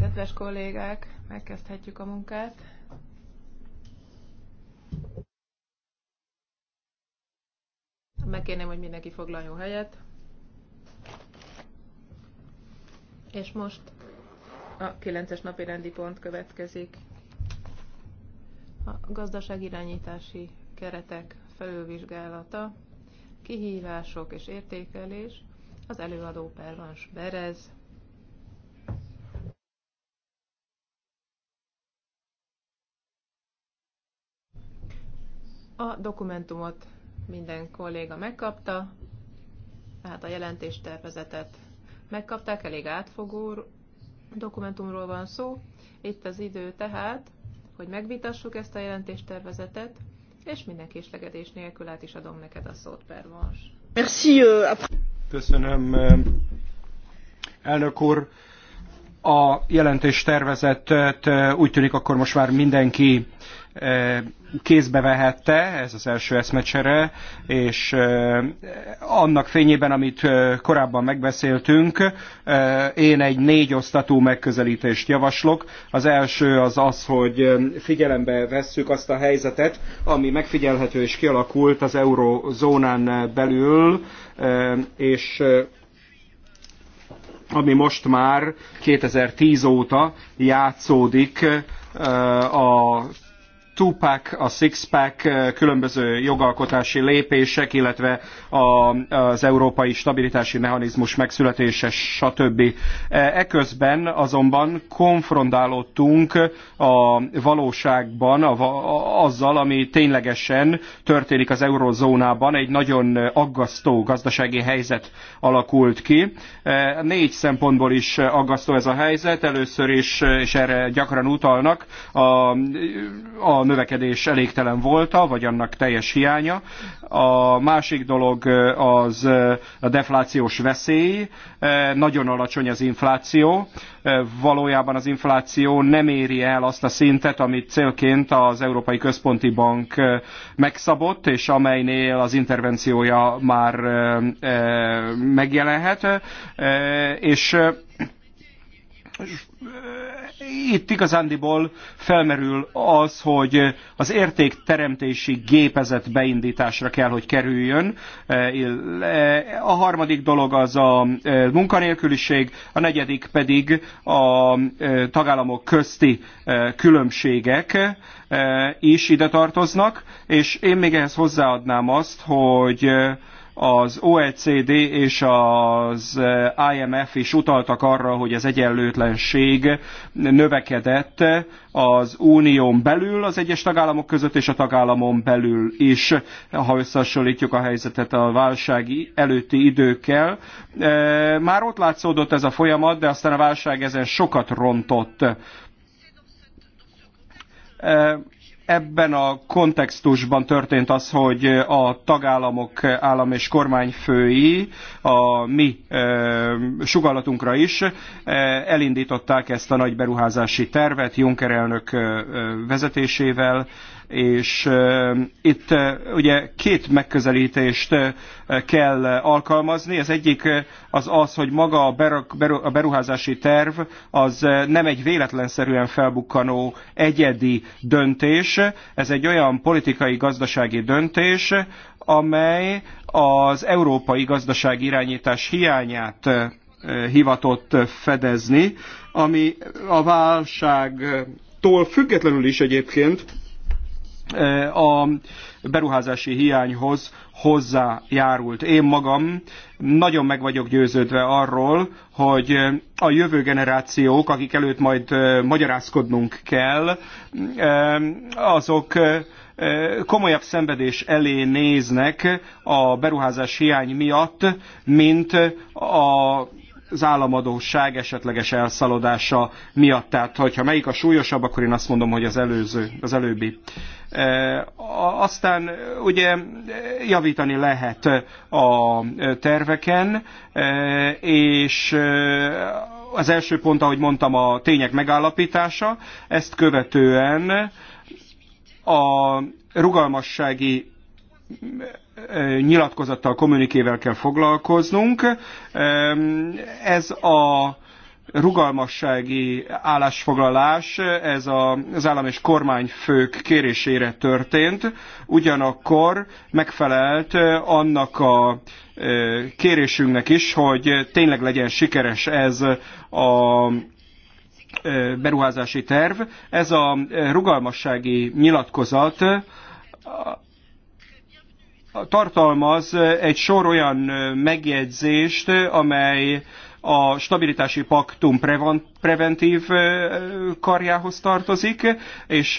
Kedves kollégák, megkezdhetjük a munkát. Megkérném, hogy mindenki foglaljon helyet. És most a 9-es napi rendi pont következik. A irányítási keretek felülvizsgálata, kihívások és értékelés az előadó Pervans Berez. A dokumentumot minden kolléga megkapta, tehát a jelentéstervezetet megkapták, elég átfogó dokumentumról van szó. Itt az idő tehát, hogy megvitassuk ezt a jelentéstervezetet, és minden késlegedés nélkül át is adom neked a szót, Pervans. Merci, uh, Köszönöm, eh, elnök úr. A jelentés tervezetet eh, úgy tűnik akkor most már mindenki kézbe vehette, ez az első eszmecsere, és annak fényében, amit korábban megbeszéltünk, én egy négy osztatú megközelítést javaslok. Az első az az, hogy figyelembe vesszük azt a helyzetet, ami megfigyelhető és kialakult az eurozónán belül, és ami most már 2010 óta játszódik a two-pack, a six-pack, különböző jogalkotási lépések, illetve az európai stabilitási mechanizmus megszületése, stb. Eközben azonban konfrontálódtunk a valóságban a, a, azzal, ami ténylegesen történik az eurozónában, egy nagyon aggasztó gazdasági helyzet alakult ki. Négy szempontból is aggasztó ez a helyzet, először is, és erre gyakran utalnak, a, a növekedés elégtelen volta, vagy annak teljes hiánya. A másik dolog az a deflációs veszély. Nagyon alacsony az infláció. Valójában az infláció nem éri el azt a szintet, amit célként az Európai Központi Bank megszabott, és amelynél az intervenciója már megjelenhet. És Eh, itt igazándiból felmerül az, hogy az értékteremtési gépezet beindításra kell, hogy kerüljön. Eh, a harmadik dolog az a eh, munkanélküliség, a negyedik pedig a tagállamok közti különbségek is ide tartoznak, és én még ehhez hozzáadnám azt, hogy az OECD és az eh, IMF is utaltak arra, hogy az egyenlőtlenség növekedett az unión belül, az egyes tagállamok között és a tagállamon belül is, ha összehasonlítjuk a helyzetet a válság előtti időkkel. Eh, már ott látszódott ez a folyamat, de aztán a válság ezen sokat rontott eh, Ebben a kontextusban történt az, hogy a tagállamok állam és kormányfői a mi e, sugallatunkra is e, elindították ezt a nagy beruházási tervet Juncker elnök e, e, vezetésével, és itt ugye két megközelítést kell alkalmazni. Az egyik az az, hogy maga a beruházási terv az nem egy véletlenszerűen felbukkanó egyedi döntés, ez egy olyan politikai-gazdasági döntés, amely az európai gazdaság irányítás hiányát hivatott fedezni, ami a válságtól függetlenül is egyébként a beruházási hiányhoz hozzájárult. Én magam nagyon meg vagyok győződve arról, hogy a jövő generációk, akik előtt majd magyarázkodnunk kell, azok komolyabb szenvedés elé néznek a beruházás hiány miatt, mint a az államadóság esetleges elszaladása miatt. Tehát, hogyha melyik a súlyosabb, akkor én azt mondom, hogy az előző, az előbbi. E, aztán ugye javítani lehet a terveken, e, és e, az első pont, ahogy mondtam, a tények megállapítása, ezt követően a rugalmassági nyilatkozattal, kommunikével kell foglalkoznunk. Ez a rugalmassági állásfoglalás, ez az állam és kormányfők kérésére történt, ugyanakkor megfelelt annak a kérésünknek is, hogy tényleg legyen sikeres ez a beruházási terv. Ez a rugalmassági nyilatkozat tartalmaz egy sor olyan megjegyzést, amely a stabilitási paktum preventív karjához tartozik, és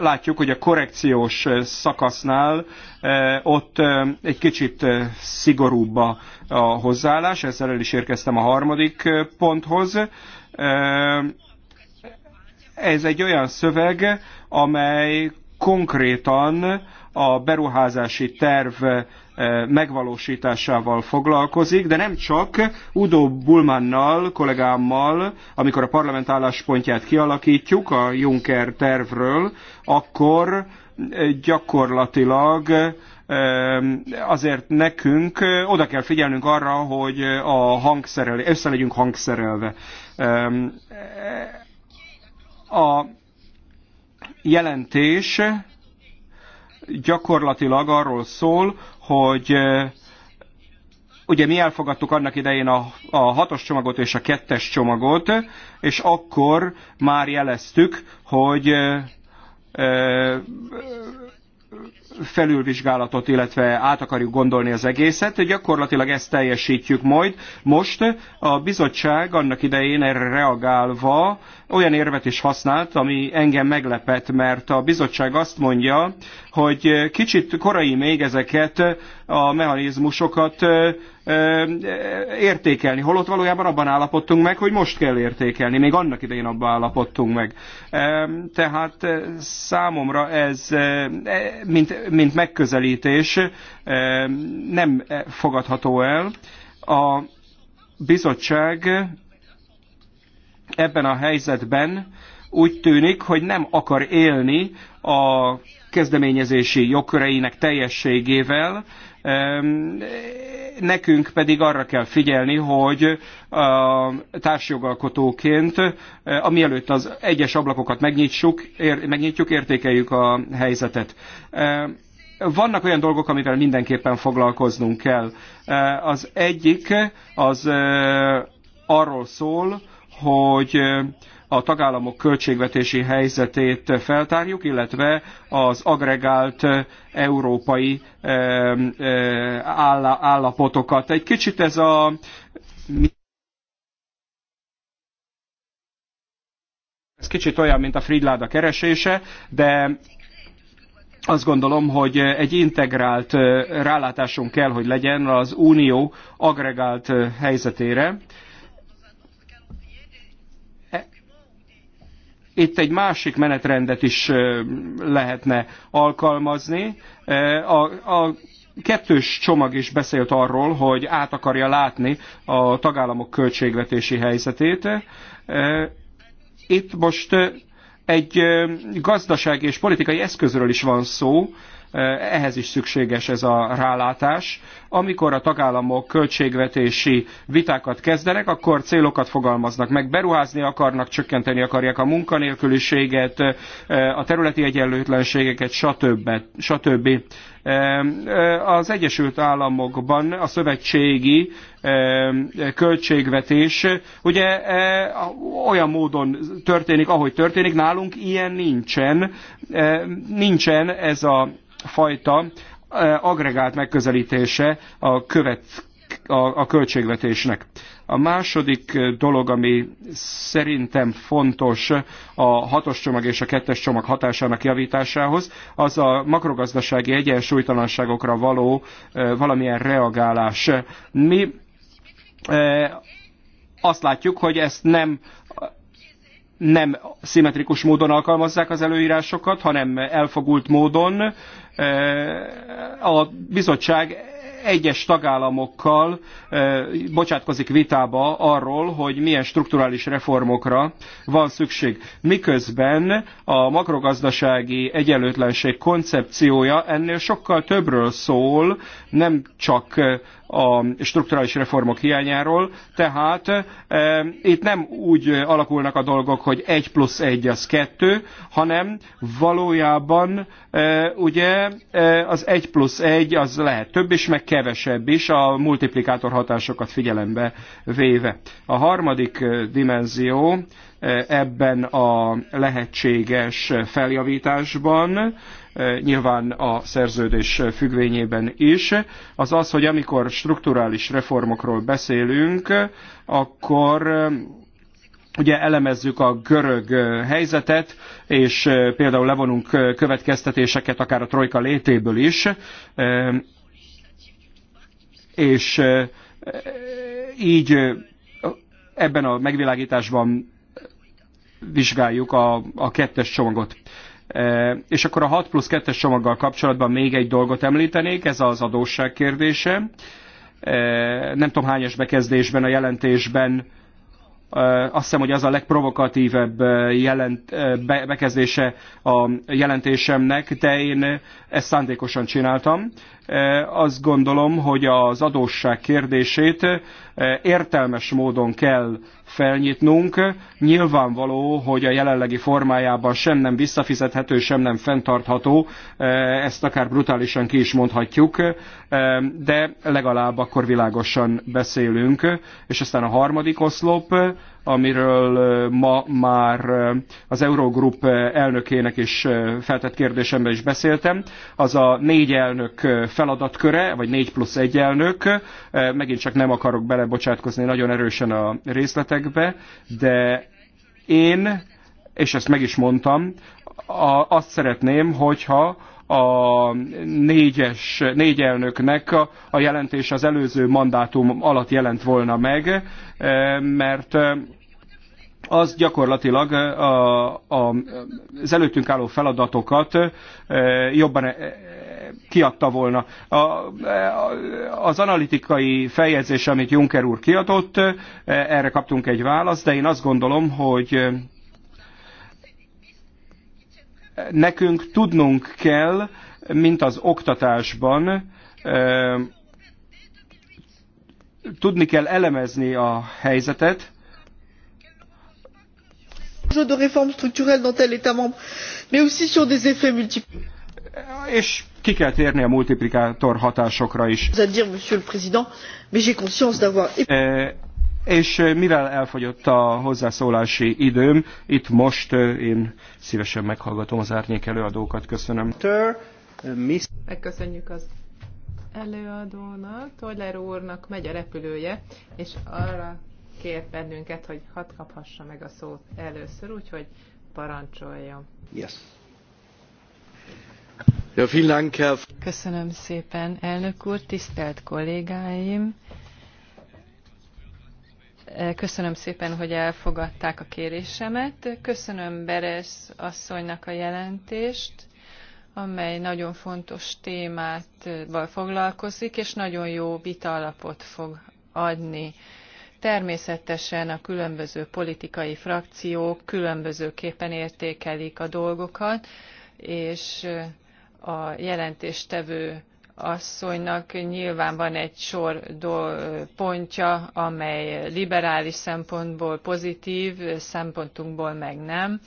látjuk, hogy a korrekciós szakasznál ott egy kicsit szigorúbb a hozzáállás, ezzel el is érkeztem a harmadik ponthoz. Ez egy olyan szöveg, amely konkrétan a beruházási terv eh, megvalósításával foglalkozik, de nem csak Udo Bulmannal, kollégámmal, amikor a parlament álláspontját kialakítjuk a Juncker tervről, akkor eh, gyakorlatilag eh, azért nekünk oda kell figyelnünk arra, hogy a hangszerel, össze legyünk hangszerelve. A jelentés gyakorlatilag arról szól, hogy eh, ugye mi elfogadtuk annak idején a, a hatos csomagot és a kettes csomagot, és akkor már jeleztük, hogy eh, eh, felülvizsgálatot, illetve át akarjuk gondolni az egészet. Gyakorlatilag ezt teljesítjük majd. Most a bizottság annak idején erre reagálva olyan érvet is használt, ami engem meglepett, mert a bizottság azt mondja, hogy kicsit korai még ezeket a mechanizmusokat értékelni. Holott valójában abban állapodtunk meg, hogy most kell értékelni, még annak idején abban állapodtunk meg. Tehát számomra ez, e, mint, mint megközelítés, nem e, fogadható el. A bizottság ebben a helyzetben úgy tűnik, hogy nem akar élni a kezdeményezési jogköreinek teljességével, Nekünk pedig arra kell figyelni, hogy a társjogalkotóként, eh, amielőtt az egyes ablakokat megnyitsuk, ér, megnyitjuk, értékeljük a helyzetet vannak olyan dolgok, amivel mindenképpen foglalkoznunk kell. Eh, az egyik az eh, arról szól, hogy a tagállamok költségvetési helyzetét feltárjuk, illetve az agregált eh, európai eh, eh, állapotokat. Egy kicsit ez a ez kicsit olyan, mint a Fridláda keresése, de azt gondolom, hogy egy integrált rálátásunk kell, hogy legyen az unió agregált helyzetére, Itt egy másik menetrendet is lehetne alkalmazni. A, a kettős csomag is beszélt arról, hogy át akarja látni a tagállamok költségvetési helyzetét. Itt most egy gazdasági és politikai eszközről is van szó, ehhez is szükséges ez a rálátás. Amikor a tagállamok költségvetési vitákat kezdenek, akkor célokat fogalmaznak meg, beruházni akarnak, csökkenteni akarják a munkanélküliséget, a területi egyenlőtlenségeket, stb. stb. Az Egyesült Államokban a szövetségi költségvetés ugye olyan módon történik, ahogy történik, nálunk ilyen nincsen, nincsen ez a fajta eh, agregált megközelítése a, követ, a, a költségvetésnek. A második eh, dolog, ami szerintem fontos a hatos csomag és a kettes csomag hatásának javításához, az a makrogazdasági egyensúlytalanságokra való eh, valamilyen reagálás. Mi azt látjuk, hogy ezt nem nem szimmetrikus módon alkalmazzák az előírásokat, hanem elfogult módon. E, a bizottság egyes tagállamokkal e, bocsátkozik vitába arról, hogy milyen strukturális reformokra van szükség. Miközben a makrogazdasági egyenlőtlenség koncepciója ennél sokkal többről szól, nem csak a strukturális reformok hiányáról, tehát e, itt nem úgy alakulnak a dolgok, hogy egy plusz egy az kettő, hanem valójában e, ugye e, az egy plusz egy az lehet több is, meg kevesebb is, a multiplikátor hatásokat figyelembe véve. A harmadik dimenzió ebben a lehetséges feljavításban nyilván a szerződés függvényében is, az az, hogy amikor strukturális reformokról beszélünk, akkor eh, ugye elemezzük a görög eh, helyzetet, és eh, például levonunk következtetéseket akár a trojka létéből is, és így ebben a megvilágításban vizsgáljuk a, a kettes csomagot. És akkor a 6 plusz 2-es csomaggal kapcsolatban még egy dolgot említenék, ez az adósság kérdése. Nem tudom hányas bekezdésben a jelentésben azt hiszem, hogy az a legprovokatívebb jelent, be, bekezdése a jelentésemnek, de én ezt szándékosan csináltam azt gondolom, hogy az adósság kérdését értelmes módon kell felnyitnunk. Nyilvánvaló, hogy a jelenlegi formájában sem nem visszafizethető, sem nem fenntartható, ezt akár brutálisan ki is mondhatjuk, de legalább akkor világosan beszélünk. És aztán a harmadik oszlop, amiről ma már az Eurogroup elnökének is feltett kérdésemben is beszéltem, az a négy elnök feladatköre, vagy négy plusz egy elnök, megint csak nem akarok belebocsátkozni nagyon erősen a részletekbe, de én, és ezt meg is mondtam, azt szeretném, hogyha a négyes, négy elnöknek a jelentés az előző mandátum alatt jelent volna meg, e, mert e, az gyakorlatilag e, a, a, az előttünk álló feladatokat jobban kiadta volna. A, az analitikai feljegyzés, amit Juncker úr kiadott, erre kaptunk egy választ, de én azt gondolom, hogy nekünk tudnunk kell, mint az oktatásban, tudni kell elemezni a helyzetet, de réformes structurelles dans tel État membre, mais aussi sur des effets multiples. És ki kell térni a multiplikátor hatásokra is. Vous dire, monsieur le président, mais j'ai conscience d'avoir és mivel elfogyott a hozzászólási időm, itt most én szívesen meghallgatom az árnyék előadókat. Köszönöm. Megköszönjük az előadónak, Toller úrnak megy a repülője, és arra kért bennünket, hogy hat kaphassa meg a szót először, úgyhogy parancsoljon. Yes. Ja, Köszönöm szépen, elnök úr, tisztelt kollégáim! Köszönöm szépen, hogy elfogadták a kérésemet. Köszönöm Beres asszonynak a jelentést, amely nagyon fontos témát foglalkozik, és nagyon jó vita alapot fog adni. Természetesen a különböző politikai frakciók különbözőképpen értékelik a dolgokat, és a jelentéstevő asszonynak nyilván van egy sor pontja, amely liberális szempontból pozitív, szempontunkból meg nem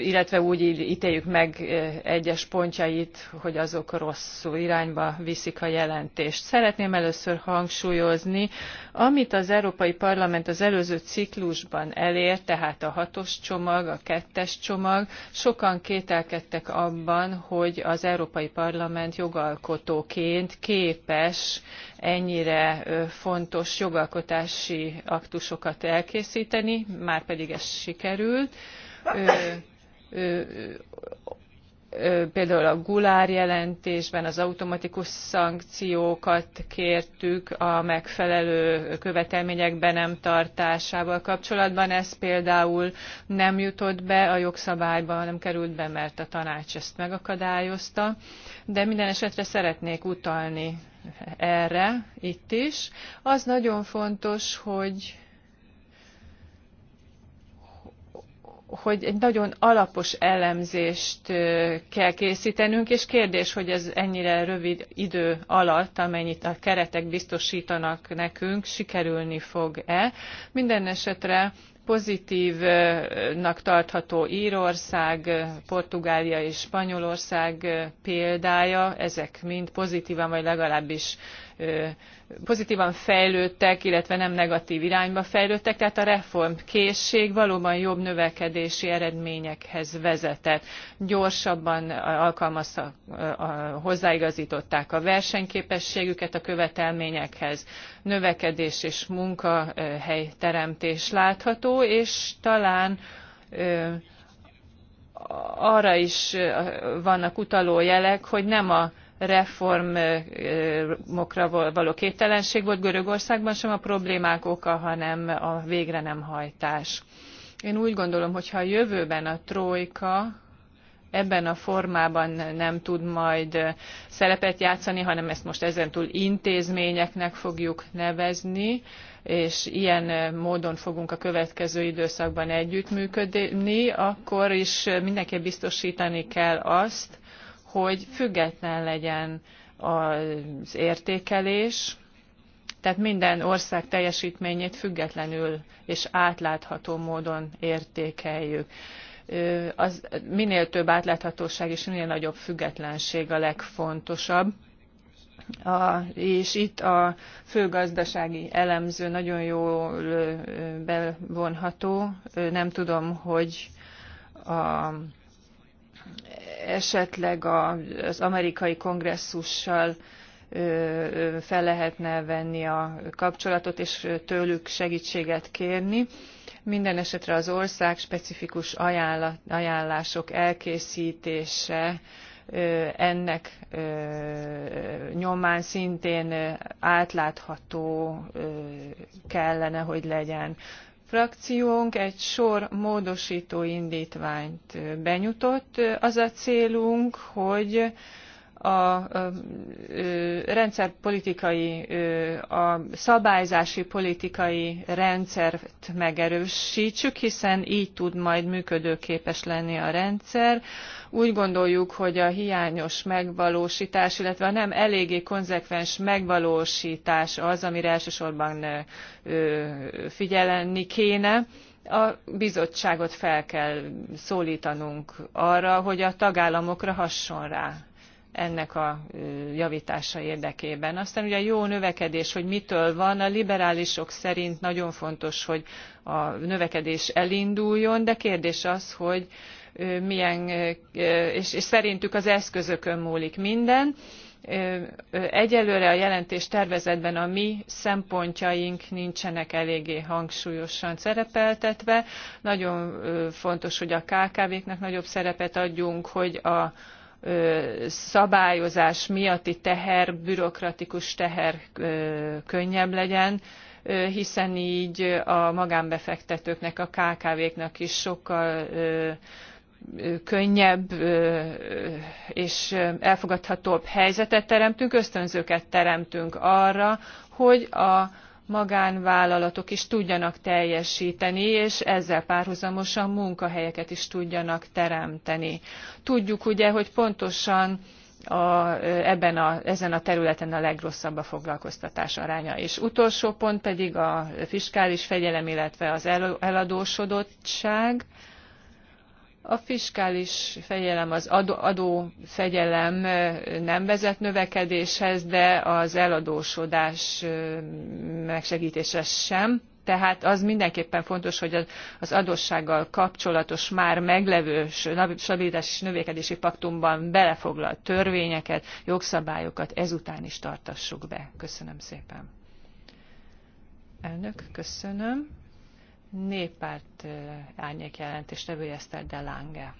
illetve úgy ítéljük meg egyes pontjait, hogy azok rossz irányba viszik a jelentést. Szeretném először hangsúlyozni, amit az Európai Parlament az előző ciklusban elért, tehát a hatos csomag, a kettes csomag, sokan kételkedtek abban, hogy az Európai Parlament jogalkotóként képes ennyire fontos jogalkotási aktusokat elkészíteni, már pedig ez sikerült Ö, ö, ö, például a Gulár jelentésben az automatikus szankciókat kértük a megfelelő követelmények be nem tartásával kapcsolatban. Ez például nem jutott be a jogszabályba, nem került be, mert a tanács ezt megakadályozta. De minden esetre szeretnék utalni erre itt is. Az nagyon fontos, hogy hogy egy nagyon alapos elemzést kell készítenünk, és kérdés, hogy ez ennyire rövid idő alatt, amennyit a keretek biztosítanak nekünk, sikerülni fog-e. Minden esetre pozitívnak tartható Írország, Portugália és Spanyolország példája, ezek mind pozitívan, vagy legalábbis pozitívan fejlődtek, illetve nem negatív irányba fejlődtek, tehát a reformkészség valóban jobb növekedési eredményekhez vezetett. Gyorsabban alkalmaztak, hozzáigazították a versenyképességüket a követelményekhez, növekedés és munkahelyteremtés látható, és talán arra is vannak utaló jelek, hogy nem a reformokra való képtelenség volt Görögországban sem a problémák oka, hanem a végre nem hajtás. Én úgy gondolom, hogy ha a jövőben a trojka ebben a formában nem tud majd szerepet játszani, hanem ezt most ezentúl intézményeknek fogjuk nevezni, és ilyen módon fogunk a következő időszakban együttműködni, akkor is mindenképp biztosítani kell azt, hogy független legyen az értékelés, tehát minden ország teljesítményét függetlenül és átlátható módon értékeljük. Az minél több átláthatóság és minél nagyobb függetlenség a legfontosabb. A, és itt a főgazdasági elemző nagyon jól bevonható. Nem tudom, hogy a esetleg az amerikai kongresszussal fel lehetne venni a kapcsolatot, és tőlük segítséget kérni. Minden esetre az ország specifikus ajánlások elkészítése ennek nyomán szintén átlátható kellene, hogy legyen frakciónk egy sor módosító indítványt benyújtott. Az a célunk, hogy a rendszerpolitikai, a szabályzási politikai rendszert megerősítsük, hiszen így tud majd működőképes lenni a rendszer. Úgy gondoljuk, hogy a hiányos megvalósítás, illetve a nem eléggé konzekvens megvalósítás az, amire elsősorban figyelni kéne a bizottságot fel kell szólítanunk arra, hogy a tagállamokra hasson rá ennek a javítása érdekében. Aztán ugye a jó növekedés, hogy mitől van, a liberálisok szerint nagyon fontos, hogy a növekedés elinduljon, de kérdés az, hogy milyen, és, és szerintük az eszközökön múlik minden. Egyelőre a jelentés tervezetben a mi szempontjaink nincsenek eléggé hangsúlyosan szerepeltetve. Nagyon fontos, hogy a KKV-knak nagyobb szerepet adjunk, hogy a szabályozás miatti teher, bürokratikus teher könnyebb legyen, hiszen így a magánbefektetőknek, a KKV-knak is sokkal könnyebb és elfogadhatóbb helyzetet teremtünk, ösztönzőket teremtünk arra, hogy a magánvállalatok is tudjanak teljesíteni, és ezzel párhuzamosan munkahelyeket is tudjanak teremteni. Tudjuk ugye, hogy pontosan a, ebben a, ezen a területen a legrosszabb a foglalkoztatás aránya. És utolsó pont pedig a fiskális fegyelem, illetve az el, eladósodottság. A fiskális fegyelem, az adó, nem vezet növekedéshez, de az eladósodás megsegítése sem. Tehát az mindenképpen fontos, hogy az adóssággal kapcsolatos már meglevő stabilitás és növekedési paktumban belefoglalt törvényeket, jogszabályokat ezután is tartassuk be. Köszönöm szépen. Elnök, köszönöm néppárt árnyék jelentéstevője Eszter de Lange.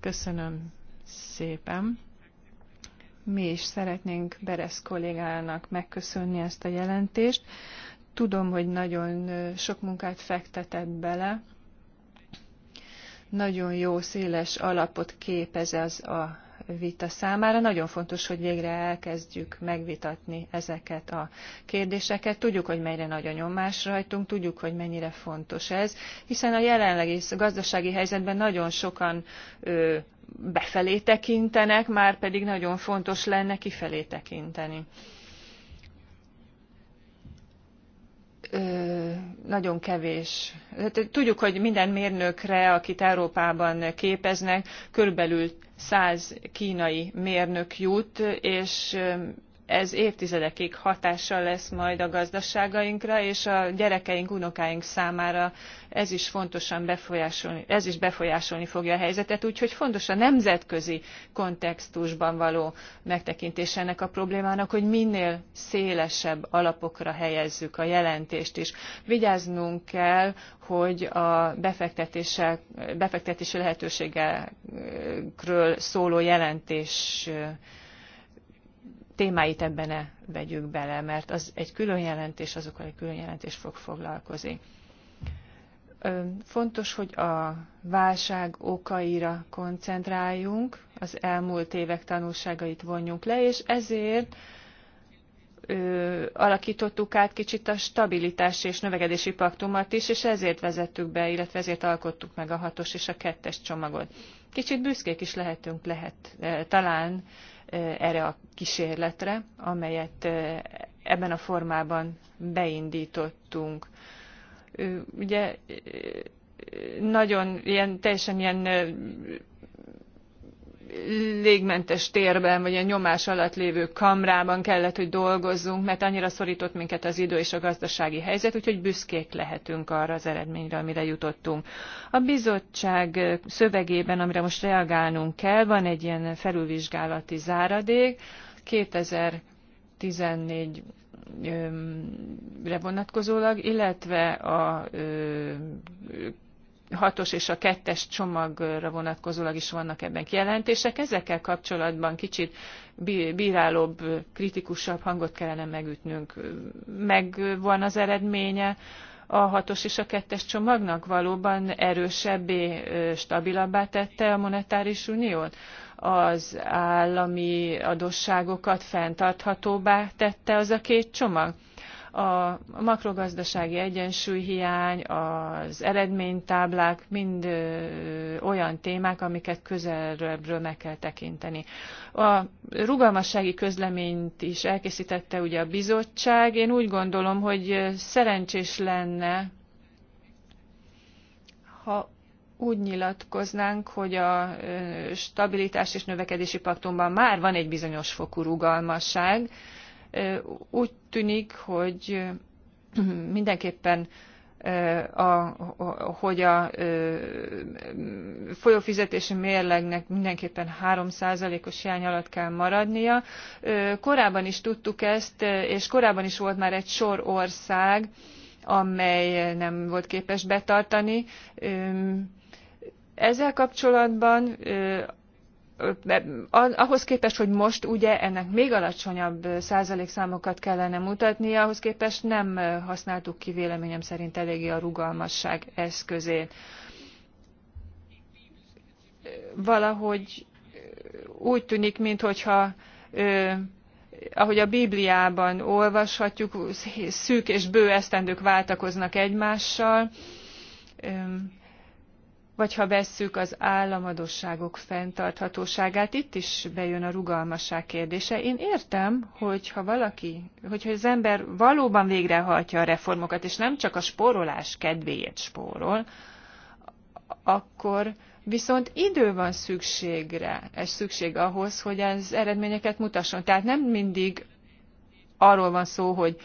Köszönöm szépen. Mi is szeretnénk Beresz kollégának megköszönni ezt a jelentést. Tudom, hogy nagyon sok munkát fektetett bele. Nagyon jó, széles alapot képez ez a vita számára. Nagyon fontos, hogy végre elkezdjük megvitatni ezeket a kérdéseket. Tudjuk, hogy mennyire nagy a nyomás rajtunk, tudjuk, hogy mennyire fontos ez, hiszen a jelenlegi gazdasági helyzetben nagyon sokan ö, befelé tekintenek, már pedig nagyon fontos lenne kifelé tekinteni. nagyon kevés. Hát, tudjuk, hogy minden mérnökre, akit Európában képeznek, körülbelül 100 kínai mérnök jut, és ez évtizedekig hatással lesz majd a gazdaságainkra, és a gyerekeink, unokáink számára ez is fontosan befolyásolni, ez is befolyásolni fogja a helyzetet, úgyhogy fontos a nemzetközi kontextusban való megtekintés ennek a problémának, hogy minél szélesebb alapokra helyezzük a jelentést is. Vigyáznunk kell, hogy a befektetési lehetőségekről szóló jelentés témáit ebben ne vegyük bele, mert az egy külön jelentés, azokkal egy külön jelentés fog foglalkozni. Fontos, hogy a válság okaira koncentráljunk, az elmúlt évek tanulságait vonjunk le, és ezért ö, alakítottuk át kicsit a stabilitás és növekedési paktumat is, és ezért vezettük be, illetve ezért alkottuk meg a hatos és a kettes csomagot. Kicsit büszkék is lehetünk lehet, talán erre a kísérletre, amelyet ebben a formában beindítottunk. Ugye nagyon ilyen, teljesen ilyen légmentes térben, vagy a nyomás alatt lévő kamrában kellett, hogy dolgozzunk, mert annyira szorított minket az idő és a gazdasági helyzet, úgyhogy büszkék lehetünk arra az eredményre, amire jutottunk. A bizottság szövegében, amire most reagálnunk kell, van egy ilyen felülvizsgálati záradék, 2014 re vonatkozólag, illetve a hatos és a kettes csomagra vonatkozólag is vannak ebben kijelentések. Ezekkel kapcsolatban kicsit bírálóbb, kritikusabb hangot kellene megütnünk. Megvan az eredménye a hatos és a kettes csomagnak valóban erősebbé, stabilabbá tette a monetáris uniót? Az állami adósságokat fenntarthatóbbá tette az a két csomag? A makrogazdasági egyensúlyhiány, az eredménytáblák mind olyan témák, amiket közelről meg kell tekinteni. A rugalmassági közleményt is elkészítette ugye a bizottság. Én úgy gondolom, hogy szerencsés lenne, ha úgy nyilatkoznánk, hogy a stabilitás és növekedési paktumban már van egy bizonyos fokú rugalmasság, úgy tűnik, hogy mindenképpen a, hogy a folyófizetési mérlegnek mindenképpen 3%-os hiány alatt kell maradnia. Korábban is tudtuk ezt, és korábban is volt már egy sor ország, amely nem volt képes betartani. Ezzel kapcsolatban ahhoz képest, hogy most ugye ennek még alacsonyabb százalékszámokat kellene mutatni, ahhoz képest nem használtuk ki véleményem szerint eléggé a rugalmasság eszközét. Valahogy úgy tűnik, mintha ahogy a Bibliában olvashatjuk, szűk és bő esztendők váltakoznak egymással vagy ha vesszük az államadosságok fenntarthatóságát, itt is bejön a rugalmasság kérdése. Én értem, hogy ha valaki, hogyha az ember valóban végrehajtja a reformokat, és nem csak a spórolás kedvéért spórol, akkor viszont idő van szükségre, és szükség ahhoz, hogy az eredményeket mutasson. Tehát nem mindig arról van szó, hogy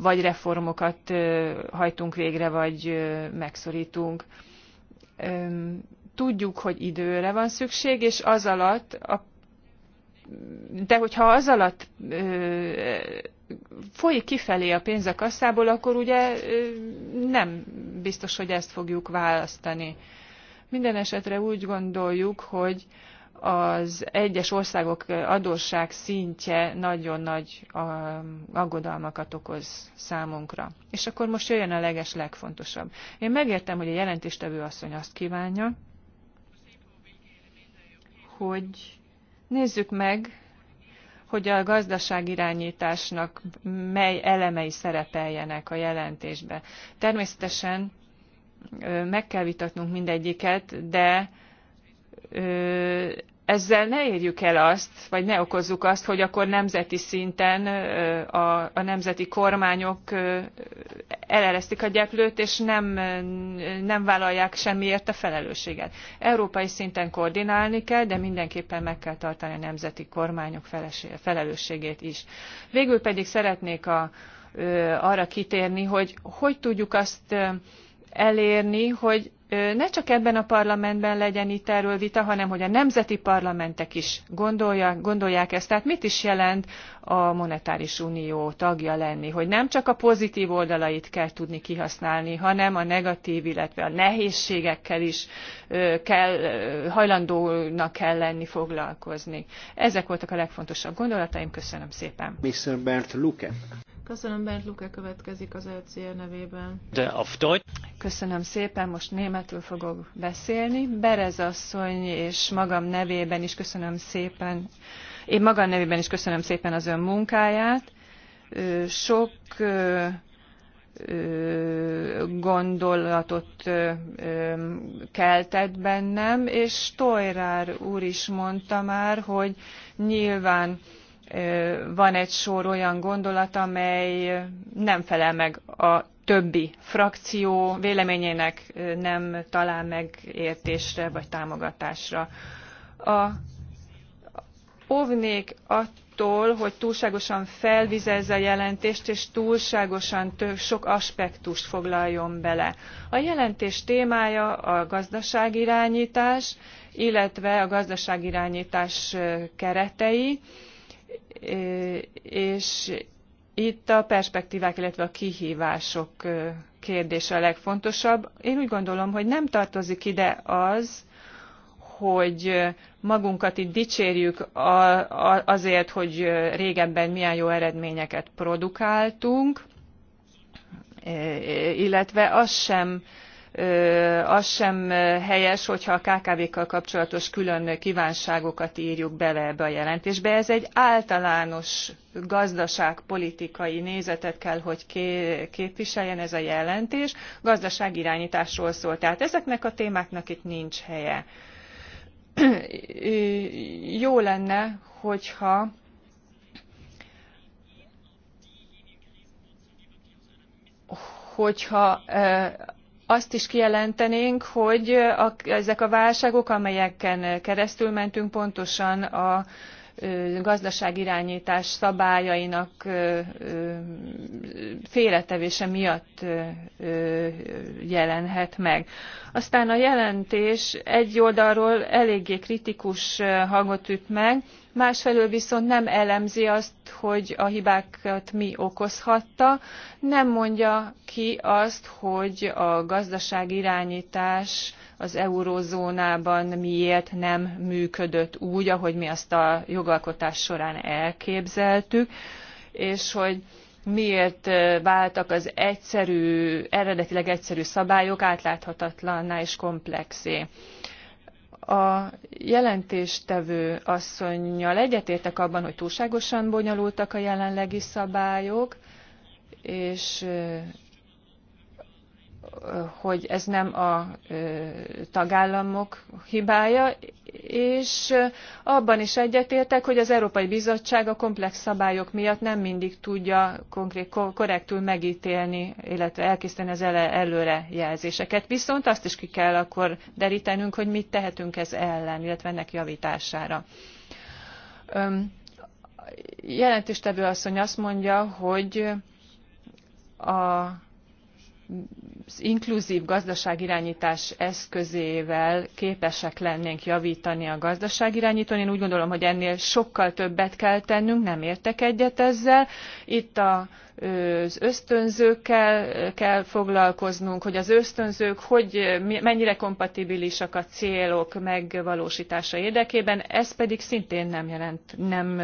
vagy reformokat hajtunk végre, vagy megszorítunk tudjuk, hogy időre van szükség, és az alatt a de hogyha az alatt ö, folyik kifelé a pénz a kasszából, akkor ugye ö, nem biztos, hogy ezt fogjuk választani. Minden esetre úgy gondoljuk, hogy az egyes országok adósság szintje nagyon nagy aggodalmakat okoz számunkra. És akkor most jöjjön a leges legfontosabb. Én megértem, hogy a jelentéstevő asszony azt kívánja, hogy nézzük meg, hogy a gazdaságirányításnak mely elemei szerepeljenek a jelentésbe. Természetesen meg kell vitatnunk mindegyiket, de ezzel ne érjük el azt, vagy ne okozzuk azt, hogy akkor nemzeti szinten a, a nemzeti kormányok eleresztik a gyeplőt, és nem, nem vállalják semmiért a felelősséget. Európai szinten koordinálni kell, de mindenképpen meg kell tartani a nemzeti kormányok felelősségét is. Végül pedig szeretnék a, arra kitérni, hogy hogy tudjuk azt elérni, hogy ne csak ebben a parlamentben legyen itt erről vita, hanem hogy a nemzeti parlamentek is gondolják, gondolják ezt. Tehát mit is jelent a monetáris unió tagja lenni, hogy nem csak a pozitív oldalait kell tudni kihasználni, hanem a negatív, illetve a nehézségekkel is kell, hajlandónak kell lenni, foglalkozni. Ezek voltak a legfontosabb gondolataim. Köszönöm szépen. Mr. Bert Luke. Köszönöm, Bernd Luke következik az LCR e nevében. De a Köszönöm szépen, most németül fogok beszélni. Berez asszony és magam nevében is köszönöm szépen, én magam nevében is köszönöm szépen az ön munkáját. Sok gondolatot keltett bennem, és Tojrár úr is mondta már, hogy nyilván van egy sor olyan gondolat, amely nem felel meg a többi frakció véleményének, nem talál meg értésre vagy támogatásra. A, óvnék attól, hogy túlságosan felvizezze a jelentést, és túlságosan több, sok aspektust foglaljon bele. A jelentés témája a gazdaságirányítás, illetve a gazdaságirányítás keretei, és itt a perspektívák, illetve a kihívások kérdése a legfontosabb. Én úgy gondolom, hogy nem tartozik ide az, hogy magunkat itt dicsérjük azért, hogy régebben milyen jó eredményeket produkáltunk, illetve az sem az sem helyes, hogyha a KKV-kkal kapcsolatos külön kvánságokat rjuk bele ebbe a jelentésbe. Ez egy általános gazdaságpolitikai nézetet kell, hogy képviseljen ez a jelentés. Gazdaságirányításról szól. Tehát ezeknek a témáknak itt nincs helye. Jó lenne, hogyha hogyha azt is kijelentenénk, hogy a, ezek a válságok, amelyeken keresztül mentünk, pontosan a gazdaságirányítás szabályainak félretevése miatt jelenhet meg. Aztán a jelentés egy oldalról eléggé kritikus hangot üt meg, másfelől viszont nem elemzi azt, hogy a hibákat mi okozhatta, nem mondja ki azt, hogy a gazdaság irányítás az eurózónában miért nem működött úgy, ahogy mi azt a jogalkotás során elképzeltük, és hogy miért váltak az egyszerű, eredetileg egyszerű szabályok átláthatatlanná és komplexé a jelentéstevő asszonynal egyetértek abban, hogy túlságosan bonyolultak a jelenlegi szabályok, és hogy ez nem a tagállamok hibája, és abban is egyetértek, hogy az Európai Bizottság a komplex szabályok miatt nem mindig tudja konkrét, korrektül megítélni, illetve elkészíteni az előrejelzéseket. Viszont azt is ki kell akkor derítenünk, hogy mit tehetünk ez ellen, illetve ennek javítására jelentéstevő asszony azt mondja, hogy a inkluzív gazdaságirányítás eszközével képesek lennénk javítani a gazdaságirányítón. Én úgy gondolom, hogy ennél sokkal többet kell tennünk, nem értek egyet ezzel. Itt a, az ösztönzőkkel kell foglalkoznunk, hogy az ösztönzők hogy, mennyire kompatibilisak a célok megvalósítása érdekében, ez pedig szintén nem, jelent, nem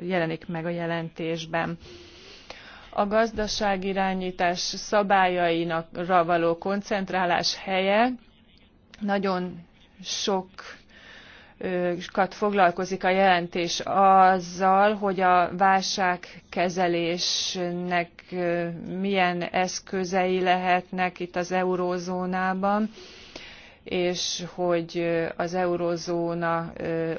jelenik meg a jelentésben a gazdaságirányítás szabályainakra való koncentrálás helye nagyon sok kat foglalkozik a jelentés azzal, hogy a válságkezelésnek milyen eszközei lehetnek itt az eurózónában és hogy az eurózóna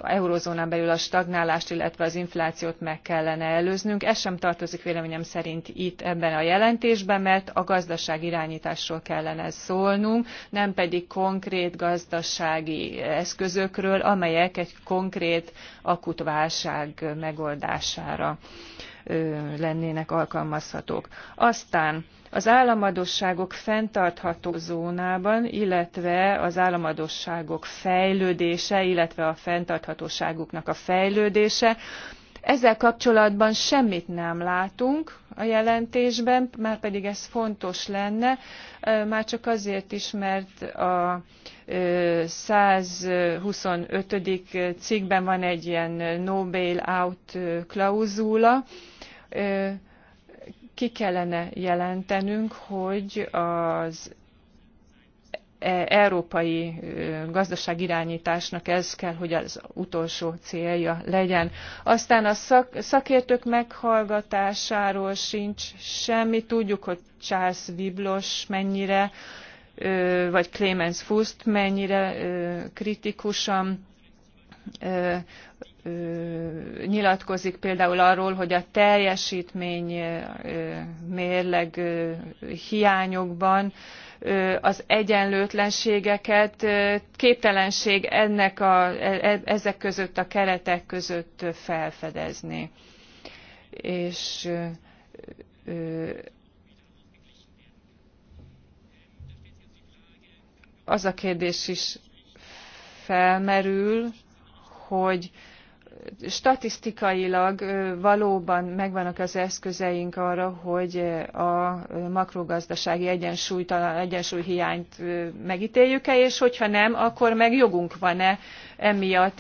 eurózónán belül a stagnálást, illetve az inflációt meg kellene előznünk. Ez sem tartozik véleményem szerint itt ebben a jelentésben, mert a gazdaság irányításról kellene szólnunk, nem pedig konkrét gazdasági eszközökről, amelyek egy konkrét akut válság megoldására lennének alkalmazhatók. Aztán az államadosságok fenntartható zónában, illetve az államadosságok fejlődése, illetve a fenntarthatóságuknak a fejlődése. Ezzel kapcsolatban semmit nem látunk a jelentésben, már pedig ez fontos lenne, már csak azért is, mert a 125. cikkben van egy ilyen no bail out klauzula, ki kellene jelentenünk, hogy az e- európai gazdaságirányításnak ez kell, hogy az utolsó célja legyen. Aztán a szak, szakértők meghallgatásáról sincs semmi. Tudjuk, hogy Charles Viblos mennyire, vagy Clemens Fust mennyire kritikusan nyilatkozik például arról, hogy a teljesítmény mérleg hiányokban az egyenlőtlenségeket képtelenség ennek a, e, e, ezek között a keretek között felfedezni. És az a kérdés is felmerül, hogy statisztikailag valóban megvannak az eszközeink arra, hogy a makrogazdasági egyensúlytalan, egyensúlyhiányt megítéljük-e, és hogyha nem, akkor meg jogunk van-e emiatt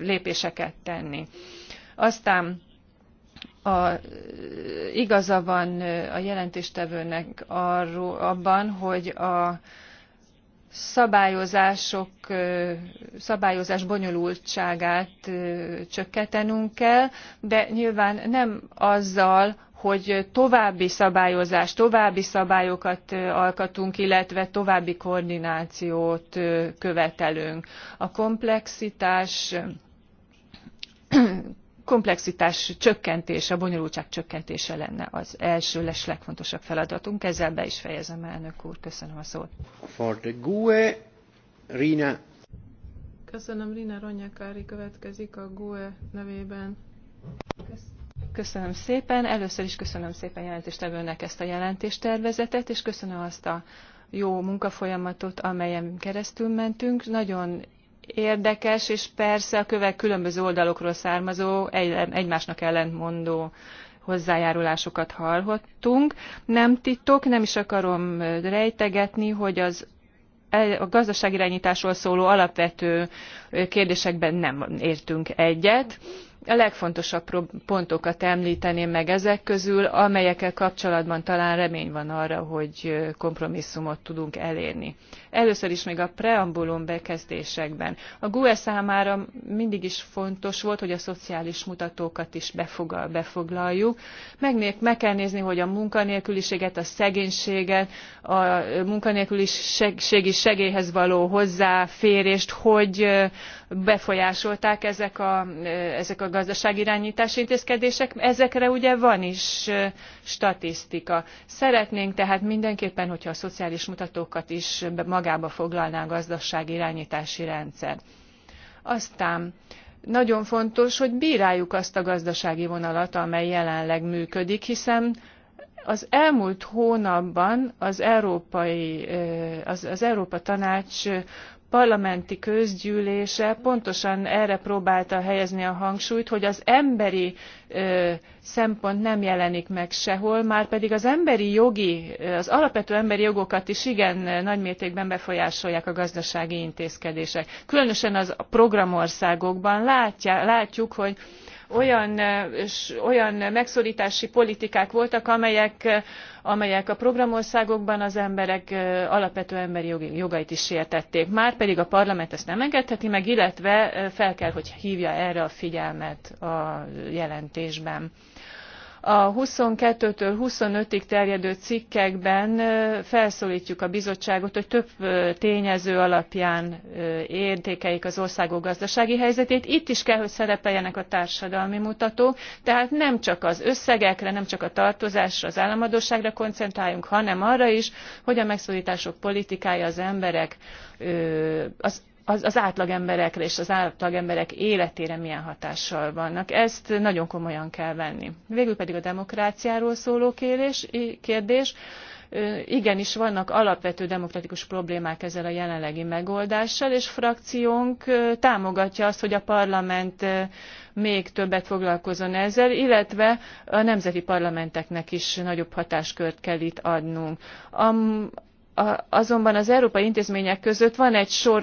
lépéseket tenni. Aztán a, igaza van a jelentéstevőnek arról, abban, hogy a, szabályozások, szabályozás bonyolultságát csökkentenünk kell, de nyilván nem azzal, hogy további szabályozást, további szabályokat alkatunk, illetve további koordinációt követelünk. A komplexitás komplexitás csökkentése, a bonyolultság csökkentése lenne az első és legfontosabb feladatunk. Ezzel be is fejezem, elnök úr. Köszönöm a szót. For the GUE, Rina. Köszönöm, Rina Ronyakári következik a GUE nevében. Köszönöm. Köszönöm szépen. Először is köszönöm szépen jelentéstevőnek ezt a jelentéstervezetet, és köszönöm azt a jó munkafolyamatot, amelyen keresztül mentünk. Nagyon érdekes, és persze a kövek különböző oldalokról származó, egymásnak ellentmondó hozzájárulásokat hallhattunk. Nem titok, nem is akarom rejtegetni, hogy az e, a gazdaságirányításról szóló alapvető kérdésekben nem értünk egyet a legfontosabb pontokat emlteném meg ezek közül, amelyekkel kapcsolatban talán remény van arra, hogy kompromisszumot tudunk elérni. Először is még a preambulum bekezdésekben. A GUE számára mindig is fontos volt, hogy a szociális mutatókat is befogal, befoglaljuk. Meg, meg kell nézni, hogy a munkanélküliséget, a szegénységet, a munkanélküliségi segélyhez való hozzáférést, hogy befolyásolták ezek a, ezek a gazdaságirányítási intézkedések. Ezekre ugye van is statisztika. Szeretnénk tehát mindenképpen, hogyha a szociális mutatókat is magába foglalná a gazdaságirányítási rendszer. Aztán nagyon fontos, hogy bíráljuk azt a gazdasági vonalat, amely jelenleg működik, hiszen az elmúlt hónapban az, Európai, az, az Európa Tanács parlamenti közgyűlése pontosan erre próbálta helyezni a hangsúlyt hogy az emberi szempont nem jelenik meg sehol márpedig az emberi jogi az alapvető emberi jogokat is igen nagy mértékben befolyásolják a gazdasági intézkedések. különösen a programországokban látjuk hogy olyan, olyan megszortási politikák voltak amelyek, amelyek a programországokban az emberek alapvető emberi jogait is sértették márpedig a parlament ezt nem engedheti meg illetve fel kell hogy hvja erre a figyelmet a jelentésben. A 22-től 25-ig terjedő cikkekben felszólítjuk a bizottságot, hogy több tényező alapján értékeljék az országok gazdasági helyzetét. Itt is kell, hogy szerepeljenek a társadalmi mutatók, tehát nem csak az összegekre, nem csak a tartozásra, az államadóságra koncentráljunk, hanem arra is, hogy a megszólítások politikája az emberek, az az, az átlagemberekre és az átlagemberek életére milyen hatással vannak. Ezt nagyon komolyan kell venni. Végül pedig a demokráciáról szóló kérdés. kérdés igenis vannak alapvető demokratikus problémák ezzel a jelenlegi megoldással, és frakciónk támogatja azt, hogy a parlament még többet foglalkozon ezzel, illetve a nemzeti parlamenteknek is nagyobb hatáskört kell itt adnunk azonban az európai intézmények között van egy sor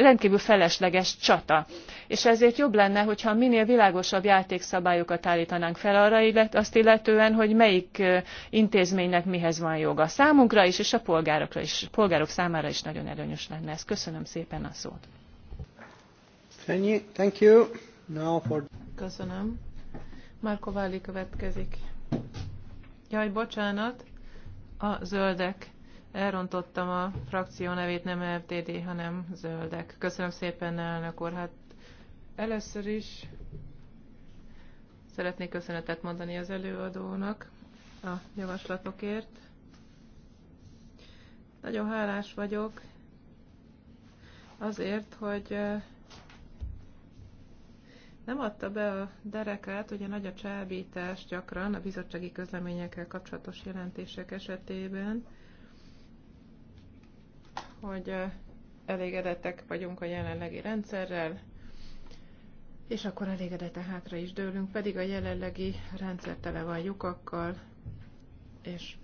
rendkvül felesleges csata és ezért jobb lenne hogyha minél világosabb játékszabályokat álltanánk fel arra azt illetően hogy melyik intézménynek mihez van joga. számunkra is és a polgárokra is, polgárok számára is nagyon előnyös lenne ez. köszönöm szépen a szót. Thank you. Now for... Köszönöm. Marko következik. Jaj, bocsánat, a zöldek Elrontottam a frakció nevét, nem FDD, hanem zöldek. Köszönöm szépen, elnök úr. Hát először is szeretnék köszönetet mondani az előadónak a javaslatokért. Nagyon hálás vagyok azért, hogy nem adta be a derekát, ugye nagy a csábítás gyakran a bizottsági közleményekkel kapcsolatos jelentések esetében, hogy elégedettek vagyunk a jelenlegi rendszerrel, és akkor elégedete hátra is dőlünk, pedig a jelenlegi rendszer tele van lyukakkal, és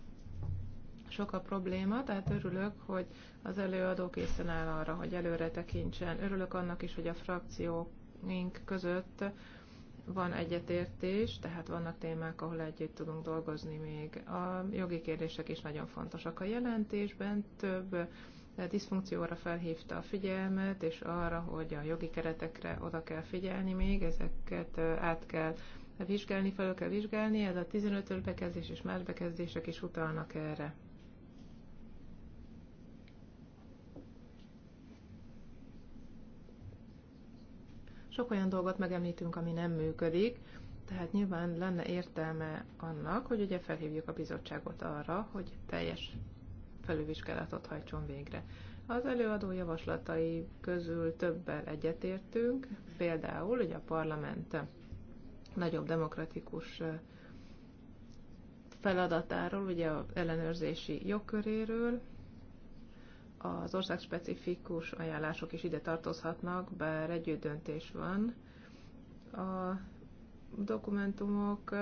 sok a probléma, tehát örülök, hogy az előadó készen áll arra, hogy előre tekintsen. Örülök annak is, hogy a frakcióink között van egyetértés, tehát vannak témák, ahol együtt tudunk dolgozni még. A jogi kérdések is nagyon fontosak a jelentésben, több a diszfunkcióra felhívta a figyelmet, és arra, hogy a jogi keretekre oda kell figyelni még, ezeket át kell vizsgálni, fel kell vizsgálni, ez a 15-ös bekezdés és más bekezdések is utalnak erre. Sok olyan dolgot megemlítünk, ami nem működik, tehát nyilván lenne értelme annak, hogy ugye felhívjuk a bizottságot arra, hogy teljes felülvizsgálatot hajtson végre. Az előadó javaslatai közül többel egyetértünk, például, hogy a parlament nagyobb demokratikus feladatáról, ugye a ellenőrzési jogköréről, az országspecifikus ajánlások is ide tartozhatnak, bár együtt döntés van. A dokumentumok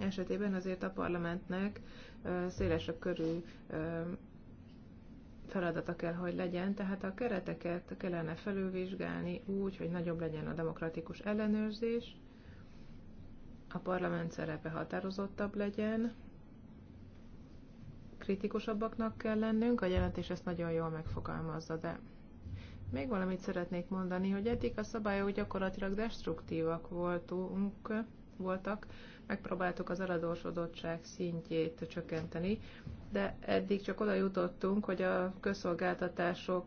esetében azért a parlamentnek szélesebb körű feladata kell, hogy legyen, tehát a kereteket kellene felülvizsgálni úgy, hogy nagyobb legyen a demokratikus ellenőrzés, a parlament szerepe határozottabb legyen, kritikusabbaknak kell lennünk, a jelentés ezt nagyon jól megfogalmazza, de még valamit szeretnék mondani, hogy eddig a szabályok gyakorlatilag destruktívak voltunk, voltak, megpróbáltuk az eladósodottság szintjét csökkenteni, de eddig csak oda jutottunk, hogy a közszolgáltatások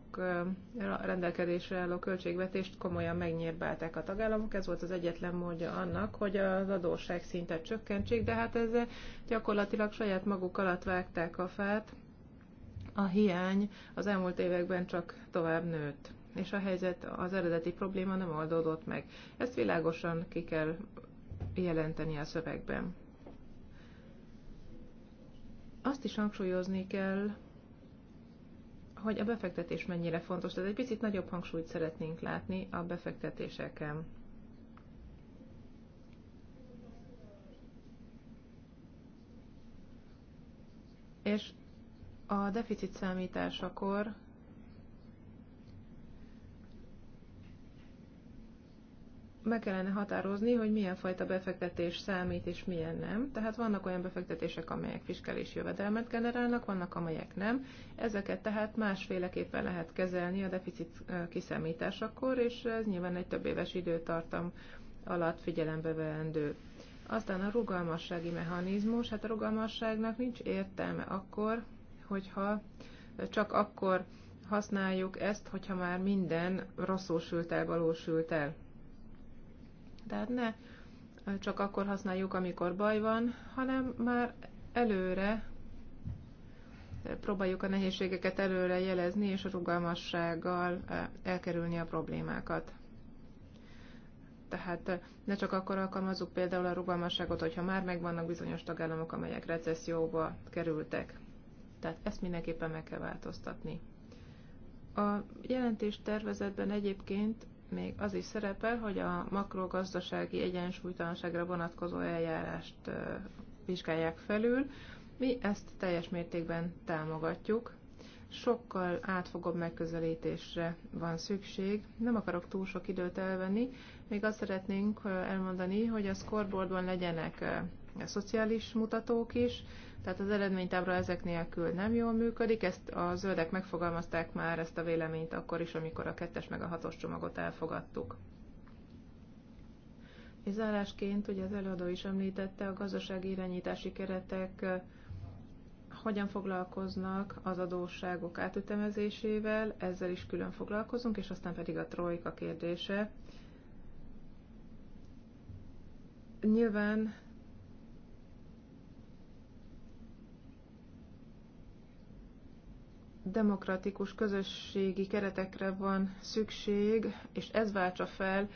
rendelkezésre álló költségvetést komolyan megnyírbálták a tagállamok. Ez volt az egyetlen módja annak, hogy az adósság szintet csökkentsék, de hát ezzel gyakorlatilag saját maguk alatt vágták a fát. A hiány az elmúlt években csak tovább nőtt és a helyzet, az eredeti probléma nem oldódott meg. Ezt világosan ki kell jelenteni a szövegben. Azt is hangsúlyozni kell, hogy a befektetés mennyire fontos. Tehát egy picit nagyobb hangsúlyt szeretnénk látni a befektetéseken. És a deficit számításakor meg kellene határozni, hogy milyen fajta befektetés számít és milyen nem. Tehát vannak olyan befektetések, amelyek fiskális jövedelmet generálnak, vannak amelyek nem. Ezeket tehát másféleképpen lehet kezelni a deficit kiszámításakor, és ez nyilván egy több éves időtartam alatt figyelembe veendő. Aztán a rugalmassági mechanizmus, hát a rugalmasságnak nincs értelme akkor, hogyha csak akkor használjuk ezt, hogyha már minden rosszul sült el, valósült el. Tehát ne csak akkor használjuk, amikor baj van, hanem már előre próbáljuk a nehézségeket előre jelezni, és a rugalmassággal elkerülni a problémákat. Tehát ne csak akkor alkalmazzuk például a rugalmasságot, hogyha már megvannak bizonyos tagállamok, amelyek recesszióba kerültek. Tehát ezt mindenképpen meg kell változtatni. A jelentés tervezetben egyébként még az is szerepel, hogy a makrogazdasági egyensúlytalanságra vonatkozó eljárást vizsgálják felül. Mi ezt teljes mértékben támogatjuk. Sokkal átfogóbb megközelítésre van szükség. Nem akarok túl sok időt elvenni. Még azt szeretnénk elmondani, hogy a scoreboardban legyenek a szociális mutatók is, tehát az eredménytábla ezek nélkül nem jól működik, ezt a zöldek megfogalmazták már ezt a véleményt akkor is, amikor a kettes meg a hatos csomagot elfogadtuk. És zárásként, ugye az előadó is említette, a gazdasági irányítási keretek hogyan foglalkoznak az adósságok átütemezésével, ezzel is külön foglalkozunk, és aztán pedig a trojka kérdése. Nyilván demokratikus közösségi keretekre van szükség, és ez váltsa fel,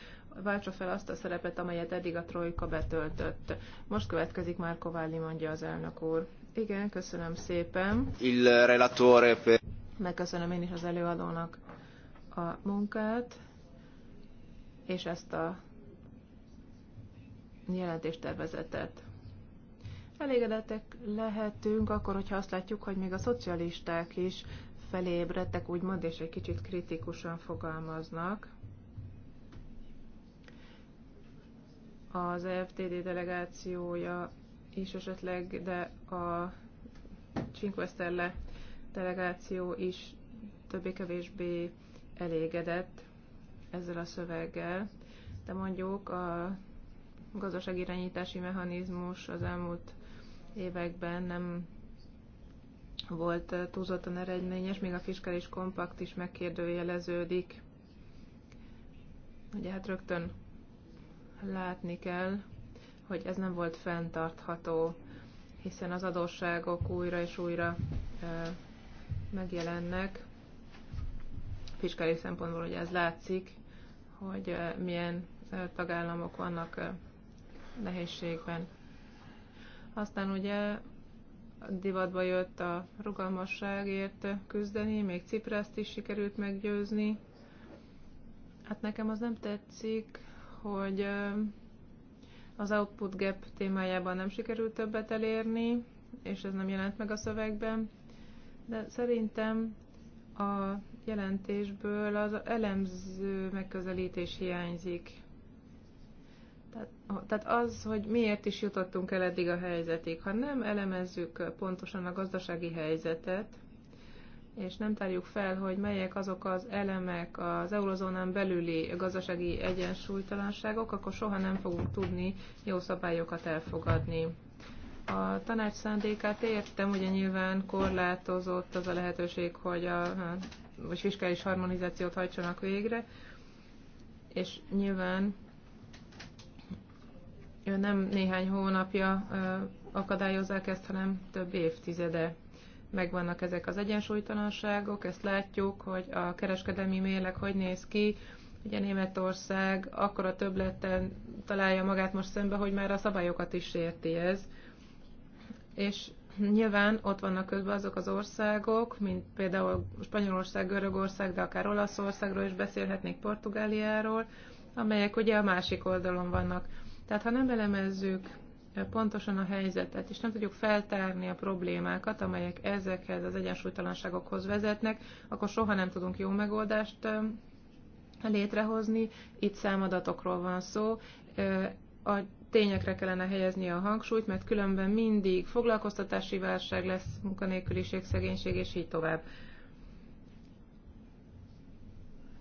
váltsa fel azt a szerepet, amelyet eddig a trojka betöltött. Most következik már Kováli, mondja az elnök úr. Igen, köszönöm szépen. Il relatore per... Megköszönöm én is az előadónak a munkát, és ezt a jelentéstervezetet. Elégedettek lehetünk akkor, hogyha azt látjuk, hogy még a szocialisták is felébredtek, úgymond, és egy kicsit kritikusan fogalmaznak. Az EFTD delegációja is esetleg, de a Cinquesterle delegáció is többé-kevésbé elégedett ezzel a szöveggel, de mondjuk a gazdaságirányítási mechanizmus az elmúlt években nem volt túlzottan eredményes, még a fiskális kompakt is megkérdőjeleződik. Ugye hát rögtön látni kell, hogy ez nem volt fenntartható, hiszen az adósságok újra és újra megjelennek. Fiskális szempontból ugye ez látszik, hogy milyen tagállamok vannak nehézségben. Aztán ugye divatba jött a rugalmasságért küzdeni, még Cipraszt is sikerült meggyőzni. Hát nekem az nem tetszik, hogy az output gap témájában nem sikerült többet elérni, és ez nem jelent meg a szövegben, de szerintem a jelentésből az elemző megközelítés hiányzik. Tehát az, hogy miért is jutottunk el eddig a helyzetig. Ha nem elemezzük pontosan a gazdasági helyzetet, és nem tárjuk fel, hogy melyek azok az elemek az eurozónán belüli gazdasági egyensúlytalanságok, akkor soha nem fogunk tudni jó szabályokat elfogadni. A tanács szándékát értem, ugye nyilván korlátozott az a lehetőség, hogy a vagy fiskális harmonizációt hajtsanak végre, és nyilván nem néhány hónapja akadályozzák ezt, hanem több évtizede megvannak ezek az egyensúlytalanságok, ezt látjuk, hogy a kereskedelmi mérleg hogy néz ki, ugye Németország akkora többletten találja magát most szembe, hogy már a szabályokat is érti ez. És nyilván ott vannak közben azok az országok, mint például Spanyolország, Görögország, de akár Olaszországról is beszélhetnék Portugáliáról, amelyek ugye a másik oldalon vannak. Tehát ha nem elemezzük eh, pontosan a helyzetet, és nem tudjuk feltárni a problémákat, amelyek ezekhez az egyensúlytalanságokhoz vezetnek, akkor soha nem tudunk jó megoldást eh, létrehozni. Itt számadatokról van szó. Eh, a tényekre kellene helyezni a hangsúlyt, mert különben mindig foglalkoztatási válság lesz, munkanélküliség, szegénység, és így tovább.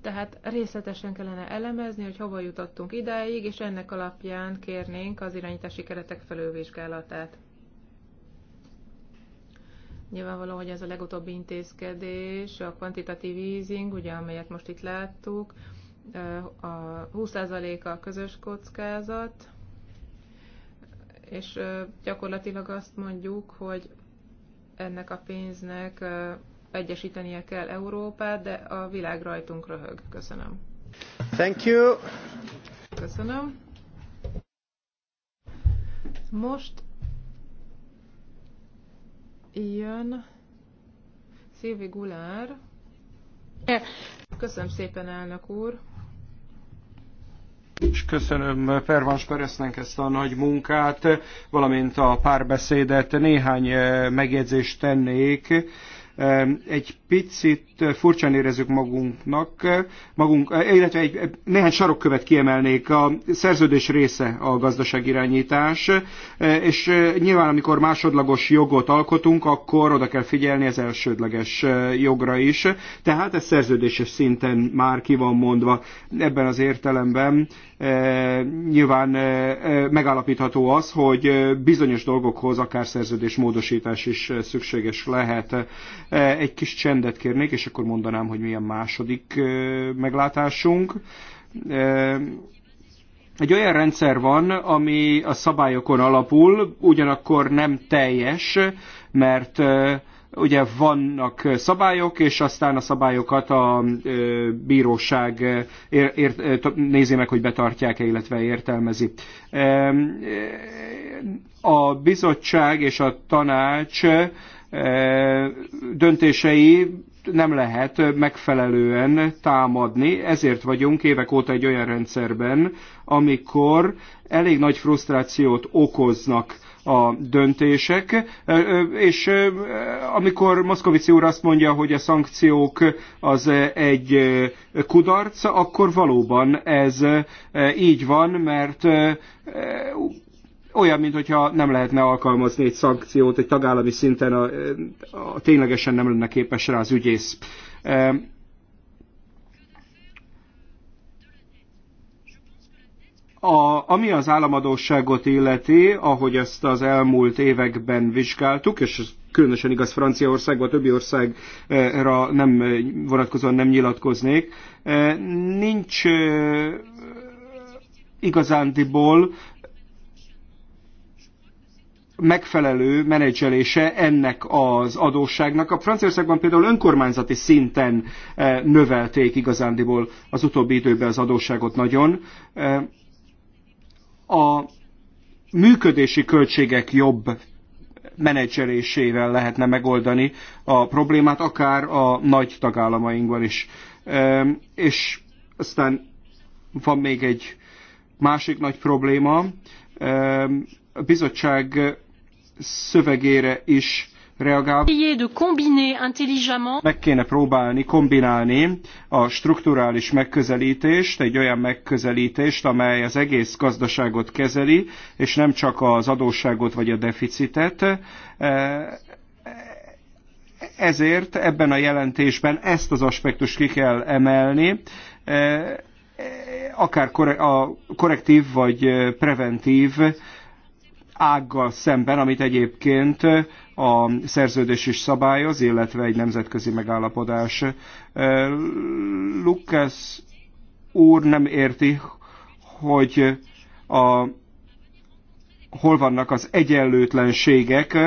Tehát részletesen kellene elemezni, hogy hova jutottunk idáig, és ennek alapján kérnénk az irányítási keretek felülvizsgálatát. Nyilvánvaló, hogy ez a legutóbbi intézkedés, a quantitative easing, ugye, amelyet most itt láttuk, eh, a 20% a közös kockázat, és eh, gyakorlatilag azt mondjuk, hogy ennek a pénznek eh, egyesítenie kell Európát, de a világ rajtunk röhög. Köszönöm. Thank you. Köszönöm. Most jön Szilvi Gulár. Köszönöm szépen, elnök úr. És köszönöm Pervans Peresznek ezt a nagy munkát, valamint a párbeszédet. Néhány eh, megjegyzést tennék egy picit eh, furcsán érezzük magunknak, eh, magunk, eh, illetve egy, néhány sarokkövet kiemelnék, a szerződés része a gazdaságirányítás, és nyilván amikor másodlagos jogot alkotunk, akkor oda kell figyelni az elsődleges jogra is, tehát ez szerződéses szinten már ki van mondva ebben az értelemben Eh, nyilván eh, eh, megállapítható az, hogy bizonyos dolgokhoz akár módosítás is szükséges lehet. Egy kis csendet kérnék, és akkor mondanám, hogy milyen második meglátásunk. Egy olyan rendszer van, ami a szabályokon alapul, ugyanakkor nem teljes, mert Ugye vannak szabályok, és aztán a szabályokat a bíróság ér, ér, nézi meg, hogy betartják-e, illetve értelmezi. A bizottság és a tanács döntései nem lehet megfelelően támadni, ezért vagyunk évek óta egy olyan rendszerben, amikor elég nagy frusztrációt okoznak a döntések, és amikor Moszkovici úr azt mondja, hogy a szankciók az egy kudarc, akkor valóban ez így van, mert olyan, mintha nem lehetne alkalmazni egy szankciót egy tagállami szinten, a, a, a, ténylegesen nem lenne képes rá az ügyész. A, ami az államadósságot illeti, ahogy ezt az elmúlt években vizsgáltuk, és ez különösen igaz Franciaországban, többi országra nem vonatkozóan nem nyilatkoznék, eh, nincs eh, igazándiból megfelelő menedzselése ennek az adósságnak. A Franciaországban például önkormányzati szinten eh, növelték igazándiból az utóbbi időben az adósságot nagyon. A működési költségek jobb menedzselésével lehetne megoldani a problémát, akár a nagy tagállamainkban is. Ehm, és aztán van még egy másik nagy probléma. Ehm, a bizottság szövegére is reagál. Meg kéne próbálni kombinálni a strukturális megközelítést, egy olyan megközelítést, amely az egész gazdaságot kezeli, és nem csak az adósságot vagy a deficitet. E, ezért ebben a jelentésben ezt az aspektust ki kell emelni, e, akár a korrektív vagy preventív ággal szemben, amit egyébként a szerződés is szabályoz, illetve egy nemzetközi megállapodás. Lukasz úr nem érti, hogy a, hol vannak az egyenlőtlenségek.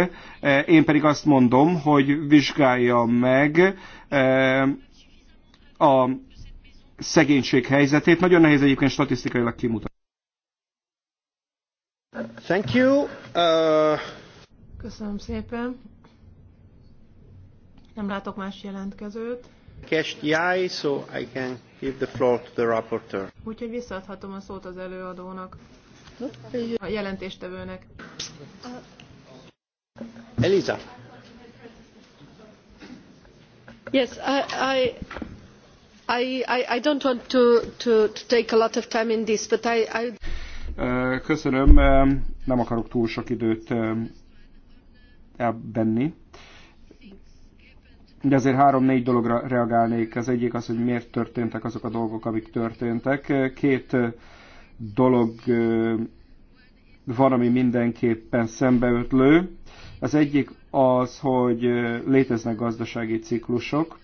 Én pedig azt mondom, hogy vizsgálja meg a szegénység helyzetét. Nagyon nehéz egyébként statisztikailag kimutatni. Thank you. Uh... Köszönöm szépen. Nem látok más jelentkezőt. Catch the eye, so I can give the floor to the rapporteur. Úgyhogy visszaadhatom a szót az előadónak. A jelentéstevőnek. Uh, Eliza. Yes, I, I, I, I don't want to, to, to take a lot of time in this, but I, I... Köszönöm, nem akarok túl sok időt elbenni. De azért három-négy dologra reagálnék. Az egyik az, hogy miért történtek azok a dolgok, amik történtek. Két dolog van, ami mindenképpen szembeötlő. Az egyik az, hogy léteznek gazdasági ciklusok,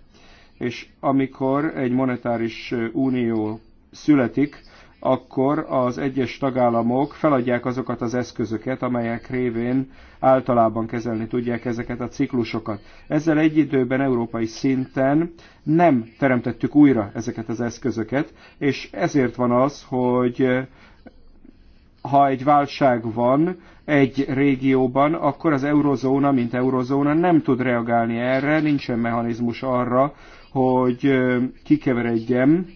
és amikor egy monetáris unió születik, akkor az egyes tagállamok feladják azokat az eszközöket, amelyek révén általában kezelni tudják ezeket a ciklusokat. Ezzel egy időben európai szinten nem teremtettük újra ezeket az eszközöket, és ezért van az, hogy eh, ha egy válság van egy régióban, akkor az eurozóna, mint eurozóna nem tud reagálni erre, nincsen mechanizmus arra, hogy eh, kikeveredjem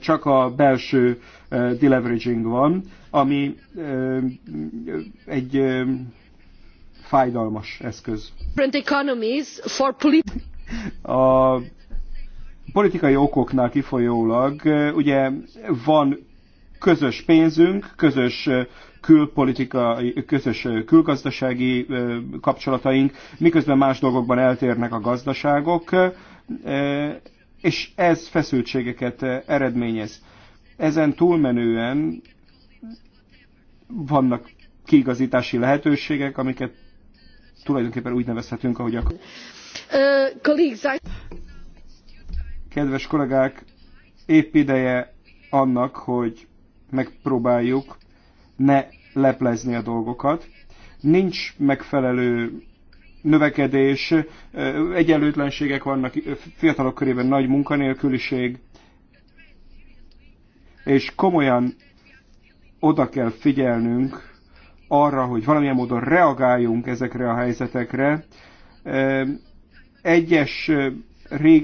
csak a belső deleveraging van, ami egy fájdalmas eszköz. A politikai okoknál kifolyólag ugye van közös pénzünk, közös külpolitikai, közös külgazdasági kapcsolataink, miközben más dolgokban eltérnek a gazdaságok és ez feszültségeket eh, eredményez. Ezen túlmenően vannak kiigazítási lehetőségek, amiket tulajdonképpen úgy nevezhetünk, ahogy akarunk. Kedves kollégák, épp ideje annak, hogy megpróbáljuk ne leplezni a dolgokat. Nincs megfelelő növekedés, egyenlőtlenségek vannak, fiatalok körében nagy munkanélküliség, és komolyan oda kell figyelnünk arra, hogy valamilyen módon reagáljunk ezekre a helyzetekre. Egyes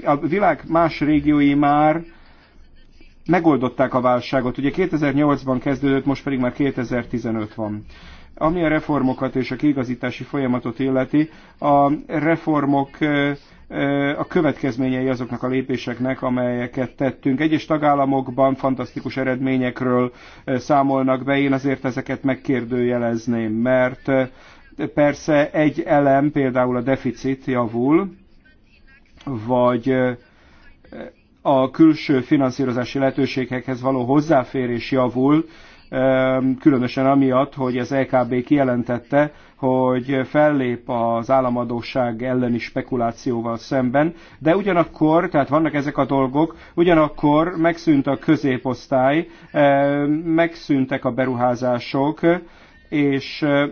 a világ más régiói már megoldották a válságot. Ugye 2008-ban kezdődött, most pedig már 2015 van. Ami a reformokat és a kiigazítási folyamatot illeti, a reformok a következményei azoknak a lépéseknek, amelyeket tettünk. Egyes tagállamokban fantasztikus eredményekről számolnak be, én azért ezeket megkérdőjelezném, mert persze egy elem, például a deficit javul, vagy a külső finanszírozási lehetőségekhez való hozzáférés javul, különösen amiatt, hogy az LKB e kijelentette, hogy fellép az államadóság elleni spekulációval szemben, de ugyanakkor, tehát vannak ezek a dolgok, ugyanakkor megszűnt a középosztály, megszűntek a beruházások, és eh,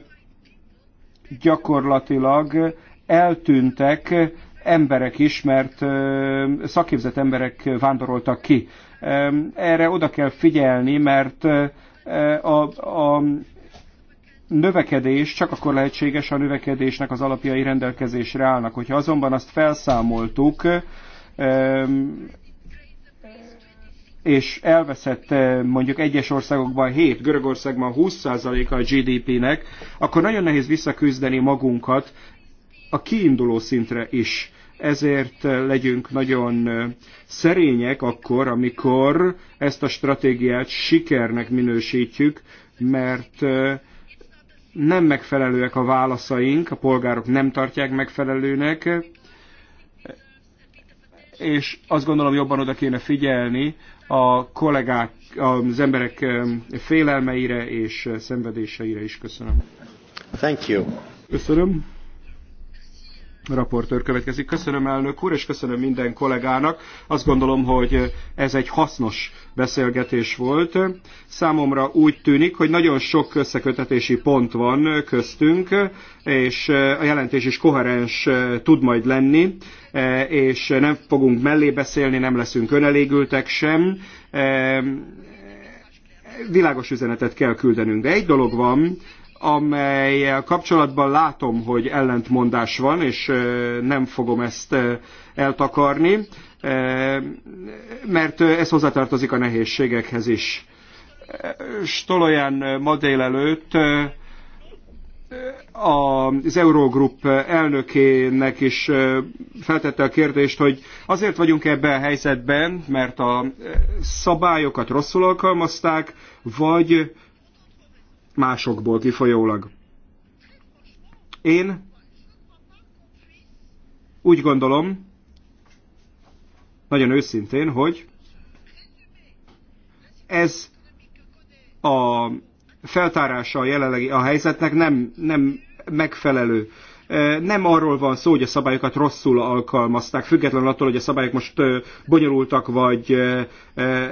gyakorlatilag eltűntek emberek is, mert eh, szakképzett emberek vándoroltak ki. Erre oda kell figyelni, mert eh, Eh, a, a növekedés csak akkor lehetséges, a növekedésnek az alapjai rendelkezésre állnak. Hogyha azonban azt felszámoltuk, és elveszett eh, mondjuk egyes országokban 7, Görögországban 20%-a a GDP-nek, akkor nagyon nehéz visszaküzdeni magunkat a kiinduló szintre is ezért eh, legyünk nagyon eh, szerények akkor, amikor ezt a stratégiát sikernek minősítjük, mert eh, nem megfelelőek a válaszaink, a polgárok nem tartják megfelelőnek, és azt gondolom jobban oda kéne figyelni a kollégák, az emberek félelmeire és szenvedéseire is. Köszönöm. Thank you. Köszönöm raportőr következik. Köszönöm elnök úr, és köszönöm minden kollégának. Azt gondolom, hogy ez egy hasznos beszélgetés volt. Számomra úgy tűnik, hogy nagyon sok összekötetési pont van köztünk, és a jelentés is koherens tud majd lenni, és nem fogunk mellé beszélni, nem leszünk önelégültek sem. Világos üzenetet kell küldenünk, de egy dolog van, amely kapcsolatban látom, hogy ellentmondás van, és nem fogom ezt eltakarni, mert ez hozzátartozik a nehézségekhez is. Stoloján ma délelőtt az Eurogroup elnökének is feltette a kérdést, hogy azért vagyunk ebben a helyzetben, mert a szabályokat rosszul alkalmazták, vagy másokból kifolyólag. Én úgy gondolom, nagyon őszintén, hogy ez a feltárása a jelenlegi a helyzetnek nem, nem megfelelő. Nem arról van szó, hogy a szabályokat rosszul alkalmazták, függetlenül attól, hogy a szabályok most bonyolultak vagy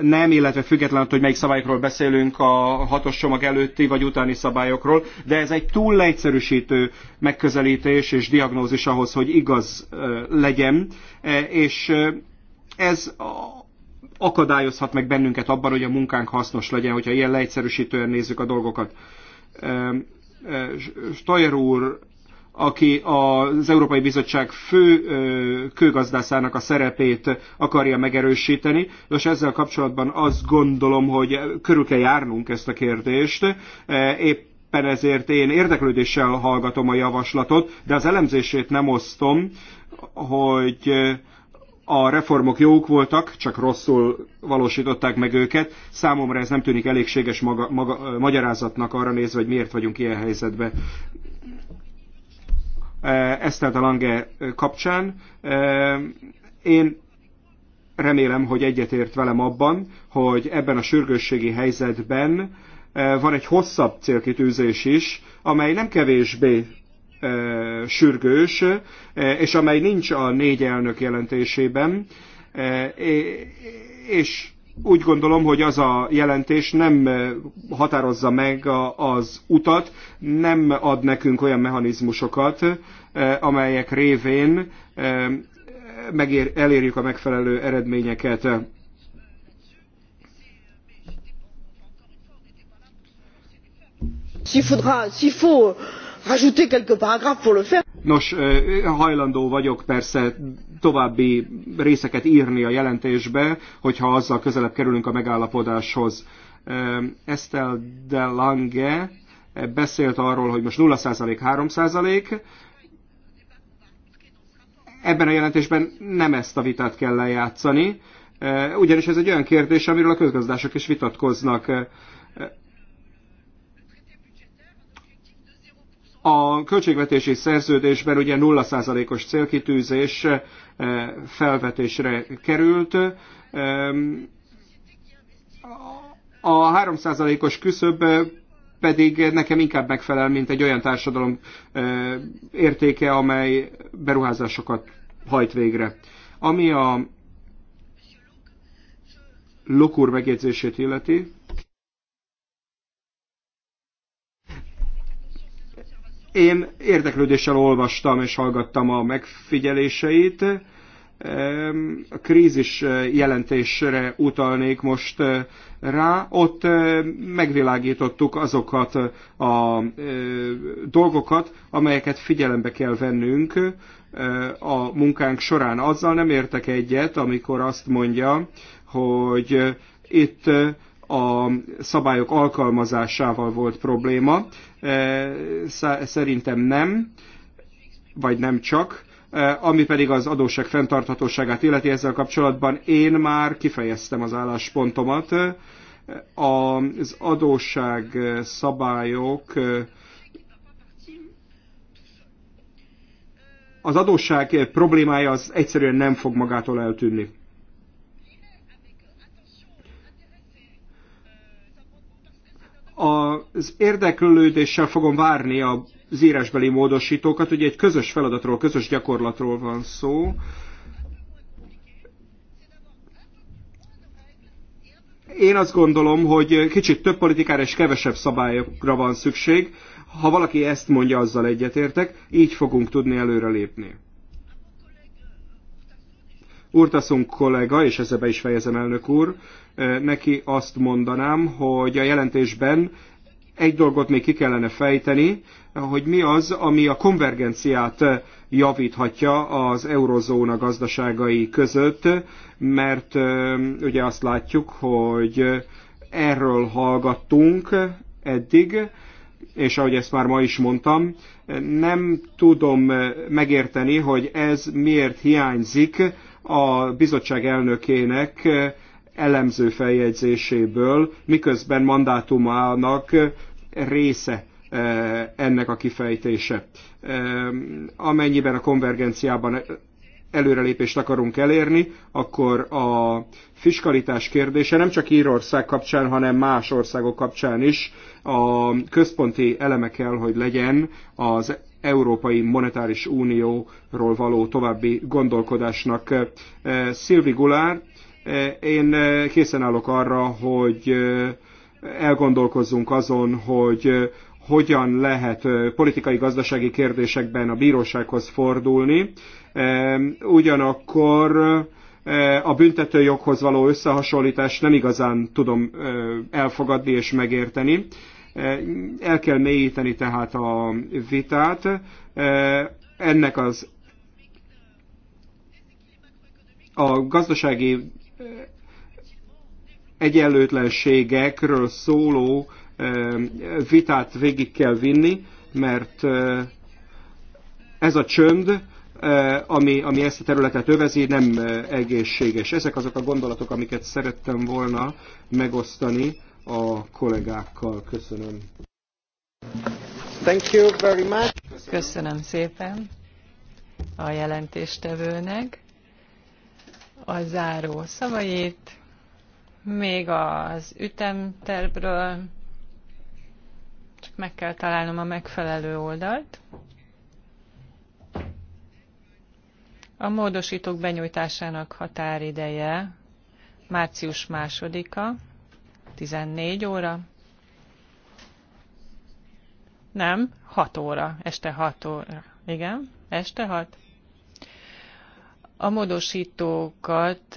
nem, illetve függetlenül attól, hogy melyik szabályokról beszélünk a hatos csomag előtti vagy utáni szabályokról, de ez egy túl leegyszerűsítő megközelítés és diagnózis ahhoz, hogy igaz legyen, és ez akadályozhat meg bennünket abban, hogy a munkánk hasznos legyen, hogyha ilyen leegyszerűsítően nézzük a dolgokat. Stoyer úr aki az Európai Bizottság fő kőgazdászának a szerepét akarja megerősíteni. Nos, ezzel kapcsolatban azt gondolom, hogy körül kell járnunk ezt a kérdést. Épp e, éppen ezért én érdeklődéssel hallgatom a javaslatot, de az elemzését nem osztom, hogy a reformok jók voltak, csak rosszul valósították meg őket. Számomra ez nem tűnik elégséges maga, maga, magyarázatnak arra nézve, hogy miért vagyunk ilyen helyzetben. Eh, Eszter de Lange eh, kapcsán. Eh, én remélem, hogy egyetért velem abban, hogy ebben a sürgősségi helyzetben van egy hosszabb célkitűzés is, amely nem kevésbé sürgős, és amely nincs a négy elnök jelentésében, és úgy gondolom, hogy az a jelentés nem eh, határozza meg az utat, nem ad nekünk olyan mechanizmusokat, eh, amelyek révén eh, megér, elérjük a megfelelő eredményeket. S'il faudra, s'il faut rajouter quelques paragraphes pour le faire. Nos, hajlandó vagyok persze további részeket írni a jelentésbe, hogyha azzal közelebb kerülünk a megállapodáshoz. Estelle de Lange beszélt arról, hogy most 0% 3%, ebben a jelentésben nem ezt a vitát kell lejátszani, ugyanis ez egy olyan kérdés, amiről a közgazdások is vitatkoznak. A költségvetési szerződésben ugye 0%-os célkitűzés eh, felvetésre került. A 3%-os küszöb eh, pedig nekem inkább megfelel, mint egy olyan társadalom eh, értéke, amely beruházásokat hajt végre. Ami a Lokúr megjegyzését illeti, Én érdeklődéssel olvastam és hallgattam a megfigyeléseit. A krízis eh, jelentésre utalnék most eh, rá. Ott eh, megvilágítottuk azokat a dolgokat, amelyeket figyelembe kell vennünk a munkánk során. Azzal nem értek egyet, amikor azt mondja, hogy itt a szabályok alkalmazásával volt probléma. E, szerintem nem, vagy nem csak. E, ami pedig az adósság fenntarthatóságát illeti ezzel kapcsolatban, én már kifejeztem az álláspontomat. E, az adósság szabályok az adósság problémája az egyszerűen nem fog magától eltűnni. az érdeklődéssel fogom várni az írásbeli módosítókat, ugye egy közös feladatról, közös gyakorlatról van szó. Én azt gondolom, hogy kicsit több politikára és kevesebb szabályokra van szükség. Ha valaki ezt mondja, azzal egyetértek, így fogunk tudni előrelépni. Urtaszunk kollega, és ezzel be is fejezem elnök úr, eh, neki azt mondanám, hogy a jelentésben egy dolgot még ki kellene fejteni, hogy mi az, ami a konvergenciát eh, javíthatja az eurozóna gazdaságai között, mert eh, ugye azt látjuk, hogy erről hallgattunk eddig, és ahogy ezt már ma is mondtam, nem tudom megérteni, hogy ez miért hiányzik a bizottság elnökének eh, elemző feljegyzéséből, miközben mandátumának eh, része eh, ennek a kifejtése. Amennyiben a konvergenciában előrelépést akarunk elérni, akkor a fiskalitás kérdése nem csak Írország kapcsán, hanem más országok kapcsán is a központi eleme kell, hogy legyen az Európai Monetáris Unióról való további gondolkodásnak. Eh, Szilvi Gulár, eh, én eh, készen állok arra, hogy elgondolkozzunk azon, hogy hogyan lehet politikai-gazdasági kérdésekben a bírósághoz fordulni. Ugyanakkor a büntetőjoghoz való összehasonlítást nem igazán tudom elfogadni és megérteni. Eh, el kell mélyíteni tehát a vitát. Eh, ennek az a gazdasági eh, egyenlőtlenségekről szóló vitát végig kell vinni, mert ez a csönd, ami, ami ezt a területet övezi, nem egészséges. Ezek azok a gondolatok, amiket szerettem volna megosztani a kollégákkal. Köszönöm. Thank you very much. Köszönöm, szépen a jelentéstevőnek a záró szavait, még az ütemtervről, csak meg kell találnom a megfelelő oldalt. A módosítók benyújtásának határideje március másodika. 14 óra. Nem, 6 óra, este 6 óra. Igen, este 6. A módosítókat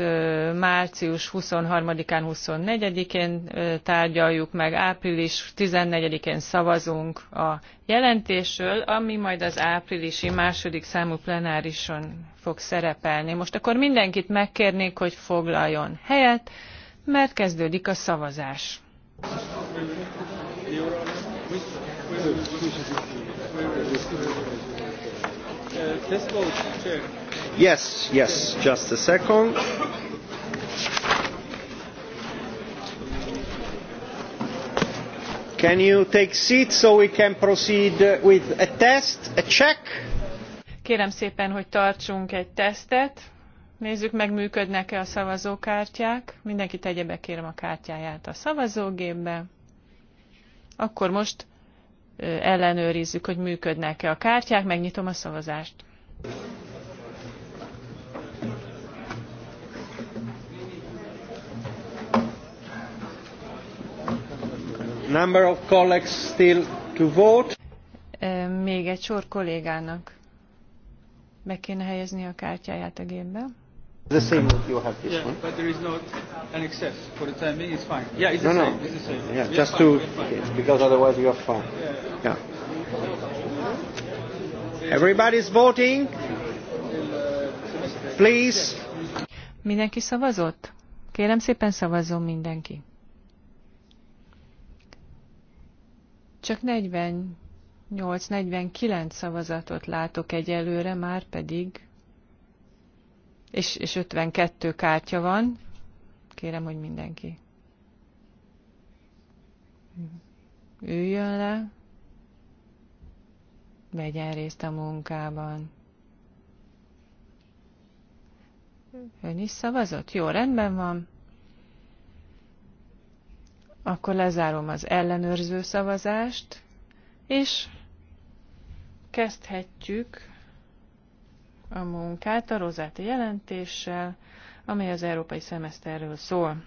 március 23-án, 24-én tárgyaljuk meg, április 14-én szavazunk a jelentésről, ami majd az áprilisi második számú plenárison fog szerepelni. Most akkor mindenkit megkérnék, hogy foglaljon helyet mert kezdődik a szavazás. Yes, yes, just a second. Can you take seat so we can proceed with a test, a check? Kérem szépen, hogy tartsunk egy tesztet. Nézzük meg, működnek-e a szavazókártyák. Mindenki tegye be, kérem, a kártyáját a szavazógépbe. Akkor most ellenőrizzük, hogy működnek-e a kártyák. Megnyitom a szavazást. Number of colleagues still to vote. Még egy sor kollégának be kéne helyezni a kártyáját a gépbe. The same you have this yeah, one. but there is not an excess for the time being. It's fine. Yeah, it's the no, same. No. It's the same. Yeah, it's just to because otherwise you are fine. Yeah. yeah. Everybody's voting. Please. Mindenki szavazott? Kérem szépen szavazzon mindenki. Csak 48-49 szavazatot látok egyelőre, már pedig és, és 52 kártya van. Kérem, hogy mindenki üljön le, vegyen részt a munkában. Ön is szavazott? Jó, rendben van. Akkor lezárom az ellenőrző szavazást, és kezdhetjük a munkát a rozáti jelentéssel, amely az európai szemeszterről szól.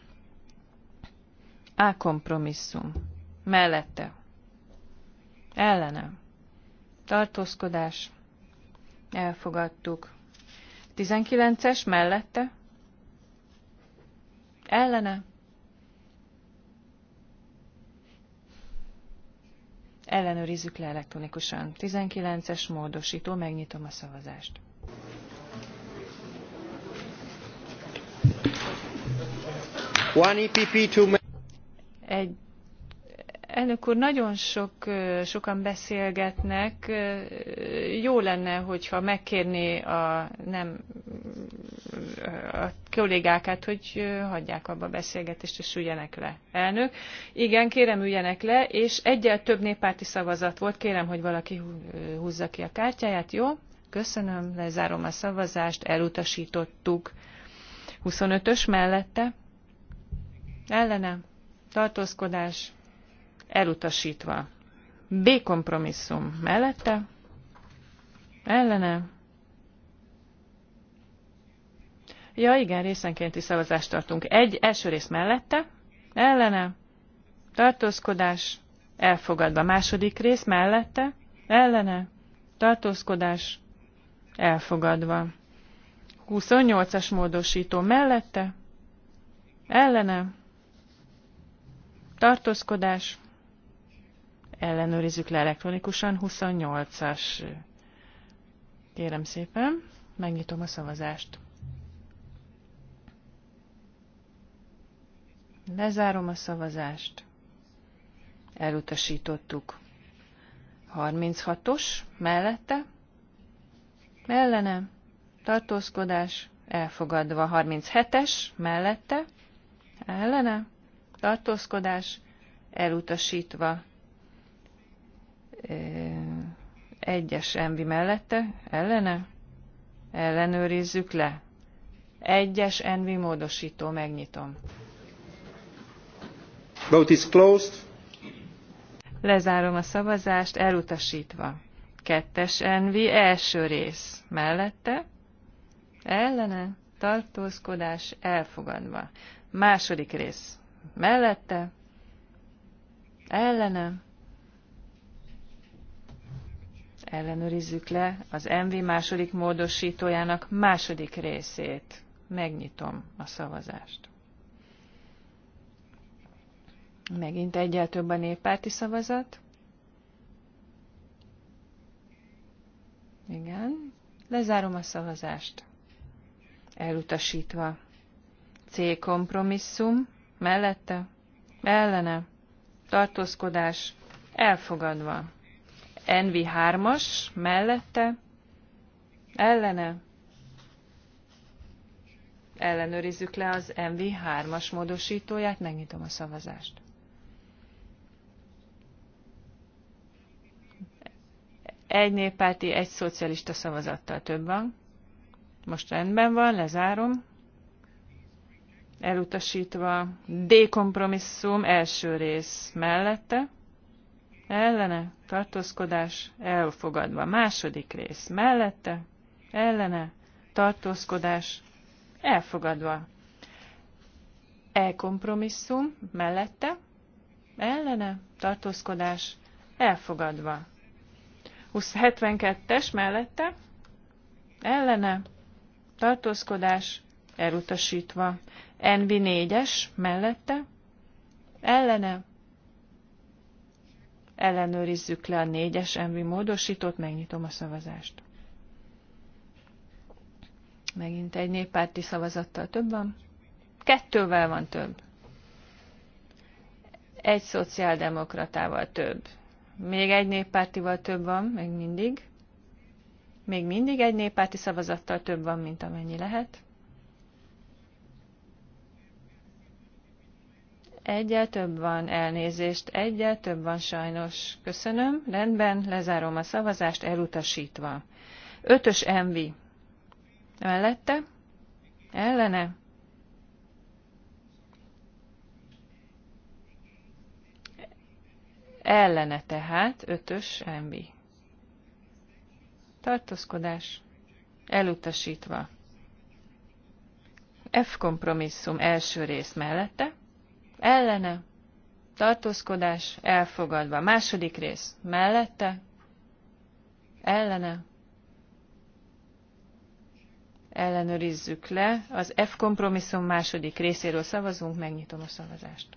A kompromisszum. Mellette. Ellene. Tartózkodás. Elfogadtuk. 19-es mellette. Ellene. Ellenőrizzük le elektronikusan. 19-es módosító, megnyitom a szavazást. E Egy elnök úr, nagyon sok, sokan beszélgetnek. Jó lenne, hogyha megkérné a, nem, a kollégákat, hogy hagyják abba a beszélgetést, és üljenek le. Elnök, igen, kérem üljenek le, és egyel több néppárti szavazat volt. Kérem, hogy valaki húzza ki a kártyáját. Jó? Köszönöm, lezárom a szavazást, elutasítottuk. 25-ös mellette ellene, tartózkodás, elutasítva. B kompromisszum mellette, ellene. Ja igen, részenkénti szavazást tartunk. Egy első rész mellette, ellene, tartózkodás, elfogadva. Második rész mellette, ellene, tartózkodás, elfogadva. 28-as módosító mellette, ellene, tartózkodás, ellenőrizzük le elektronikusan, 28-as. Kérem szépen, megnyitom a szavazást. Lezárom a szavazást. Elutasítottuk. 36-os mellette. Ellene. Tartózkodás. Elfogadva. 37-es mellette. Ellene tartózkodás elutasítva egyes envi mellette, ellene, ellenőrizzük le. Egyes envi módosító, megnyitom. Vote is closed. Lezárom a szavazást, elutasítva. Kettes envi, első rész, mellette, ellene, tartózkodás, elfogadva. Második rész, mellette, ellene, ellenőrizzük le az MV második módosítójának második részét. Megnyitom a szavazást. Megint egyel több a néppárti szavazat. Igen. Lezárom a szavazást. Elutasítva. C kompromisszum mellette, ellene, tartózkodás, elfogadva. nv 3 mellette, ellene, ellenőrizzük le az NV3-as módosítóját, megnyitom a szavazást. Egy néppárti, egy szocialista szavazattal több van. Most rendben van, lezárom elutasítva, dékompromisszum első rész mellette, ellene, tartózkodás, elfogadva, második rész mellette, ellene, tartózkodás, elfogadva, elkompromisszum mellette, ellene, tartózkodás, elfogadva, 72-es mellette, ellene, tartózkodás, elutasítva. Envi 4 es mellette, ellene, ellenőrizzük le a 4-es NV módosítót, megnyitom a szavazást. Megint egy néppárti szavazattal több van. Kettővel van több. Egy szociáldemokratával több. Még egy néppártival több van, még mindig. Még mindig egy néppárti szavazattal több van, mint amennyi lehet. Egyel több van elnézést, egyel több van sajnos. Köszönöm. Rendben, lezárom a szavazást, elutasítva. Ötös envi. Mellette? Ellene? Ellene tehát, ötös envi. Tartózkodás. Elutasítva. F kompromisszum első rész mellette ellene, tartózkodás elfogadva. Második rész mellette, ellene, ellenőrizzük le. Az F kompromisszum második részéről szavazunk, megnyitom a szavazást.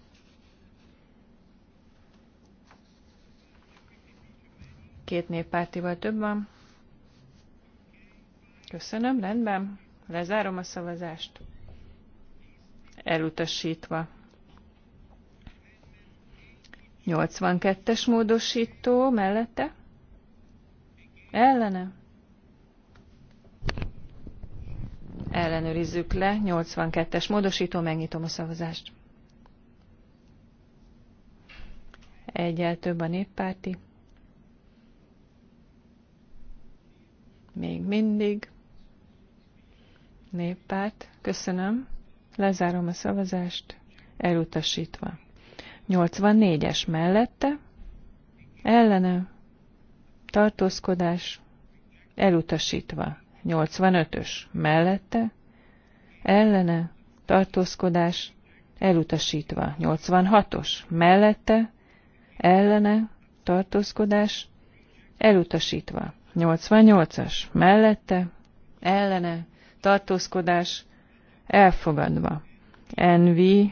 Két néppártival több van. Köszönöm, rendben. Lezárom a szavazást. Elutasítva. 82-es módosító mellette. Ellene. Ellenőrizzük le. 82-es módosító. Megnyitom a szavazást. Egyel több a néppárti. Még mindig. Néppárt. Köszönöm. Lezárom a szavazást. Elutasítva. 84-es mellette, ellene, tartózkodás, elutasítva. 85-ös mellette, ellene, tartózkodás, elutasítva. 86-os mellette, ellene, tartózkodás, elutasítva. 88-as mellette, ellene, tartózkodás, elfogadva. NV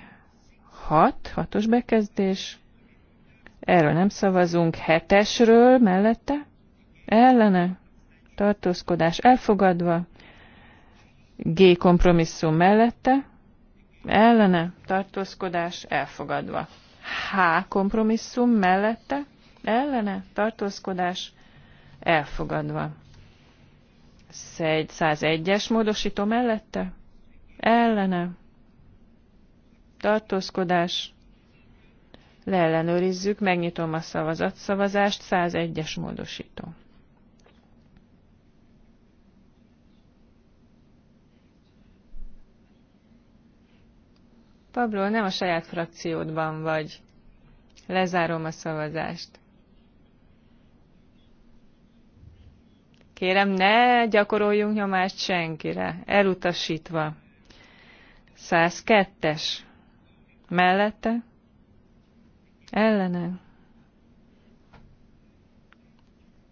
6, 6-os bekezdés. Erről nem szavazunk. 7-esről mellette. Ellene. Tartózkodás elfogadva. G kompromisszum mellette. Ellene. Tartózkodás elfogadva. H kompromisszum mellette. Ellene. Tartózkodás elfogadva. 101-es módosító mellette. Ellene tartózkodás, leellenőrizzük, megnyitom a szavazatszavazást, 101-es módosító. Pablo, nem a saját frakciódban vagy. Lezárom a szavazást. Kérem, ne gyakoroljunk nyomást senkire. Elutasítva. 102-es mellette, ellene.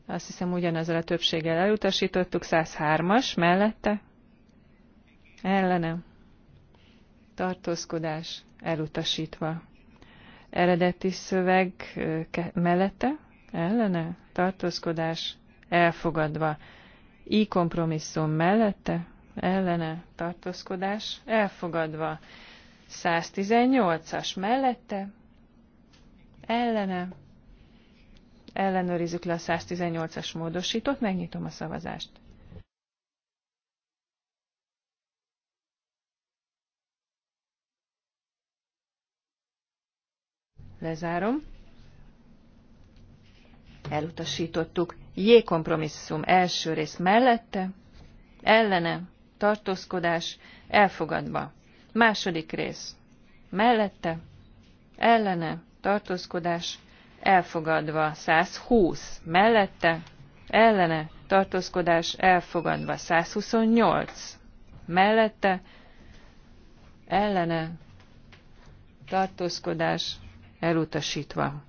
Azt hiszem ugyanezzel a többséggel elutasítottuk, 103-as mellette, ellene, tartózkodás elutasítva. Eredeti szöveg mellette, ellene, tartózkodás elfogadva. I kompromisszum mellette, ellene, tartózkodás elfogadva. 118-as mellette, ellene, ellenőrizzük le a 118-as módosítót, megnyitom a szavazást. Lezárom. Elutasítottuk. J kompromisszum első rész mellette, ellene, tartózkodás, elfogadva. Második rész. Mellette, ellene, tartózkodás, elfogadva. 120. Mellette, ellene, tartózkodás, elfogadva. 128. Mellette, ellene, tartózkodás, elutasítva.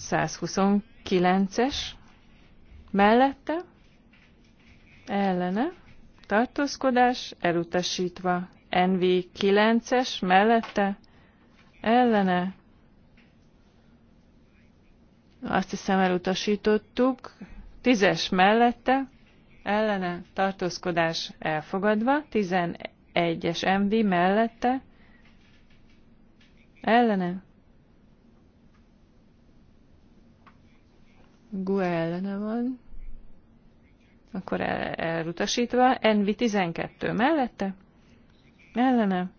129-es, mellette, ellene, tartózkodás elutasítva. NV9-es mellette ellene. Azt hiszem elutasítottuk. 10-es mellette ellene tartózkodás elfogadva. 11-es MV mellette ellene. Gu ellene van. Akkor el, elutasítva. NV12 mellette ellene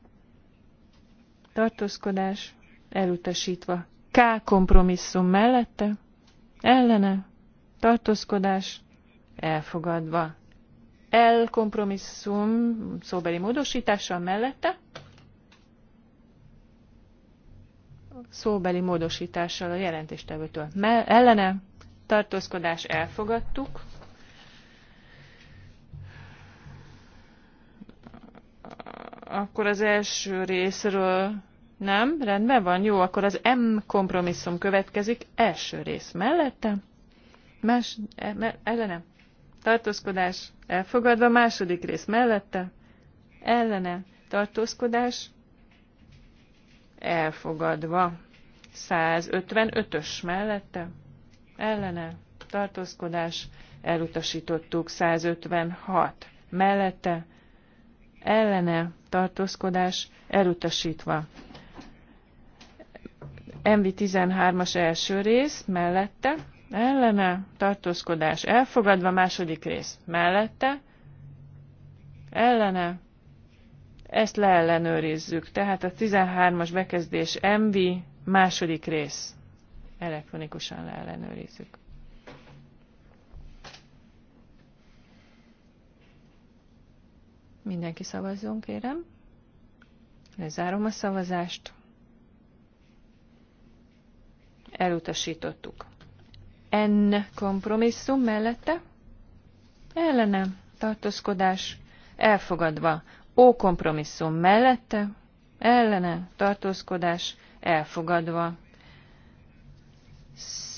tartózkodás elutasítva. K kompromisszum mellette ellene tartózkodás elfogadva. L kompromisszum szóbeli módosítása mellette szóbeli módosítással a jelentéstevőtől. Mell ellene tartózkodás elfogadtuk. Akkor az első részről nem, rendben van, jó, akkor az M kompromisszum következik, első rész mellette, más, e, me, ellenem, tartózkodás, elfogadva, második rész mellette, ellene, tartózkodás, elfogadva, 155-ös mellette, ellene, tartózkodás, elutasítottuk, 156 mellette, ellene tartózkodás elutasítva. MV13-as első rész mellette, ellene tartózkodás elfogadva, második rész mellette, ellene, ezt leellenőrizzük. Tehát a 13-as bekezdés MV második rész elektronikusan leellenőrizzük. Mindenki szavazzon, kérem. Lezárom a szavazást. Elutasítottuk. N kompromisszum mellette? Ellene. Tartózkodás. Elfogadva. O kompromisszum mellette? Ellene. Tartózkodás. Elfogadva.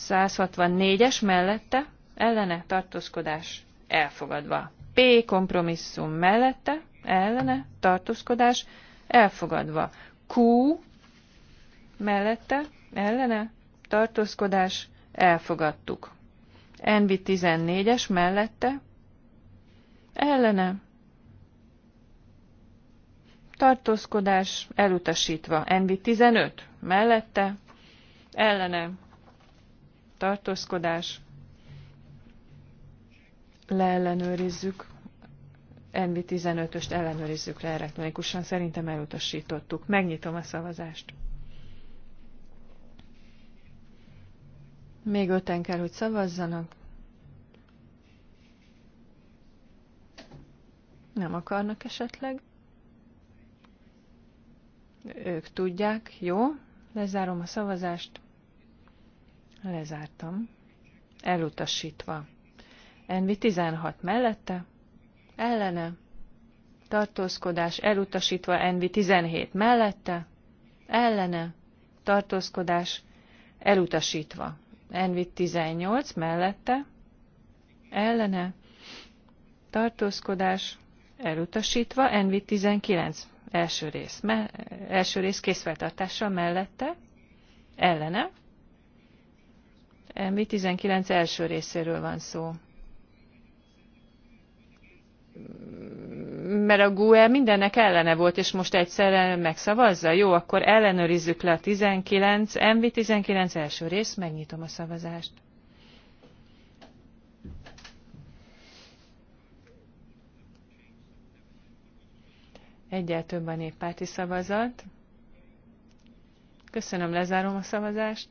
164-es mellette? Ellene. Tartózkodás. Elfogadva. P kompromisszum mellette, ellene, tartózkodás, elfogadva. Q mellette, ellene, tartózkodás, elfogadtuk. Envi 14-es mellette, ellene, tartózkodás, elutasítva. Envi 15 mellette, ellene, tartózkodás, leellenőrizzük. NV15-öst ellenőrizzük le elektronikusan, szerintem elutasítottuk. Megnyitom a szavazást. Még öten kell, hogy szavazzanak. Nem akarnak esetleg? Ők tudják, jó. Lezárom a szavazást. Lezártam. Elutasítva. Envi 16 mellette, ellene, tartózkodás elutasítva Envi 17 mellette, ellene, tartózkodás elutasítva. Envi 18 mellette, ellene, tartózkodás elutasítva, Envi 19 első rész, me, első rész készfeltartása mellette, ellene, Envi 19 első részéről van szó mert a GUE mindennek ellene volt, és most egyszerre megszavazza. Jó, akkor ellenőrizzük le a 19, MV19 első rész, megnyitom a szavazást. Egyel több a néppárti szavazat. Köszönöm, lezárom a szavazást.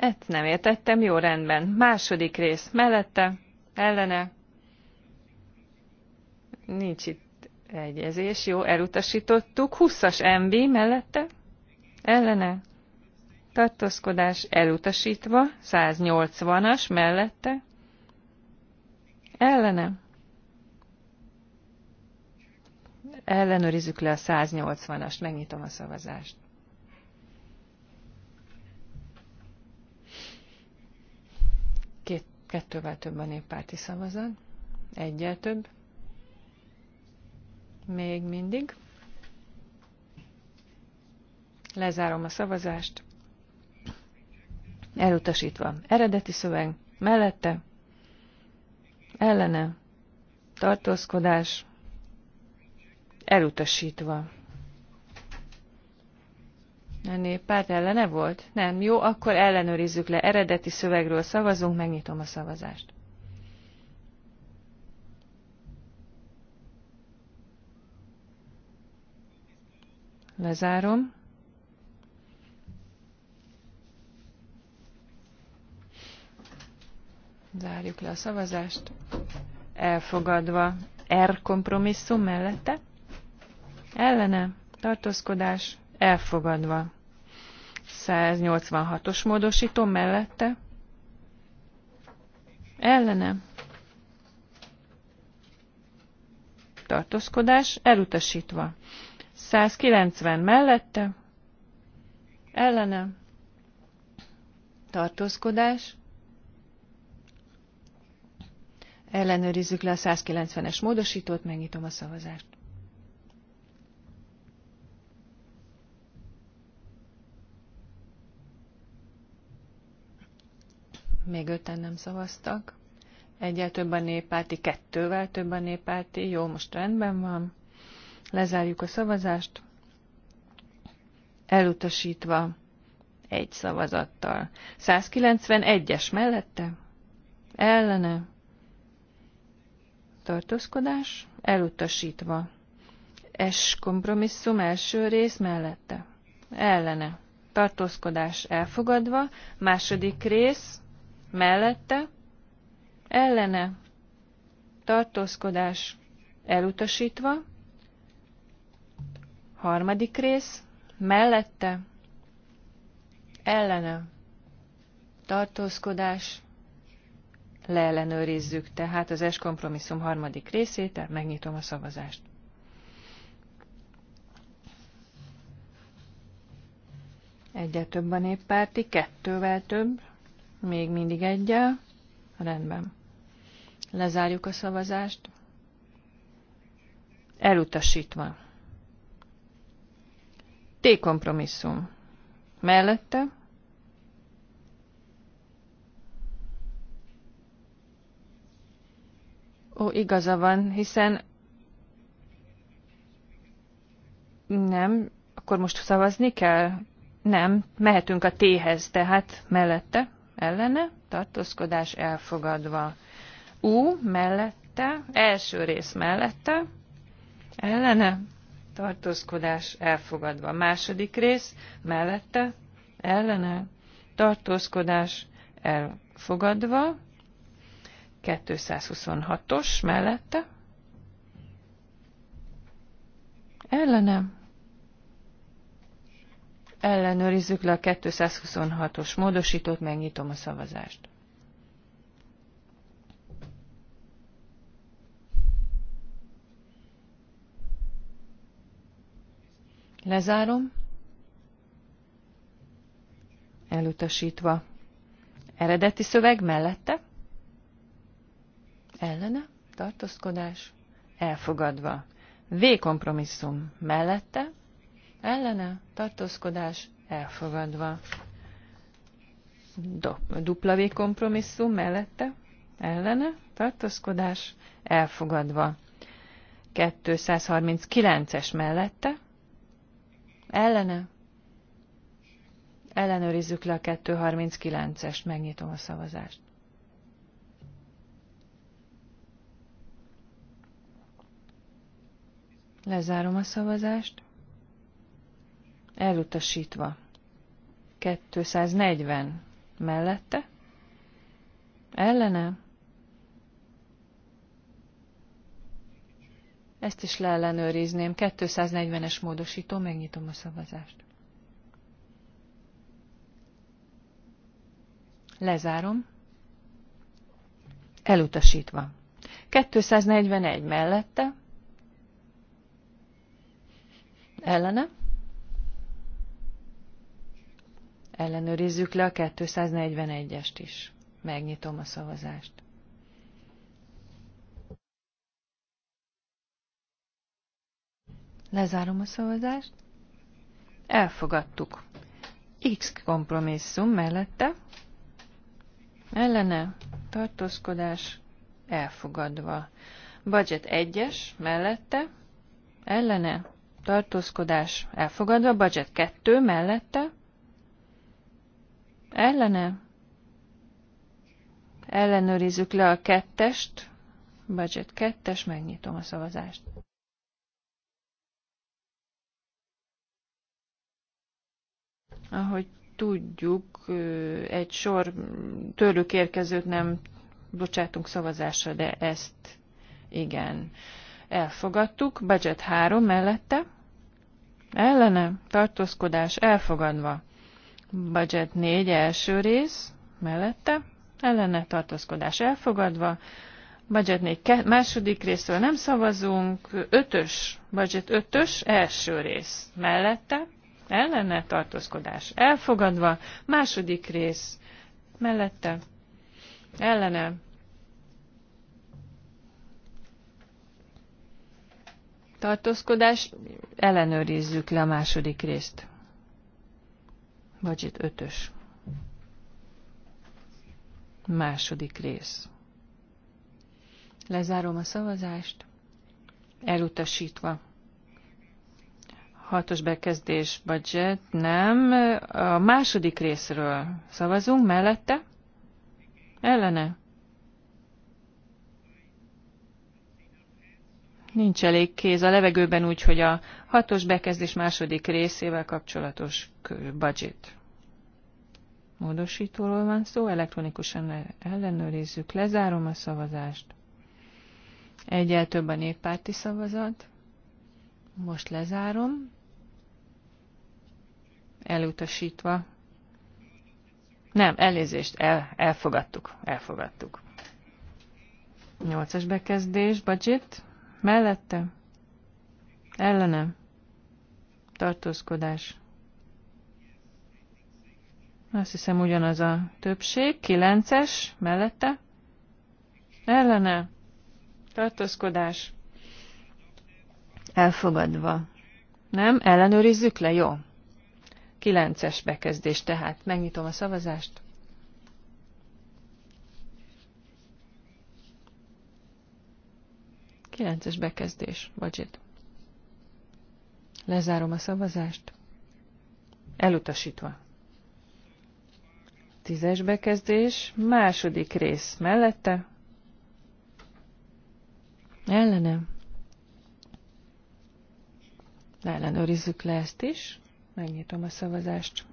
Ezt nem értettem, jó rendben. Második rész mellette, ellene. Nincs itt egyezés, jó, elutasítottuk. 20-as MB mellette, ellene. Tartózkodás elutasítva, 180-as mellette, ellene. Ellenőrizzük le a 180-ast, megnyitom a szavazást. kettővel több a néppárti szavazat, egyel több, még mindig. Lezárom a szavazást, elutasítva eredeti szöveg, mellette, ellene, tartózkodás, elutasítva. Ennél párt ellene volt? Nem. Jó, akkor ellenőrizzük le. Eredeti szövegről szavazunk, megnyitom a szavazást. Lezárom. Zárjuk le a szavazást. Elfogadva R kompromisszum mellette. Ellene tartózkodás elfogadva. 186-os módosító mellette, ellene, tartózkodás elutasítva. 190 mellette, ellene, tartózkodás, ellenőrizzük le a 190-es módosítót, megnyitom a szavazást. még öten nem szavaztak. Egyel több a néppárti, kettővel több a néppárti. Jó, most rendben van. Lezárjuk a szavazást. Elutasítva egy szavazattal. 191-es mellette? Ellene? Tartózkodás? Elutasítva. Es kompromisszum első rész mellette? Ellene. Tartózkodás elfogadva. Második rész mellette, ellene, tartózkodás elutasítva, harmadik rész, mellette, ellene, tartózkodás, leellenőrizzük tehát az es kompromisszum harmadik részét, tehát megnyitom a szavazást. Egyre több a néppárti, kettővel több. Még mindig egyel. Rendben. Lezárjuk a szavazást. Elutasítva. T kompromisszum. Mellette. Ó, igaza van, hiszen nem, akkor most szavazni kell? Nem, mehetünk a T-hez, tehát mellette ellene, tartózkodás elfogadva. U mellette, első rész mellette, ellene, tartózkodás elfogadva. Második rész mellette, ellene, tartózkodás elfogadva. 226-os mellette, ellenem, ellenőrizzük le a 226-os módosítót, megnyitom a szavazást. Lezárom. Elutasítva. Eredeti szöveg mellette? Ellene? Tartózkodás? Elfogadva. V kompromisszum mellette? ellene, tartózkodás elfogadva. v kompromisszum mellette, ellene, tartózkodás elfogadva. 239-es mellette, ellene, ellenőrizzük le a 239-est, megnyitom a szavazást. Lezárom a szavazást elutasítva. 240 mellette, ellene, ezt is leellenőrizném, 240-es módosító, megnyitom a szavazást. Lezárom. Elutasítva. 241 mellette. Ellene. Ellenőrizzük le a 241-est is. Megnyitom a szavazást. Lezárom a szavazást. Elfogadtuk. X kompromisszum mellette. Ellene tartózkodás elfogadva. Budget 1-es mellette. Ellene tartózkodás elfogadva. Budget 2 mellette Ellene? Ellenőrizzük le a kettest. Budget kettes, megnyitom a szavazást. Ahogy tudjuk, egy sor tőlük érkezőt nem bocsátunk szavazásra, de ezt igen, elfogadtuk. Budget 3 mellette. Ellene, tartózkodás elfogadva. Budget 4 első rész, mellette, ellene tartózkodás elfogadva. Budget 4 második részről nem szavazunk, 5-ös, budget 5-ös első rész, mellette, ellene tartózkodás elfogadva, második rész, mellette, ellene, tartózkodás, ellenőrizzük le a második részt. Budget ötös. Második rész. Lezárom a szavazást. Elutasítva. Hatos bekezdés, budget, nem. A második részről szavazunk, mellette. Ellene. nincs elég kéz a levegőben, úgyhogy a hatos bekezdés második részével kapcsolatos budget módosítóról van szó, elektronikusan ellenőrizzük, lezárom a szavazást. Egyel több a néppárti szavazat. Most lezárom. Elutasítva. Nem, elnézést, el, elfogadtuk, elfogadtuk. Nyolcas bekezdés, budget mellette, ellene, tartózkodás. Azt hiszem ugyanaz a többség, kilences, mellette, ellene, tartózkodás, elfogadva. Nem? Ellenőrizzük le? Jó. Kilences bekezdés tehát. Megnyitom a szavazást. 9-es bekezdés, budget. Lezárom a szavazást. Elutasítva. Tízes bekezdés, második rész mellette. Ellenem. Ellenőrizzük le ezt is. Megnyitom a szavazást.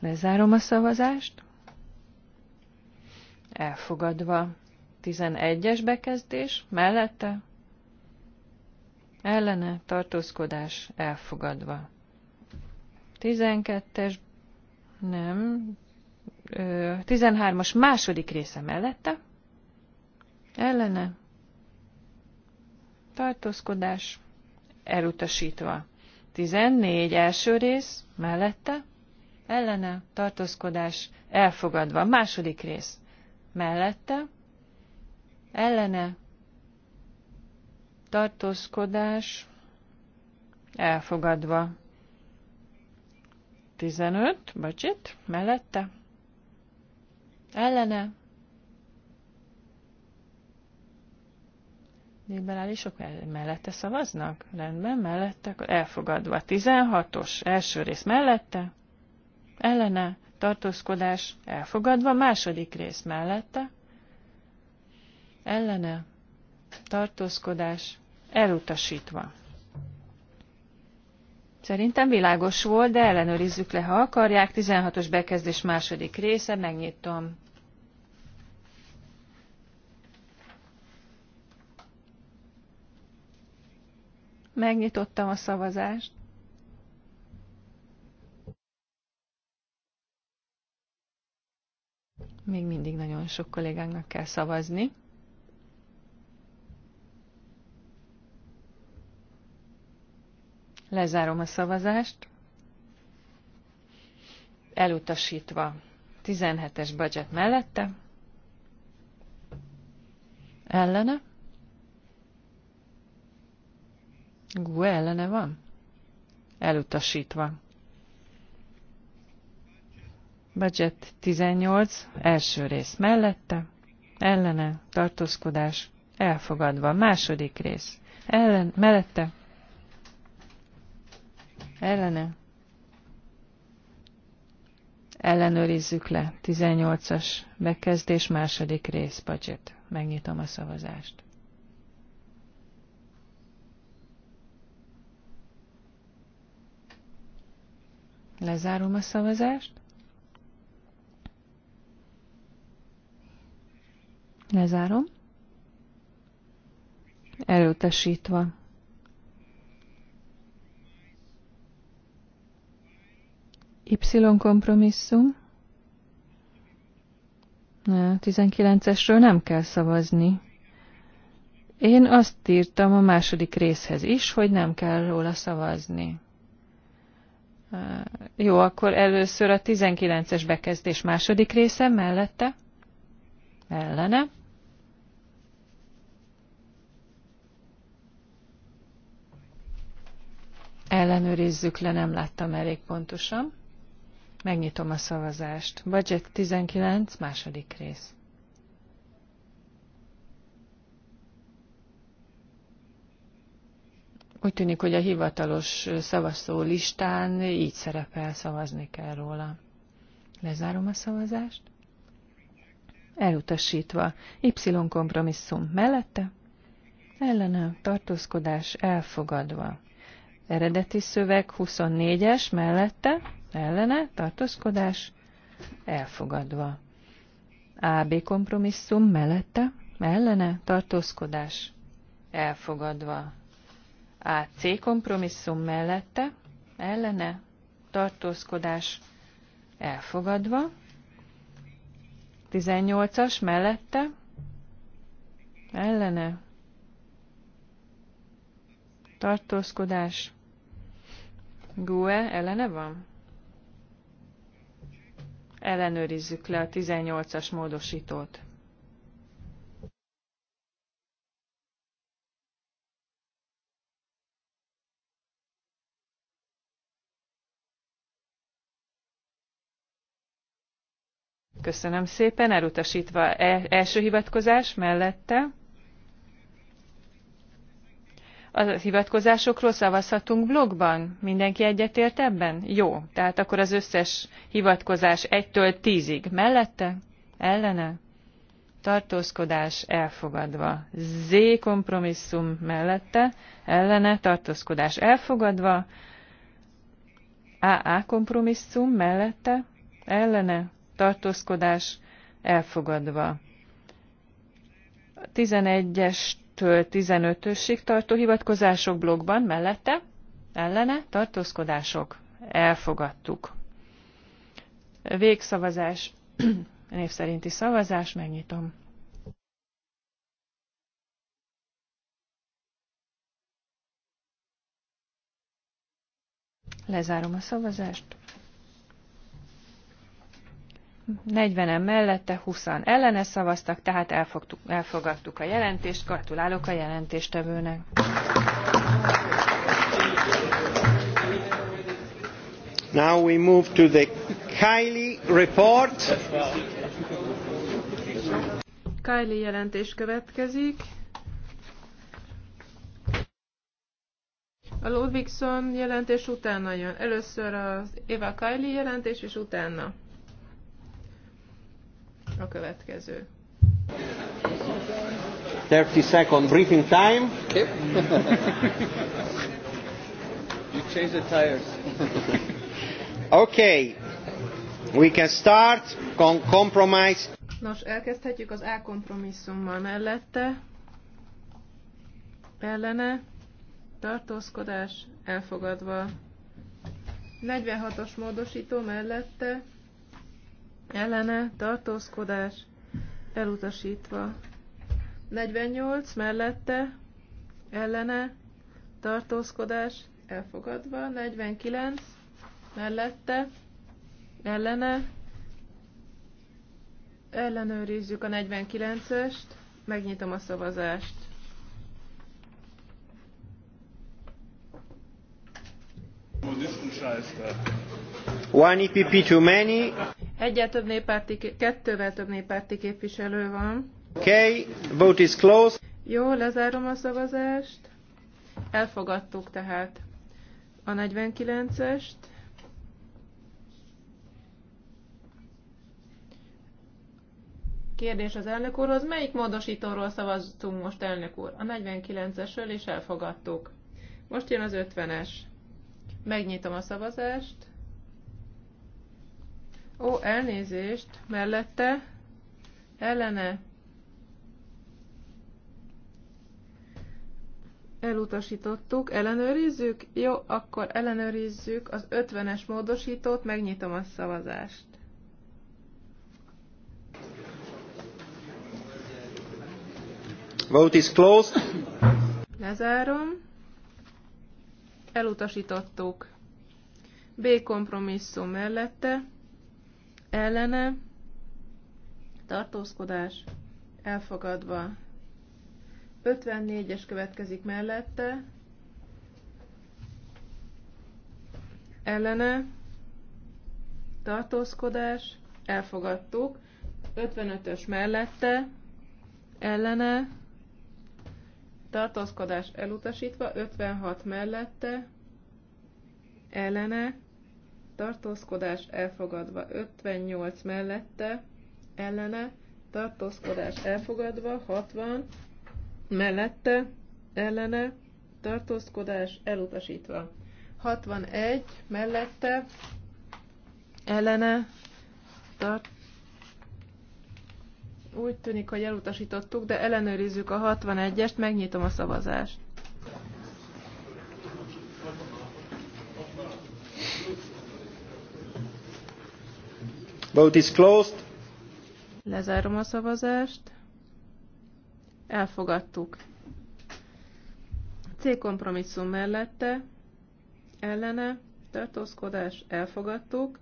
Lezárom a szavazást elfogadva. 11-es bekezdés mellette ellene tartózkodás elfogadva. 12-es nem, 13-as második része mellette ellene tartózkodás elutasítva. 14 első rész mellette ellene tartózkodás elfogadva. Második rész mellette, ellene, tartózkodás, elfogadva. 15, bocsit, mellette, ellene, liberálisok mellette szavaznak? Rendben, mellette, elfogadva. 16-os első rész mellette, ellene, tartózkodás elfogadva, második rész mellette, ellene, tartózkodás elutasítva. Szerintem világos volt, de ellenőrizzük le, ha akarják. 16-os bekezdés második része, megnyitom. Megnyitottam a szavazást. Még mindig nagyon sok kollégánknak kell szavazni. Lezárom a szavazást. Elutasítva 17-es budget mellette. Ellene. Gue ellene van. Elutasítva. Budget 18, első rész mellette, ellene, tartózkodás, elfogadva. Második rész, ellen, mellette, ellene, ellenőrizzük le, 18-as bekezdés, második rész, budget. Megnyitom a szavazást. Lezárom a szavazást. Lezárom. Erőtesítve. Y kompromisszum. 19-esről nem kell szavazni. Én azt írtam a második részhez is, hogy nem kell róla szavazni. Jó, akkor először a 19-es bekezdés második része mellette ellene. Ellenőrizzük le, nem láttam elég pontosan. Megnyitom a szavazást. Budget 19, második rész. Úgy tűnik, hogy a hivatalos szavazó listán így szerepel, szavazni kell róla. Lezárom a szavazást elutasítva. Y kompromisszum mellette, ellene tartózkodás elfogadva. Eredeti szöveg 24-es mellette, ellene tartózkodás elfogadva. AB kompromisszum mellette, ellene tartózkodás elfogadva. AC kompromisszum mellette, ellene tartózkodás elfogadva. 18-as mellette, ellene, tartózkodás, GUE ellene van? Ellenőrizzük le a 18-as módosítót. Köszönöm szépen. Elutasítva e, első hivatkozás mellette. A hivatkozásokról szavazhatunk blogban? Mindenki egyetért ebben? Jó. Tehát akkor az összes hivatkozás 1-től 10-ig. Mellette? Ellene? Tartózkodás elfogadva. Z kompromisszum mellette? Ellene? Tartózkodás elfogadva. AA kompromisszum mellette? Ellene? tartózkodás elfogadva. 11-estől 15-ösig tartó hivatkozások blogban mellette, ellene tartózkodások elfogadtuk. Végszavazás, név szerinti szavazás, megnyitom. Lezárom a szavazást. 40-en mellette, 20-an ellene szavaztak, tehát elfogtuk, elfogadtuk a jelentést. Gratulálok a jelentéstevőnek. Now we move to the Kylie report. Kylie jelentés következik. A Ludwigson jelentés utána jön. Először az Eva Kylie jelentés, és utána a következő. 30 second briefing time. Okay. you change the tires. okay. We can start con compromise. Nos, elkezdhetjük az A kompromisszummal mellette. Ellene. Tartózkodás elfogadva. 46-os módosító mellette ellene tartózkodás elutasítva. 48 mellette ellene tartózkodás elfogadva. 49 mellette ellene ellenőrizzük a 49-est, megnyitom a szavazást. One EPP too many. Egyel több néppárti, kettővel több néppárti képviselő van. Okay, vote is closed. Jó, lezárom a szavazást. Elfogadtuk tehát a 49-est. Kérdés az elnök úrhoz, melyik módosítóról szavaztunk most elnök úr? A 49-esről is elfogadtuk. Most jön az 50-es. Megnyitom a szavazást. Ó, elnézést, mellette, ellene, elutasítottuk, ellenőrizzük? Jó, akkor ellenőrizzük az 50-es módosítót, megnyitom a szavazást. Vote is closed. Lezárom. Elutasítottuk. B kompromisszum mellette ellene, tartózkodás, elfogadva. 54-es következik mellette, ellene, tartózkodás, elfogadtuk. 55-ös mellette, ellene, tartózkodás elutasítva, 56 mellette, ellene, tartózkodás elfogadva 58 mellette, ellene, tartózkodás elfogadva 60 mellette, ellene, tartózkodás elutasítva. 61 mellette, ellene, tart úgy tűnik, hogy elutasítottuk, de ellenőrizzük a 61-est, megnyitom a szavazást. Vote is closed. Lezárom a szavazást. Elfogadtuk. C kompromisszum mellette, ellene, tartózkodás, elfogadtuk.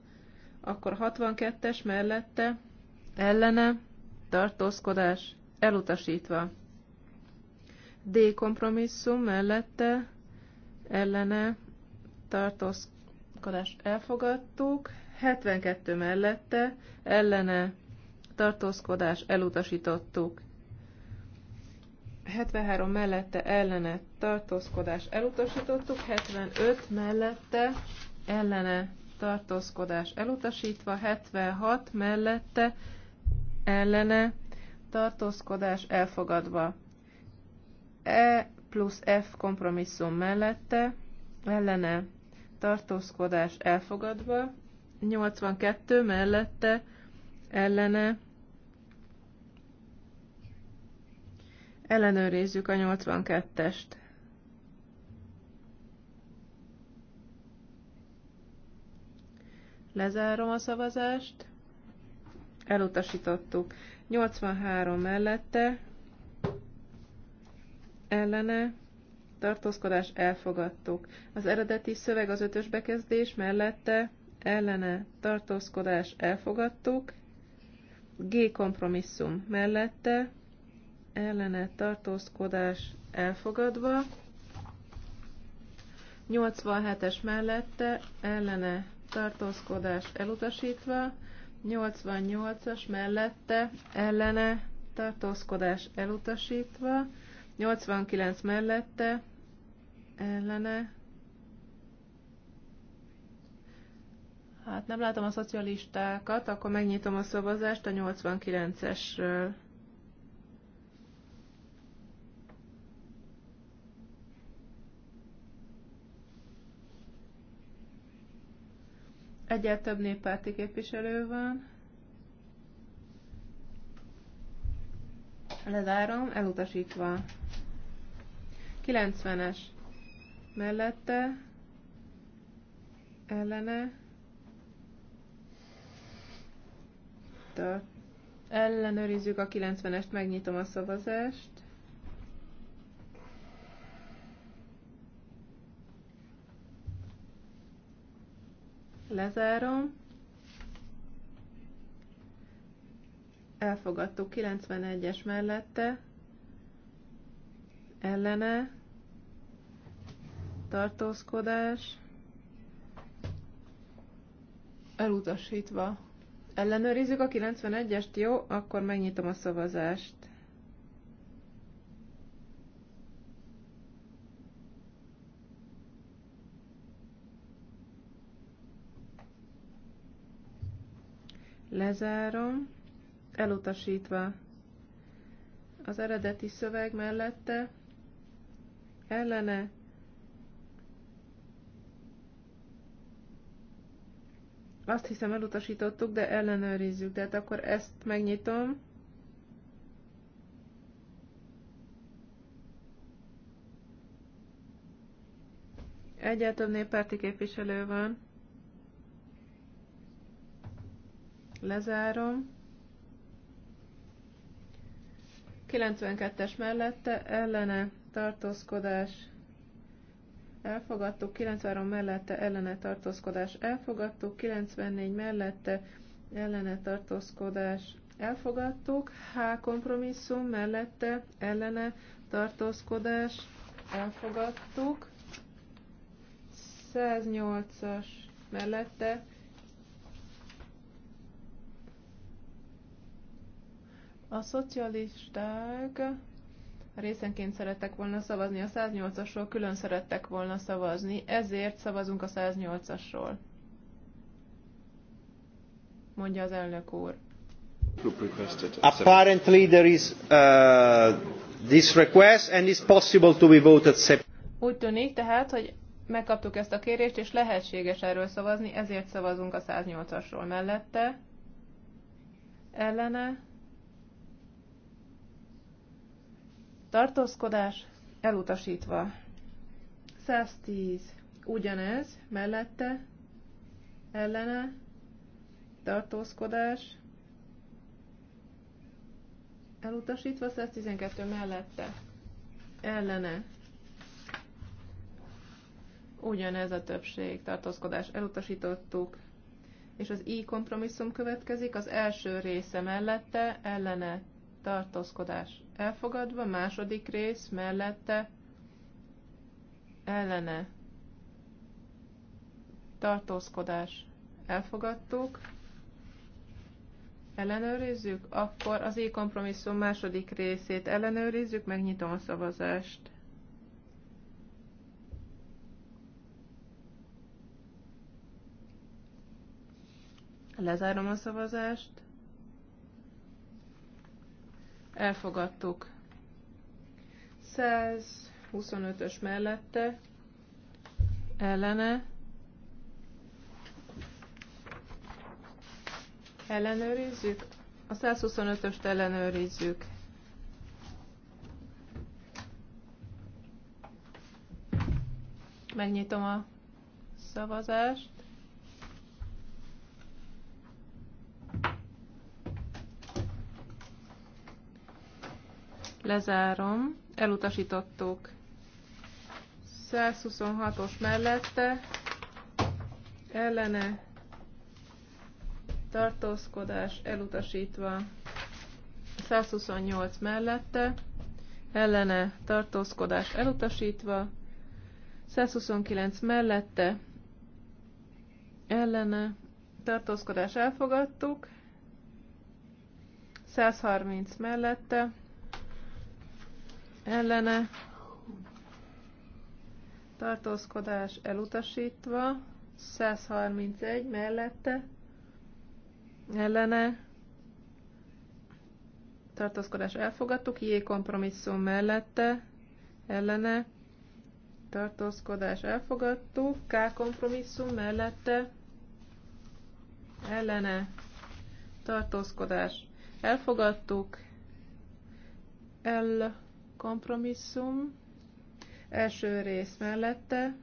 Akkor 62-es mellette, ellene, tartózkodás, elutasítva. D kompromisszum mellette, ellene, tartózkodás, elfogadtuk. 72 mellette ellene tartózkodás elutasítottuk. 73 mellette ellene tartózkodás elutasítottuk, 75 mellette ellene tartózkodás elutasítva, 76 mellette ellene tartózkodás elfogadva. E plusz F kompromisszum mellette ellene tartózkodás elfogadva, 82 mellette ellene ellenőrizzük a 82-est. Lezárom a szavazást. Elutasítottuk. 83 mellette ellene tartózkodás elfogadtuk. Az eredeti szöveg az ötös bekezdés mellette ellene tartózkodás elfogadtuk, G kompromisszum mellette ellene tartózkodás elfogadva, 87-es mellette ellene tartózkodás elutasítva, 88-as mellette ellene tartózkodás elutasítva, 89 mellette ellene Hát nem látom a szocialistákat, akkor megnyitom a szavazást a 89-esről. Egyel több néppárti képviselő van. Lezárom, elutasítva. 90-es mellette, ellene, ettől. Ellenőrizzük a 90-est, megnyitom a szavazást. Lezárom. Elfogadtuk 91-es mellette. Ellene. Tartózkodás. Elutasítva. Ellenőrizzük a 91-est, jó? Akkor megnyitom a szavazást. Lezárom, elutasítva az eredeti szöveg mellette, ellene Azt hiszem elutasítottuk, de ellenőrizzük. De hát akkor ezt megnyitom. Egyel több néppárti képviselő van. Lezárom. 92-es mellette ellene tartózkodás elfogadtuk, 93 mellette ellene tartózkodás elfogadtuk, 94 mellette ellene tartózkodás elfogadtuk, H kompromisszum mellette ellene tartózkodás elfogadtuk, 108-as mellette a szocialisták részenként szerettek volna szavazni, a 108-asról külön szerettek volna szavazni, ezért szavazunk a 108-asról. Mondja az elnök úr. Apparently there is uh, this request and it's possible to be voted separately. Úgy tűnik tehát, hogy megkaptuk ezt a kérést, és lehetséges erről szavazni, ezért szavazunk a 108-asról mellette. Ellene tartózkodás elutasítva. 110 ugyanez, mellette, ellene, tartózkodás, elutasítva, 112 mellette, ellene, ugyanez a többség, tartózkodás, elutasítottuk, és az i kompromisszum következik, az első része mellette, ellene, tartózkodás elfogadva, második rész mellette ellene tartózkodás elfogadtuk, ellenőrizzük, akkor az i kompromisszum második részét ellenőrizzük, megnyitom a szavazást. Lezárom a szavazást elfogadtuk. 125-ös mellette, ellene, ellenőrizzük, a 125-öst ellenőrizzük. Megnyitom a szavazást. lezárom, elutasítottuk. 126-os mellette, ellene, tartózkodás elutasítva. 128 mellette, ellene, tartózkodás elutasítva. 129 mellette, ellene, tartózkodás elfogadtuk. 130 mellette, ellene tartózkodás elutasítva, 131 mellette ellene tartózkodás elfogadtuk, J kompromisszum mellette ellene tartózkodás elfogadtuk, K kompromisszum mellette ellene tartózkodás elfogadtuk, L kompromisszum. Első rész mellette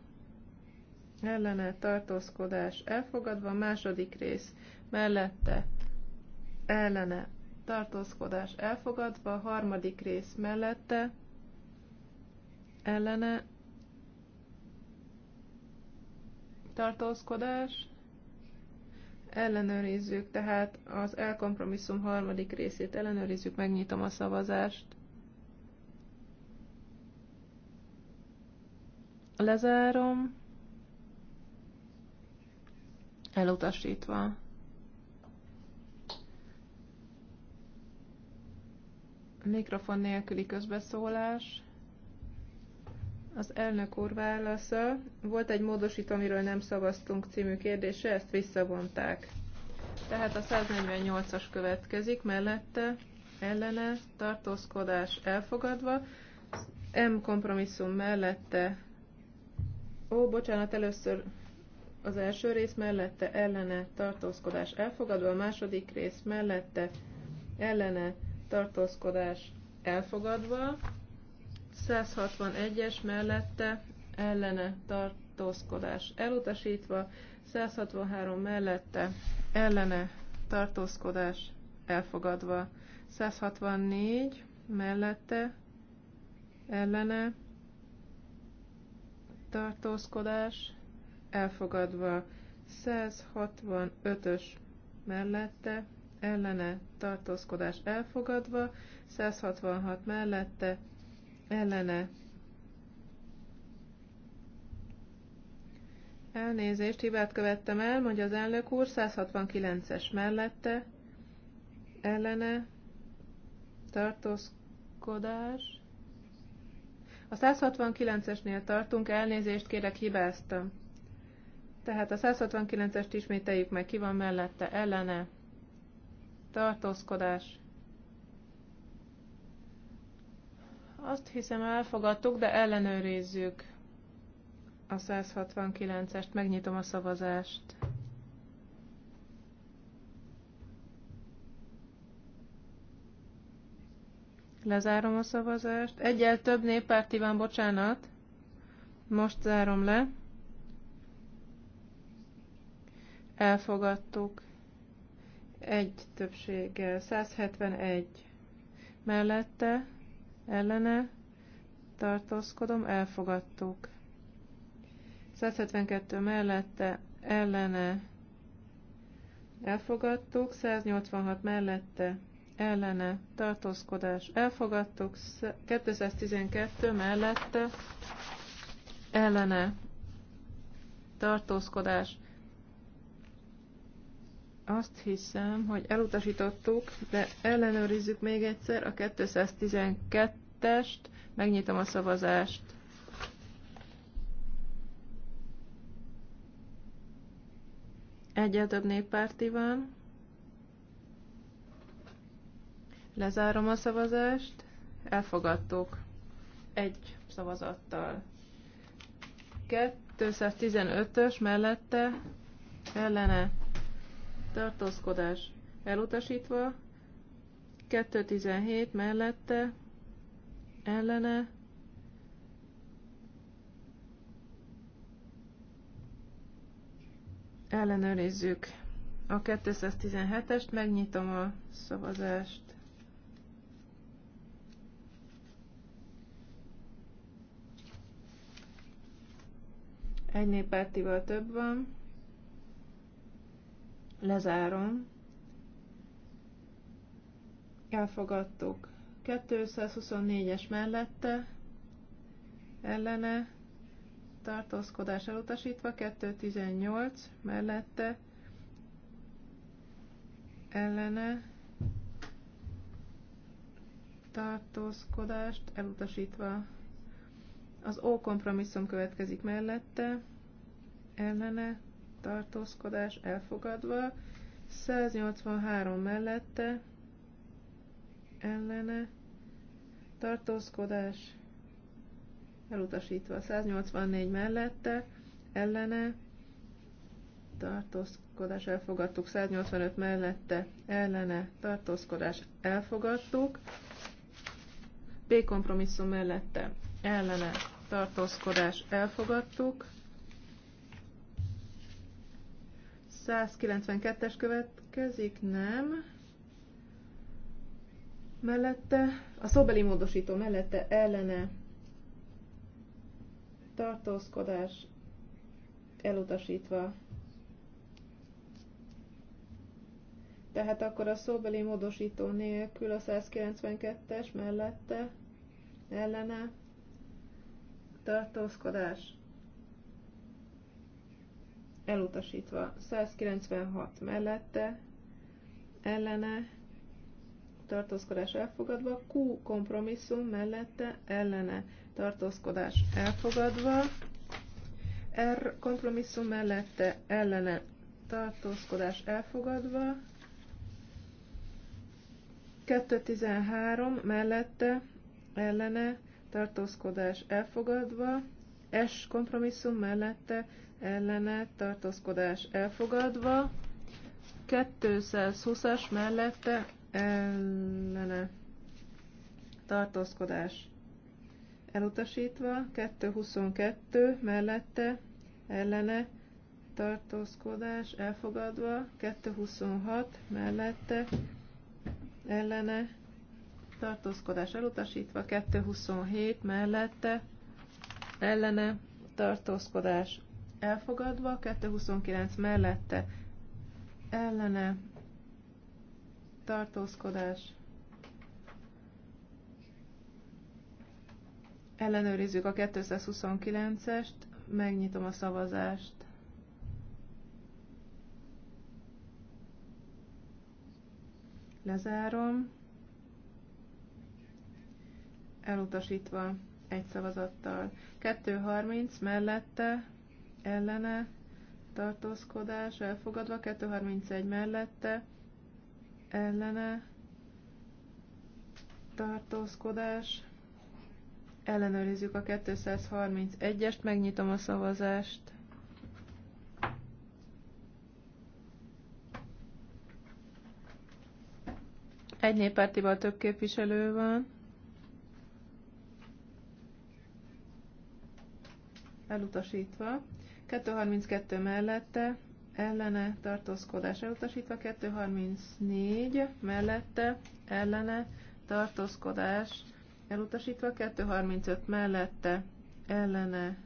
ellene tartózkodás elfogadva, második rész mellette ellene tartózkodás elfogadva, harmadik rész mellette ellene tartózkodás ellenőrizzük, tehát az elkompromisszum harmadik részét ellenőrizzük, megnyitom a szavazást. Lezárom. Elutasítva. Mikrofon nélküli közbeszólás. Az elnök úr válasza. Volt egy módosító, amiről nem szavaztunk című kérdése, ezt visszavonták. Tehát a 148-as következik, mellette ellene tartózkodás elfogadva, M kompromisszum mellette Ó, bocsánat, először az első rész mellette ellene tartózkodás elfogadva, a második rész mellette ellene tartózkodás elfogadva, 161-es mellette ellene tartózkodás elutasítva, 163 mellette ellene tartózkodás elfogadva, 164 mellette ellene tartózkodás elfogadva 165-ös mellette ellene tartózkodás elfogadva 166 mellette ellene Elnézést, hibát követtem el, mondja az elnök úr, 169-es mellette, ellene, tartózkodás, a 169-esnél tartunk, elnézést kérek, hibáztam. Tehát a 169-est ismételjük meg, ki van mellette, ellene, tartózkodás. Azt hiszem elfogadtuk, de ellenőrizzük a 169-est, megnyitom a szavazást. Lezárom a szavazást. Egyel több néppárti van, bocsánat. Most zárom le. Elfogadtuk. Egy többséggel. 171. Mellette, ellene, tartózkodom, elfogadtuk. 172 mellette, ellene, elfogadtuk. 186 mellette, ellene tartózkodás elfogadtuk, 2012 mellette ellene tartózkodás. Azt hiszem, hogy elutasítottuk, de ellenőrizzük még egyszer a 212-est, megnyitom a szavazást. Egyre több néppárti van. Lezárom a szavazást. Elfogadtuk egy szavazattal. 215-ös mellette ellene tartózkodás elutasítva, 217 mellette ellene ellenőrizzük a 217-est, megnyitom a szavazást. Egy néppártival több van. Lezárom. Elfogadtuk. 224-es mellette, ellene, tartózkodás elutasítva, 218 mellette, ellene, tartózkodást elutasítva. Az O kompromisszum következik mellette, ellene, tartózkodás elfogadva, 183 mellette, ellene, tartózkodás elutasítva, 184 mellette, ellene, tartózkodás elfogadtuk, 185 mellette, ellene, tartózkodás elfogadtuk, B kompromisszum mellette, ellene tartózkodás elfogadtuk. 192-es következik, nem. Mellette, a szobeli módosító mellette ellene tartózkodás elutasítva. Tehát akkor a szóbeli módosító nélkül a 192-es mellette ellene tartózkodás elutasítva 196 mellette, ellene tartózkodás elfogadva, Q kompromisszum mellette, ellene tartózkodás elfogadva, R kompromisszum mellette, ellene tartózkodás elfogadva, 213 mellette, ellene tartózkodás elfogadva, S kompromisszum mellette ellene tartózkodás elfogadva, 220-as mellette ellene tartózkodás elutasítva, 222 mellette ellene tartózkodás elfogadva, 226 mellette ellene tartózkodás elutasítva, 227 mellette, ellene, tartózkodás elfogadva, 229 mellette, ellene, tartózkodás Ellenőrizzük a 229-est, megnyitom a szavazást. Lezárom elutasítva egy szavazattal. 230 mellette ellene tartózkodás elfogadva, 231 mellette ellene tartózkodás. Ellenőrizzük a 231-est, megnyitom a szavazást. Egy néppártival több képviselő van. elutasítva, 232 mellette, ellene tartózkodás elutasítva, 234 mellette, ellene tartózkodás elutasítva, 235 mellette, ellene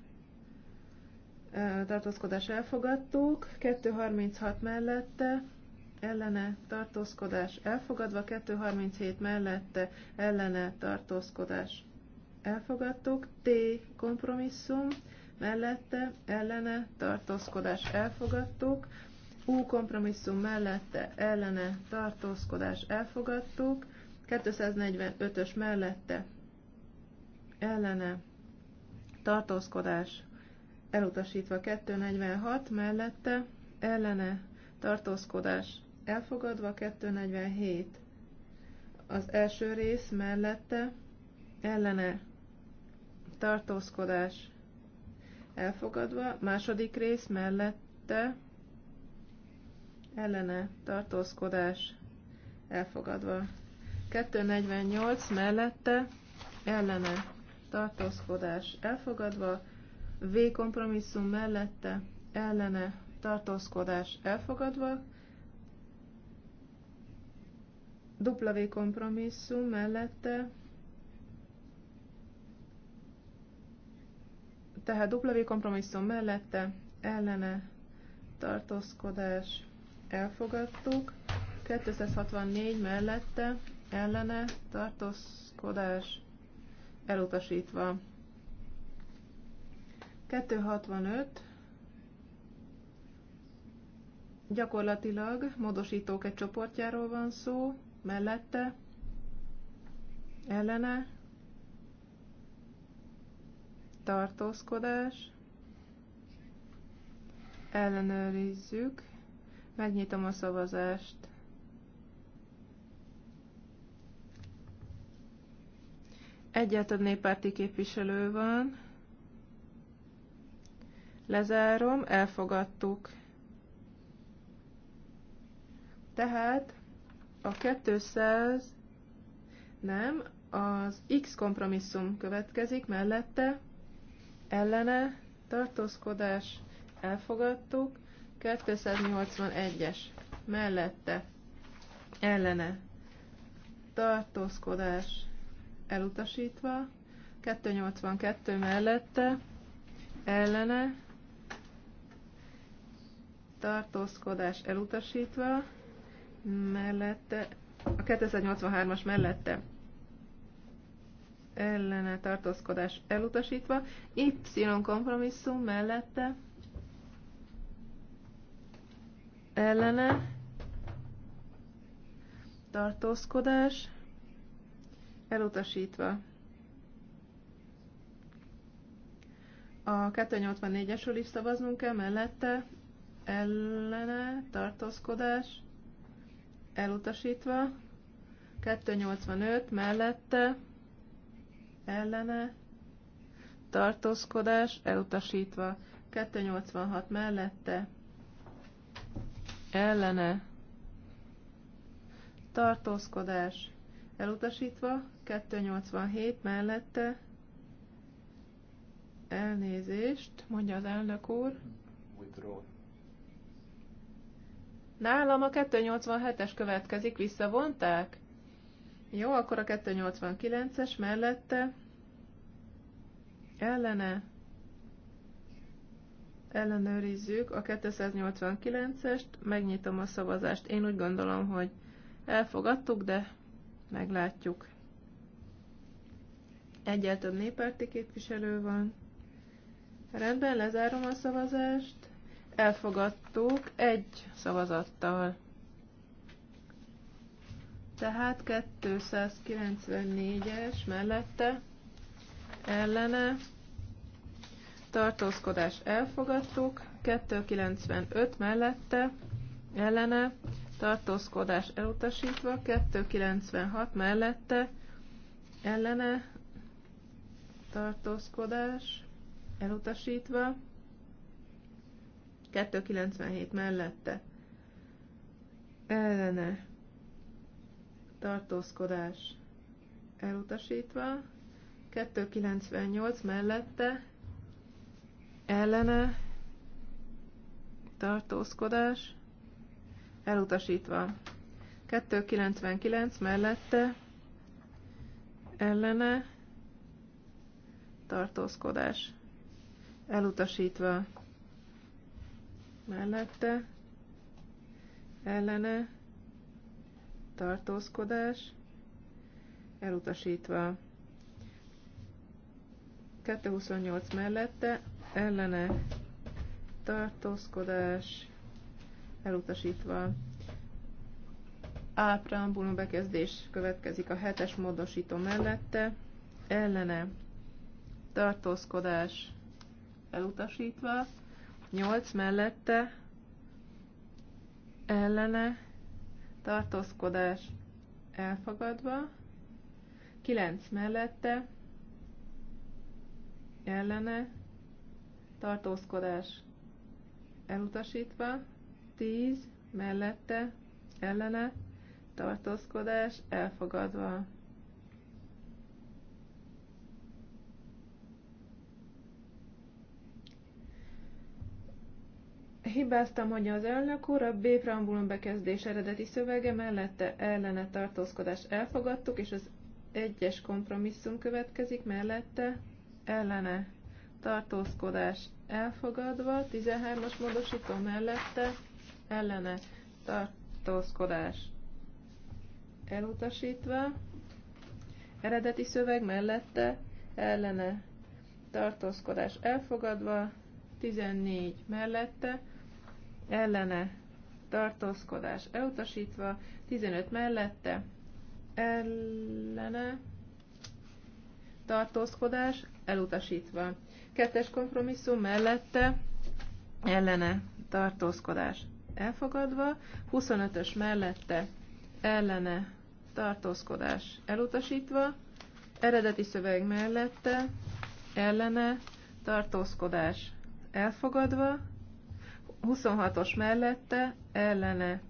tartózkodás elfogadtuk, 236 mellette, ellene tartózkodás elfogadva, 237 mellette ellene tartózkodás elfogadtuk, T kompromisszum mellette, ellene, tartózkodás elfogadtuk, U kompromisszum mellette, ellene, tartózkodás elfogadtuk, 245-ös mellette, ellene, tartózkodás elutasítva, 246 mellette, ellene, tartózkodás elfogadva, 247 az első rész mellette, ellene, tartózkodás elfogadva, második rész mellette ellene tartózkodás elfogadva. 248 mellette ellene tartózkodás elfogadva, V kompromisszum mellette ellene tartózkodás elfogadva, W kompromisszum mellette Tehát W kompromisszum mellette ellene tartózkodás elfogadtuk, 264 mellette ellene tartózkodás elutasítva. 265 gyakorlatilag módosítók egy csoportjáról van szó, mellette, ellene, tartózkodás, ellenőrizzük, megnyitom a szavazást. Egyel több néppárti képviselő van. Lezárom, elfogadtuk. Tehát a 200 nem, az X kompromisszum következik mellette, ellene tartózkodás elfogadtuk, 281-es mellette ellene tartózkodás elutasítva, 282 mellette ellene tartózkodás elutasítva, mellette, a 283-as mellette ellene tartózkodás elutasítva, Y kompromisszum mellette ellene tartózkodás elutasítva. A 284-esről is szavaznunk kell, mellette ellene tartózkodás elutasítva, 285 mellette ellene, tartózkodás elutasítva, 286 mellette, ellene, tartózkodás elutasítva, 287 mellette, elnézést, mondja az elnök úr. Nálam a 287-es következik, visszavonták? Jó, akkor a 289-es mellette ellene ellenőrizzük a 289-est, megnyitom a szavazást. Én úgy gondolom, hogy elfogadtuk, de meglátjuk. Egyel több néppárti képviselő van. Rendben, lezárom a szavazást. Elfogadtuk egy szavazattal. Tehát 294-es mellette ellene tartózkodás elfogadtuk, 295 mellette ellene tartózkodás elutasítva, 296 mellette ellene tartózkodás elutasítva, 297 mellette ellene tartózkodás elutasítva, 298 mellette ellene tartózkodás elutasítva, 299 mellette ellene tartózkodás elutasítva mellette ellene tartózkodás, elutasítva. 228 mellette ellene tartózkodás, elutasítva. A preambulum bekezdés következik a hetes módosító mellette, ellene tartózkodás elutasítva, 8 mellette ellene tartózkodás elfogadva, 9 mellette, ellene, tartózkodás elutasítva, 10 mellette, ellene, tartózkodás elfogadva. Hibáztam, hogy az elnök úr a B preambulum bekezdés eredeti szövege mellette ellene tartózkodás elfogadtuk, és az egyes kompromisszum következik mellette ellene tartózkodás elfogadva, 13-as módosító mellette ellene tartózkodás elutasítva, eredeti szöveg mellette ellene tartózkodás elfogadva, 14 mellette ellene tartózkodás elutasítva, 15 mellette ellene tartózkodás elutasítva. Kettes kompromisszum mellette ellene tartózkodás elfogadva, 25-ös mellette ellene tartózkodás elutasítva, eredeti szöveg mellette ellene tartózkodás elfogadva, 26-os mellette ellene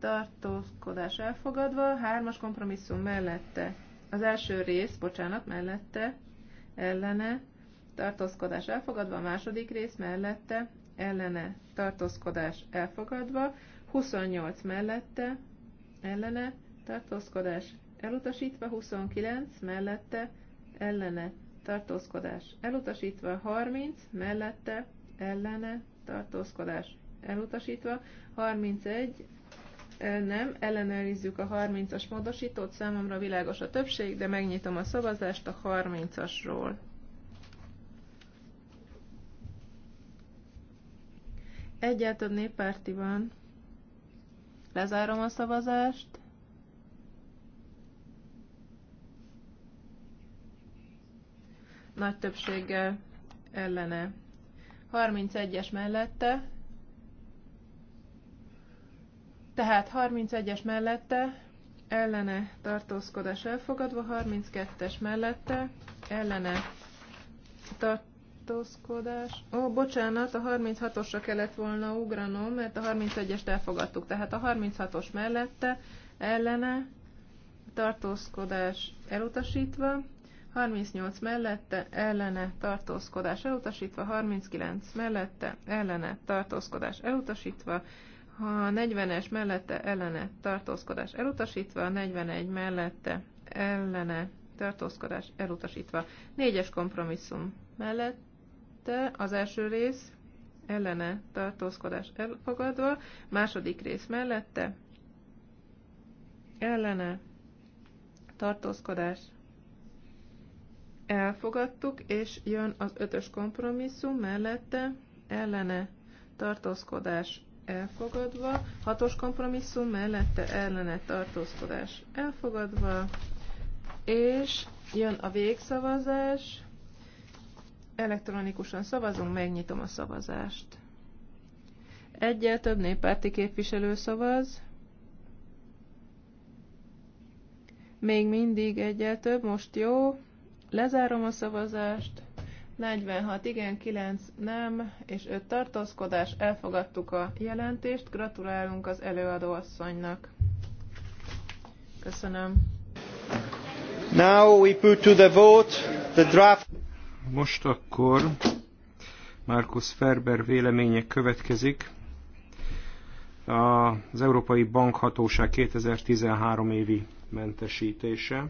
tartózkodás elfogadva, 3-as kompromisszum mellette, az első rész, bocsánat, mellette ellene tartózkodás elfogadva, a második rész mellette ellene tartózkodás elfogadva, 28 mellette ellene tartózkodás elutasítva, 29 mellette ellene tartózkodás elutasítva, 30 mellette ellene tartózkodás elutasítva, 31 nem, ellenőrizzük a 30-as módosítót, számomra világos a többség, de megnyitom a szavazást a 30-asról. Egyel több néppárti van. Lezárom a szavazást. Nagy többséggel ellene 31-es mellette, tehát 31-es mellette, ellene tartózkodás elfogadva, 32-es mellette, ellene tartózkodás. Ó, bocsánat, a 36-osra kellett volna ugranom, mert a 31-est elfogadtuk. Tehát a 36-os mellette, ellene tartózkodás elutasítva, 38 mellette ellene tartózkodás elutasítva, 39 mellette ellene tartózkodás elutasítva, a 40-es mellette ellene tartózkodás elutasítva, a 41 mellette ellene tartózkodás elutasítva. Négyes kompromisszum mellette az első rész ellene tartózkodás elfogadva, második rész mellette ellene tartózkodás elfogadtuk, és jön az ötös kompromisszum mellette ellene tartózkodás elfogadva, hatos kompromisszum mellette ellene tartózkodás elfogadva, és jön a végszavazás, elektronikusan szavazunk, megnyitom a szavazást. Egyel több néppárti képviselő szavaz, még mindig egyel több, most jó, Lezárom a szavazást. 46 igen, 9 nem, és 5 tartózkodás. Elfogadtuk a jelentést. Gratulálunk az előadó asszonynak. Köszönöm. Now we put to the vote the draft. Most akkor Markus Ferber véleménye következik. Az Európai Bankhatóság 2013 évi mentesítése.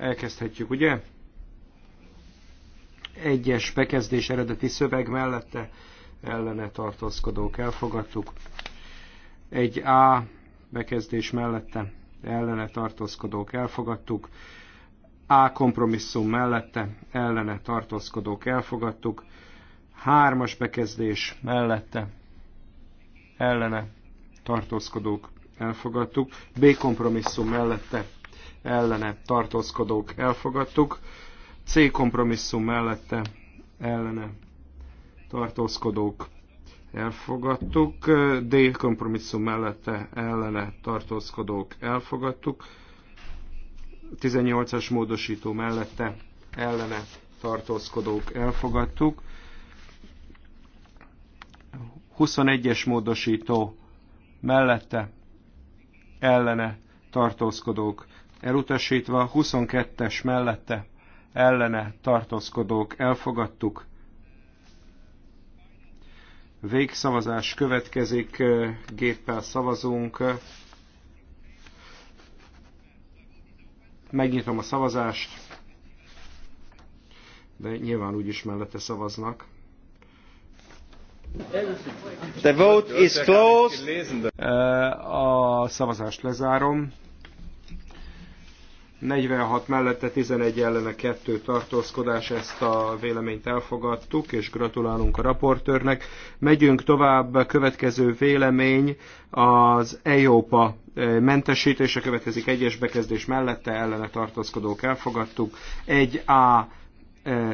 Elkezdhetjük, ugye? Egyes bekezdés eredeti szöveg mellette ellene tartózkodók elfogadtuk. Egy A bekezdés mellette ellene tartózkodók elfogadtuk. A kompromisszum mellette ellene tartózkodók elfogadtuk. Hármas bekezdés mellette ellene tartózkodók elfogadtuk. B kompromisszum mellette ellene tartózkodók elfogadtuk, C kompromisszum mellette ellene tartózkodók elfogadtuk, D kompromisszum mellette ellene tartózkodók elfogadtuk, 18-as módosító mellette ellene tartózkodók elfogadtuk, 21-es módosító mellette ellene tartózkodók elutasítva, 22-es mellette ellene tartózkodók elfogadtuk. Végszavazás következik, géppel szavazunk. Megnyitom a szavazást, de nyilván úgyis mellette szavaznak. The vote is closed. A szavazást lezárom. 46 mellette 11 ellene 2 tartózkodás, ezt a véleményt elfogadtuk, és gratulálunk a raportőrnek. Megyünk tovább, következő vélemény az EIOPA eh, mentesítése következik egyes bekezdés mellette, ellene tartózkodók elfogadtuk. 1A eh,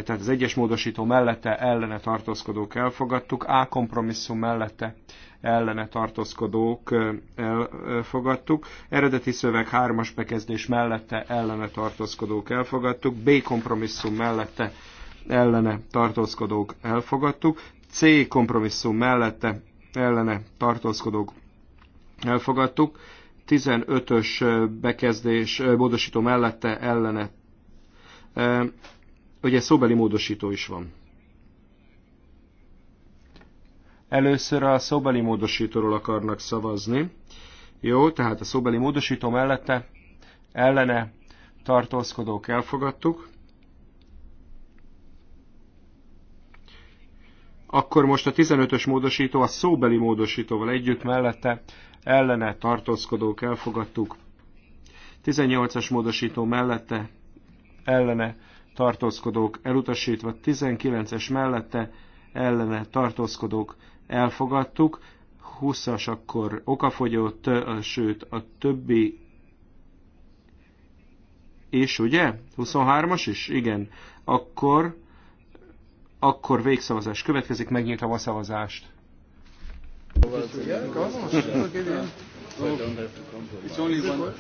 tehát az egyes módosító mellette ellene tartózkodók elfogadtuk, A kompromisszum mellette ellene tartózkodók elfogadtuk. Eredeti szöveg hármas bekezdés mellette ellene tartózkodók elfogadtuk. B kompromisszum mellette ellene tartózkodók elfogadtuk. C kompromisszum mellette ellene tartózkodók elfogadtuk. 15-ös bekezdés módosító mellette ellene. Ugye szóbeli módosító is van. Először a szóbeli módosítóról akarnak szavazni. Jó, tehát a szóbeli módosító mellette ellene tartózkodók elfogadtuk. Akkor most a 15-ös módosító a szóbeli módosítóval együtt mellette ellene tartózkodók elfogadtuk. 18-as módosító mellette ellene tartózkodók elutasítva, 19-es mellette ellene tartózkodók elfogadtuk, 20-as akkor okafogyott, sőt a többi és ugye? 23-as is? Igen. Akkor, akkor végszavazás következik, megnyitva a szavazást. So I don't have to compromise. It's only one.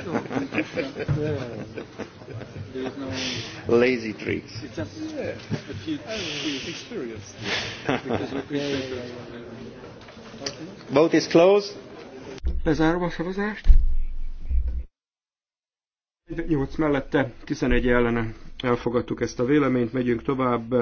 no... Lazy tricks. It's just yeah. a few, few experience. is closed. Lezárom a szavazást. 8 mellette, 11 ellene. Elfogadtuk ezt a véleményt, megyünk tovább.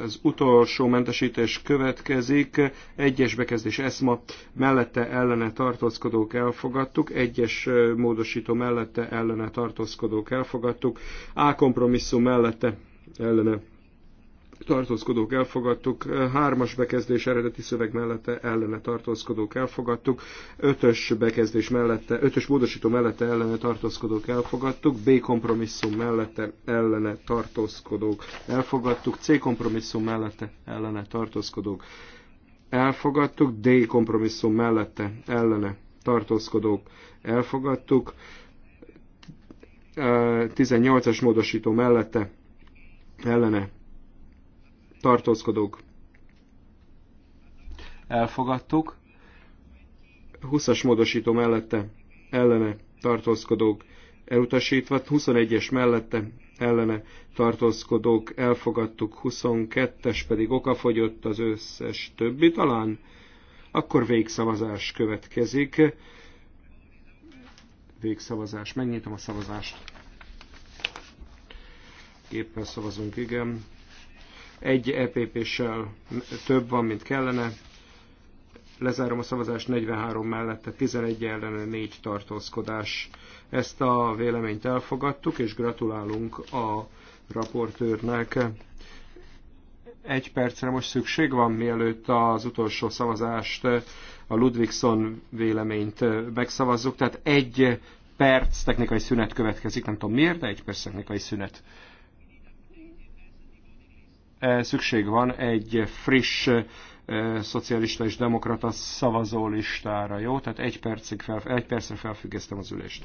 Az utolsó mentesítés következik. Egyes bekezdés ESMA mellette ellene tartózkodók elfogadtuk. Egyes módosító mellette ellene tartózkodók elfogadtuk. A kompromisszum mellette ellene tartózkodók elfogadtuk, hármas bekezdés eredeti szöveg mellette ellene tartózkodók elfogadtuk, ötös bekezdés mellette, ötös módosító mellette ellene tartózkodók elfogadtuk, B kompromisszum mellette ellene tartózkodók elfogadtuk, C kompromisszum mellette ellene tartózkodók elfogadtuk, D kompromisszum mellette ellene tartózkodók elfogadtuk, 18-as eh, módosító mellette ellene tartózkodók elfogadtuk. 20-as módosító mellette ellene tartózkodók elutasítva, 21-es mellette ellene tartózkodók elfogadtuk, 22-es pedig okafogyott az összes többi talán, akkor végszavazás következik. Végszavazás. Megnyitom a szavazást. Éppen szavazunk, igen. Egy EPP-ssel több van, mint kellene. Lezárom a szavazást 43 mellette, 11 ellene 4 tartózkodás. Ezt a véleményt elfogadtuk, és gratulálunk a raportőrnek. Egy percre most szükség van, mielőtt az utolsó szavazást, a Ludvigson véleményt megszavazzuk. Tehát egy perc technikai szünet következik, nem tudom miért, de egy perc technikai szünet. E, szükség van egy friss e, szocialista és demokrata listára, jó? Tehát egy, percig fel, egy percre felfüggesztem az ülést.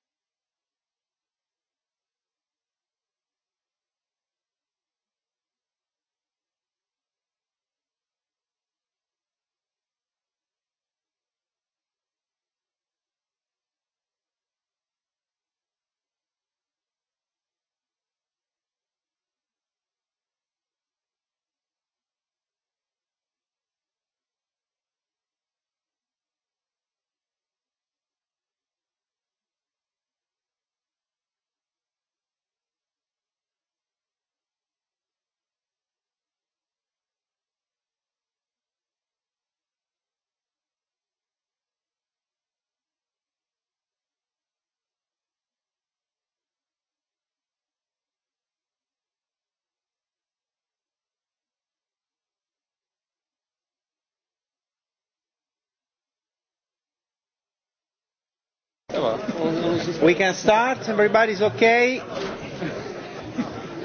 We can start. Everybody's okay.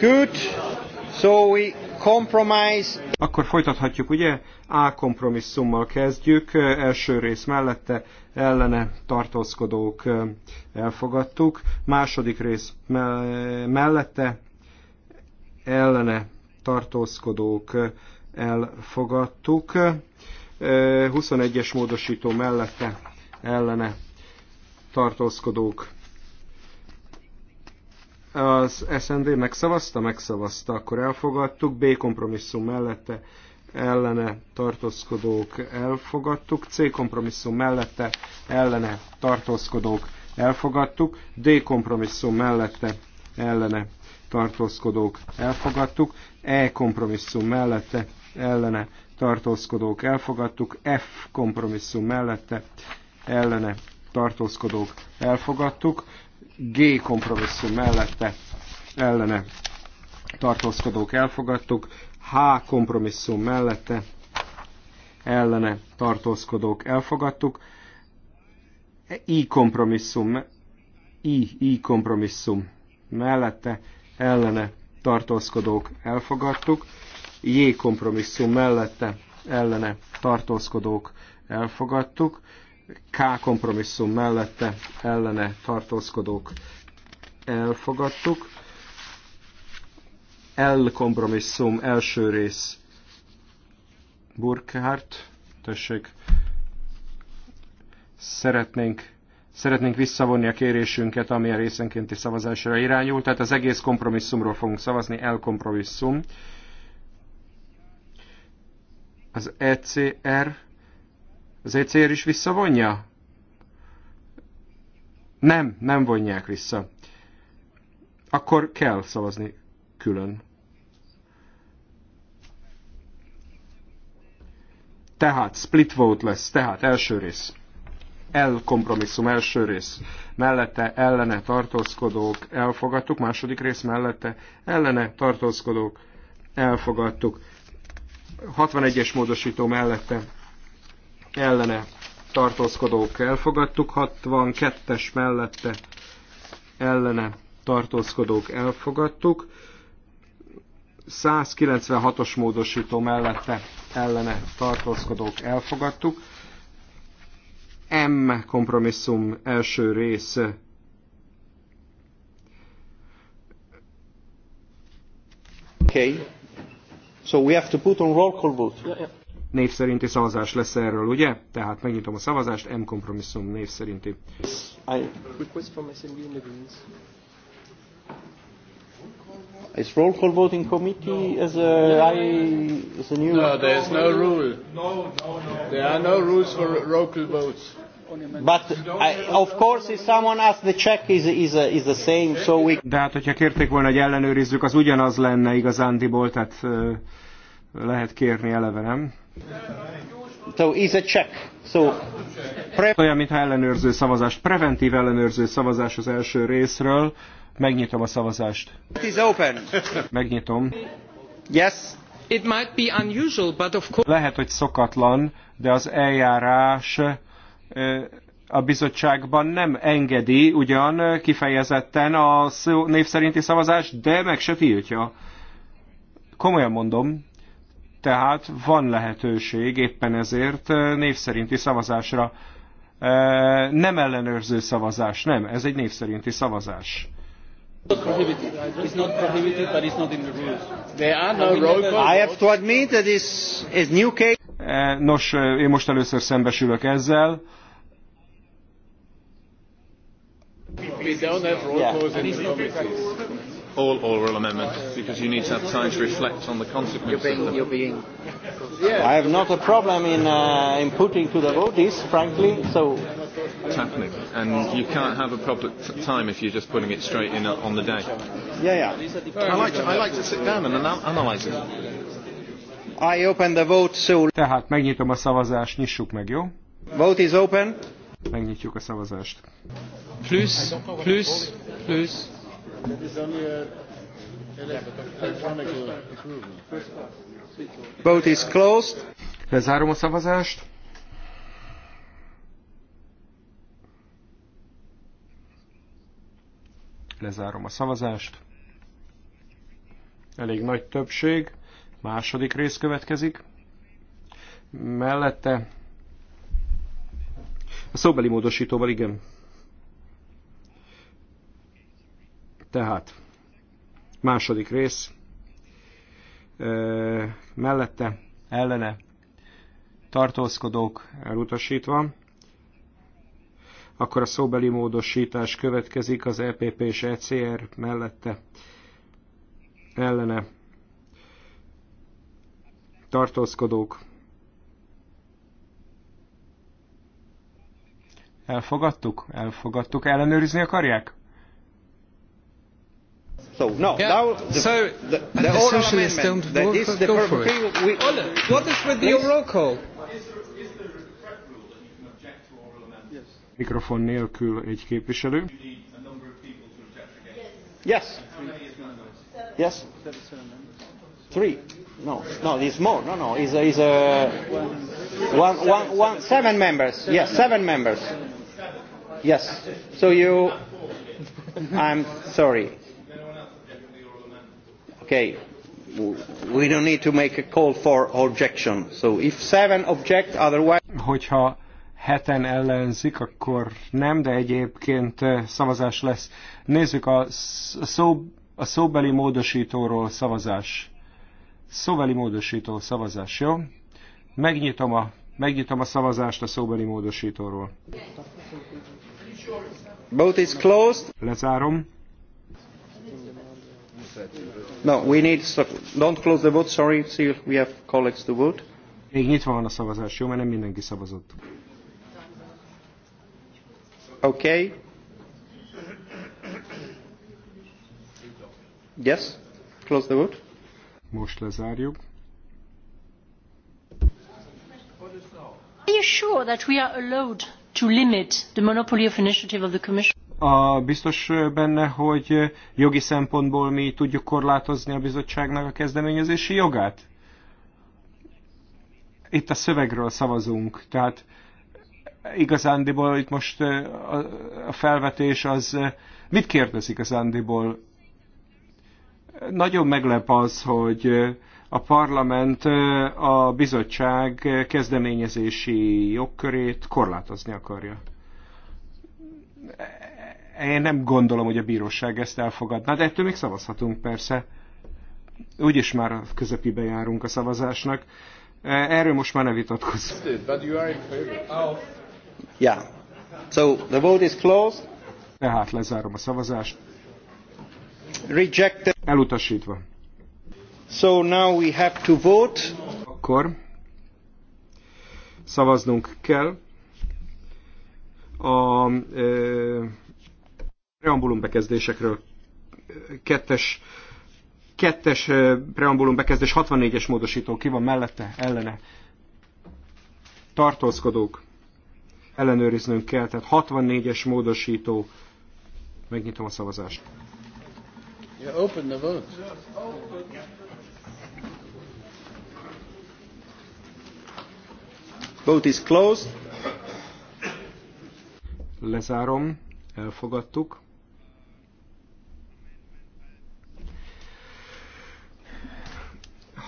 Good. So we compromise. Akkor folytathatjuk, ugye? A kompromisszummal kezdjük. Első rész mellette ellene tartózkodók elfogadtuk. Második rész mellette ellene tartózkodók elfogadtuk. 21-es módosító mellette ellene tartózkodók. Az SND megszavazta? Megszavazta. Akkor elfogadtuk. B kompromisszum mellette ellene tartózkodók elfogadtuk. C kompromisszum mellette ellene tartózkodók elfogadtuk. D kompromisszum mellette ellene tartózkodók elfogadtuk. E kompromisszum mellette ellene tartózkodók elfogadtuk. F kompromisszum mellette ellene tartózkodók elfogadtuk, G kompromisszum mellette ellene tartózkodók elfogadtuk, H kompromisszum mellette ellene tartózkodók elfogadtuk, I kompromisszum, I, I kompromisszum mellette ellene tartózkodók elfogadtuk, J kompromisszum mellette ellene tartózkodók elfogadtuk, K kompromisszum mellette ellene tartózkodók elfogadtuk. L kompromisszum első rész Burkhardt, tessék, szeretnénk, szeretnénk visszavonni a kérésünket, ami a részenkénti szavazásra irányul, tehát az egész kompromisszumról fogunk szavazni, L kompromisszum. Az ECR az ECR is visszavonja? Nem, nem vonják vissza. Akkor kell szavazni külön. Tehát split vote lesz, tehát első rész. El kompromisszum első rész. Mellette ellene tartózkodók elfogadtuk, második rész mellette ellene tartózkodók elfogadtuk. 61-es módosító mellette ellene tartózkodók elfogadtuk, 62-es mellette ellene tartózkodók elfogadtuk, 196-os módosító mellette ellene tartózkodók elfogadtuk, M kompromisszum első rész Okay. So we have to put on roll call vote. Yeah, yeah név szerinti szavazás lesz erről, ugye? Tehát megnyitom a szavazást, M kompromisszum név szerinti. Is roll call voting committee as a, I, as a new... No, there is no rule. No, no, no. There are no rules for roll call votes. But I, of course, if someone asks, the check is, is, is the same, so we... De hát, hogyha kérték volna, hogy ellenőrizzük, az ugyanaz lenne igazándiból, tehát lehet kérni eleve, nem? So is a check. So pre- Olyan, mintha ellenőrző szavazást, preventív ellenőrző szavazás az első részről. Megnyitom a szavazást. It is open. Megnyitom. Yes. It might be unusual, but of course... Lehet, hogy szokatlan, de az eljárás a bizottságban nem engedi ugyan kifejezetten a név szerinti szavazást, de meg se tiltja. Komolyan mondom, tehát van lehetőség éppen ezért eh, név szerinti szavazásra. Eh, nem ellenőrző szavazás, nem, ez egy név szerinti szavazás. Eh, nos, én most először szembesülök ezzel. We don't have roll calls in the all oral amendment because you need to have time to reflect on the consequences. You're being, you're being. I have not a problem in, uh, in putting to the vote this, frankly. So it's happening, and you can't have a proper time if you're just putting it straight in on the day. Yeah, yeah. I like to, I like to sit down and anal analyse it. I open the vote, so. Tehát megnyitom a szavazást, nyissuk meg, jó? Vote is open. Megnyitjuk a szavazást. Plusz, plusz, plusz. That is only a electronic approval. Vote is closed. Lezárom a szavazást. Lezárom a szavazást. Elég nagy többség. Második rész következik. Mellette a szóbeli módosítóval, igen. Tehát második rész e, mellette ellene tartózkodók elutasítva, akkor a szóbeli módosítás következik az EPP és ECR mellette ellene tartózkodók Elfogadtuk? Elfogadtuk. Ellenőrizni akarják? So no, yeah. now the, so the, the, the oral socialists don't that is for, the go for it. We, Ole, what is with the roll call? Mikrofon nélkül egy képviselő. Yes. Yes. Three. No, no, it's more. No, no, it's a, it's a one, one, one, seven members. Yes, seven members. Yes. So you, I'm sorry. Okay. We don't need to make a call for objection. So if seven object, otherwise... Hogyha heten ellenzik, akkor nem, de egyébként eh, szavazás lesz. Nézzük a, szó, a szóbeli módosítóról szavazás. Szóbeli módosító szavazás, jó? Megnyitom a, megnyitom a szavazást a szóbeli módosítóról. Both is closed. Lezárom. No, we need... Don't close the vote, sorry, still we have colleagues to vote. Még nyitva van a szavazás, jó, mert nem mindenki szavazott. Okay. Yes, close the vote. Most lezárjuk. Are you sure that we are allowed to limit the monopoly of initiative of the Commission? a biztos benne, hogy jogi szempontból mi tudjuk korlátozni a bizottságnak a kezdeményezési jogát? Itt a szövegről szavazunk, tehát igazándiból itt most a felvetés az, mit kérdez igazándiból? Nagyon meglep az, hogy a parlament a bizottság kezdeményezési jogkörét korlátozni akarja én nem gondolom, hogy a bíróság ezt elfogadná, de ettől még szavazhatunk persze. Úgyis már a közepibe járunk a szavazásnak. Erről most már ne vitatkozzunk. Oh. Yeah. So the vote is closed. Tehát lezárom a szavazást. Rejected. Elutasítva. So now we have to vote. Akkor szavaznunk kell a ö, preambulum bekezdésekről. Kettes, kettes preambulum bekezdés 64-es módosító ki van mellette, ellene. Tartózkodók, ellenőriznünk kell, tehát 64-es módosító. Megnyitom a szavazást. Yeah, open the vote. Vote is closed. Lezárom, elfogadtuk.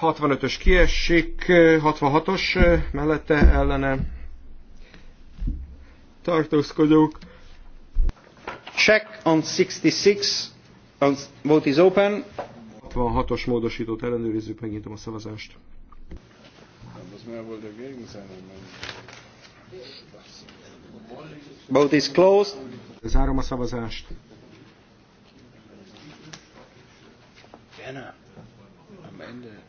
65-ös kiesik, 66-os eh, mellette ellene tartózkodók. Check on 66. On, vote is open. 66-os módosítót ellenőrizzük, megnyitom a szavazást. Vote is closed. Zárom a szavazást. Jenna. am Ende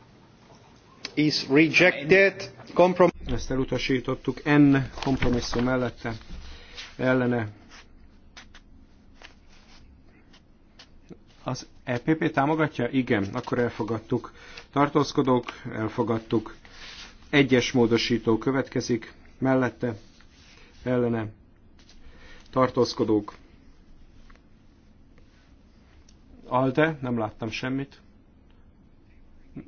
is rejected. Ezt elutasítottuk. N kompromisszum mellette ellene. Az EPP támogatja? Igen, akkor elfogadtuk. Tartózkodók, elfogadtuk. Egyes módosító következik, mellette, ellene. Tartózkodók. Alde, nem láttam semmit.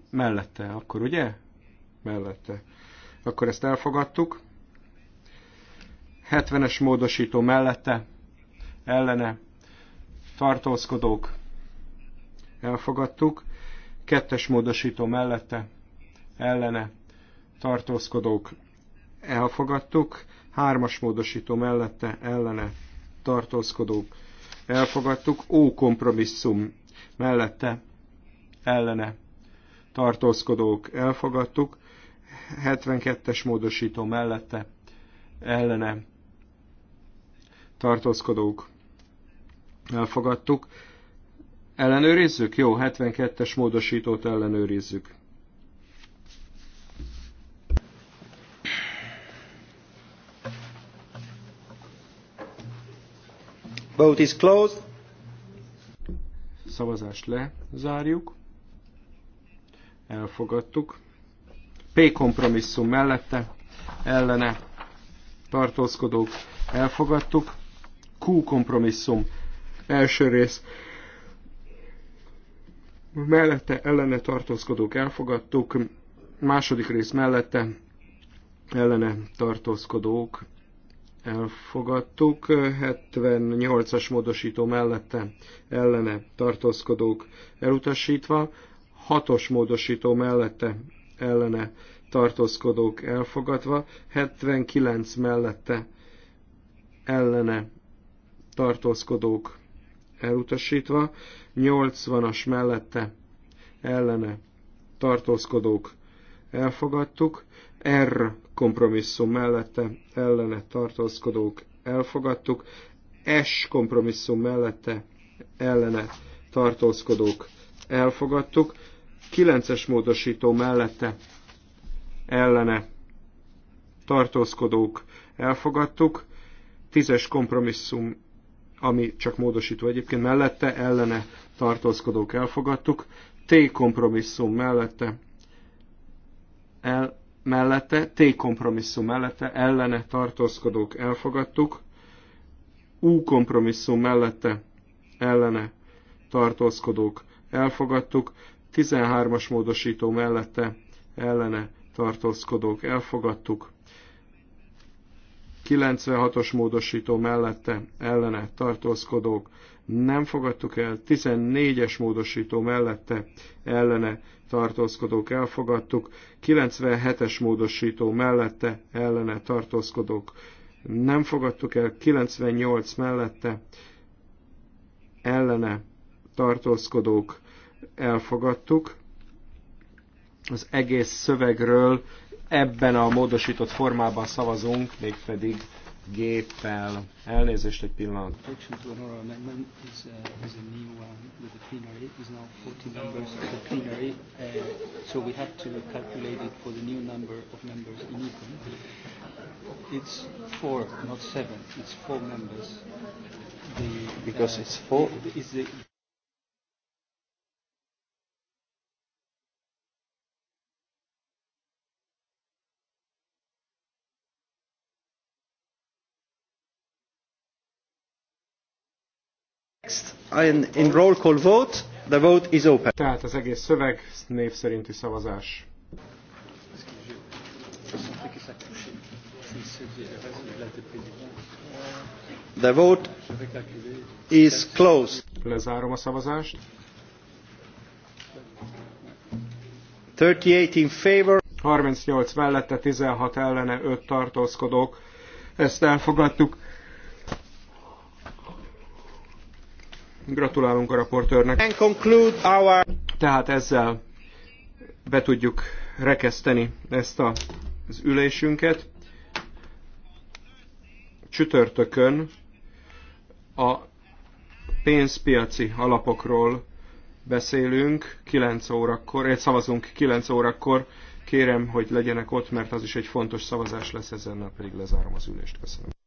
Mellette, akkor ugye? mellette. Akkor ezt elfogadtuk. 70-es módosító mellette, ellene, tartózkodók, elfogadtuk. Kettes módosító mellette, ellene, tartózkodók, elfogadtuk. Hármas módosító mellette, ellene, tartózkodók, elfogadtuk. Ó kompromisszum mellette, ellene, tartózkodók, elfogadtuk. 72-es módosító mellette ellene tartózkodók elfogadtuk. Ellenőrizzük? Jó, 72-es módosítót ellenőrizzük. Vote is closed. Szavazást lezárjuk. Elfogadtuk. P kompromisszum mellette, ellene tartózkodók elfogadtuk. Q kompromisszum első rész mellette, ellene tartózkodók elfogadtuk. Második rész mellette, ellene tartózkodók elfogadtuk, 78-as módosító mellette ellene tartózkodók elutasítva, 6-os módosító mellette ellene tartózkodók elfogadva, 79 mellette ellene tartózkodók elutasítva, 80-as mellette ellene tartózkodók elfogadtuk, R kompromisszum mellette ellene tartózkodók elfogadtuk, S kompromisszum mellette ellene tartózkodók elfogadtuk, 9-es módosító mellette ellene tartózkodók elfogadtuk, 10-es kompromisszum, ami csak módosító egyébként, mellette ellene tartózkodók elfogadtuk, T kompromisszum mellette, el, mellette, T kompromisszum mellette ellene tartózkodók elfogadtuk, U kompromisszum mellette ellene tartózkodók elfogadtuk, 13-as módosító mellette ellene tartózkodók elfogadtuk. 96-os módosító mellette ellene tartózkodók nem fogadtuk el, 14-es módosító mellette ellene tartózkodók elfogadtuk, 97-es módosító mellette ellene tartózkodók nem fogadtuk el, 98 mellette ellene tartózkodók elfogadtuk. Az egész szövegről ebben a módosított formában szavazunk, mégpedig géppel. Elnézést egy pillanat. Uh, uh, it's four, not seven. It's four members. The, Because uh, it's four. Is the, text in roll call vote. The vote is open. Tehát az egész szöveg név szerinti szavazás. The vote is closed. Lezárom a szavazást. 38 in favor. 38 mellette, 16 ellene, 5 tartózkodók. Ezt elfogadtuk. Gratulálunk a raportőrnek. Our... Tehát ezzel be tudjuk rekeszteni ezt a, az ülésünket. Csütörtökön a pénzpiaci alapokról beszélünk 9 órakor, egy eh, szavazunk 9 órakor. Kérem, hogy legyenek ott, mert az is egy fontos szavazás lesz, ezen pedig lezárom az ülést. Köszönöm.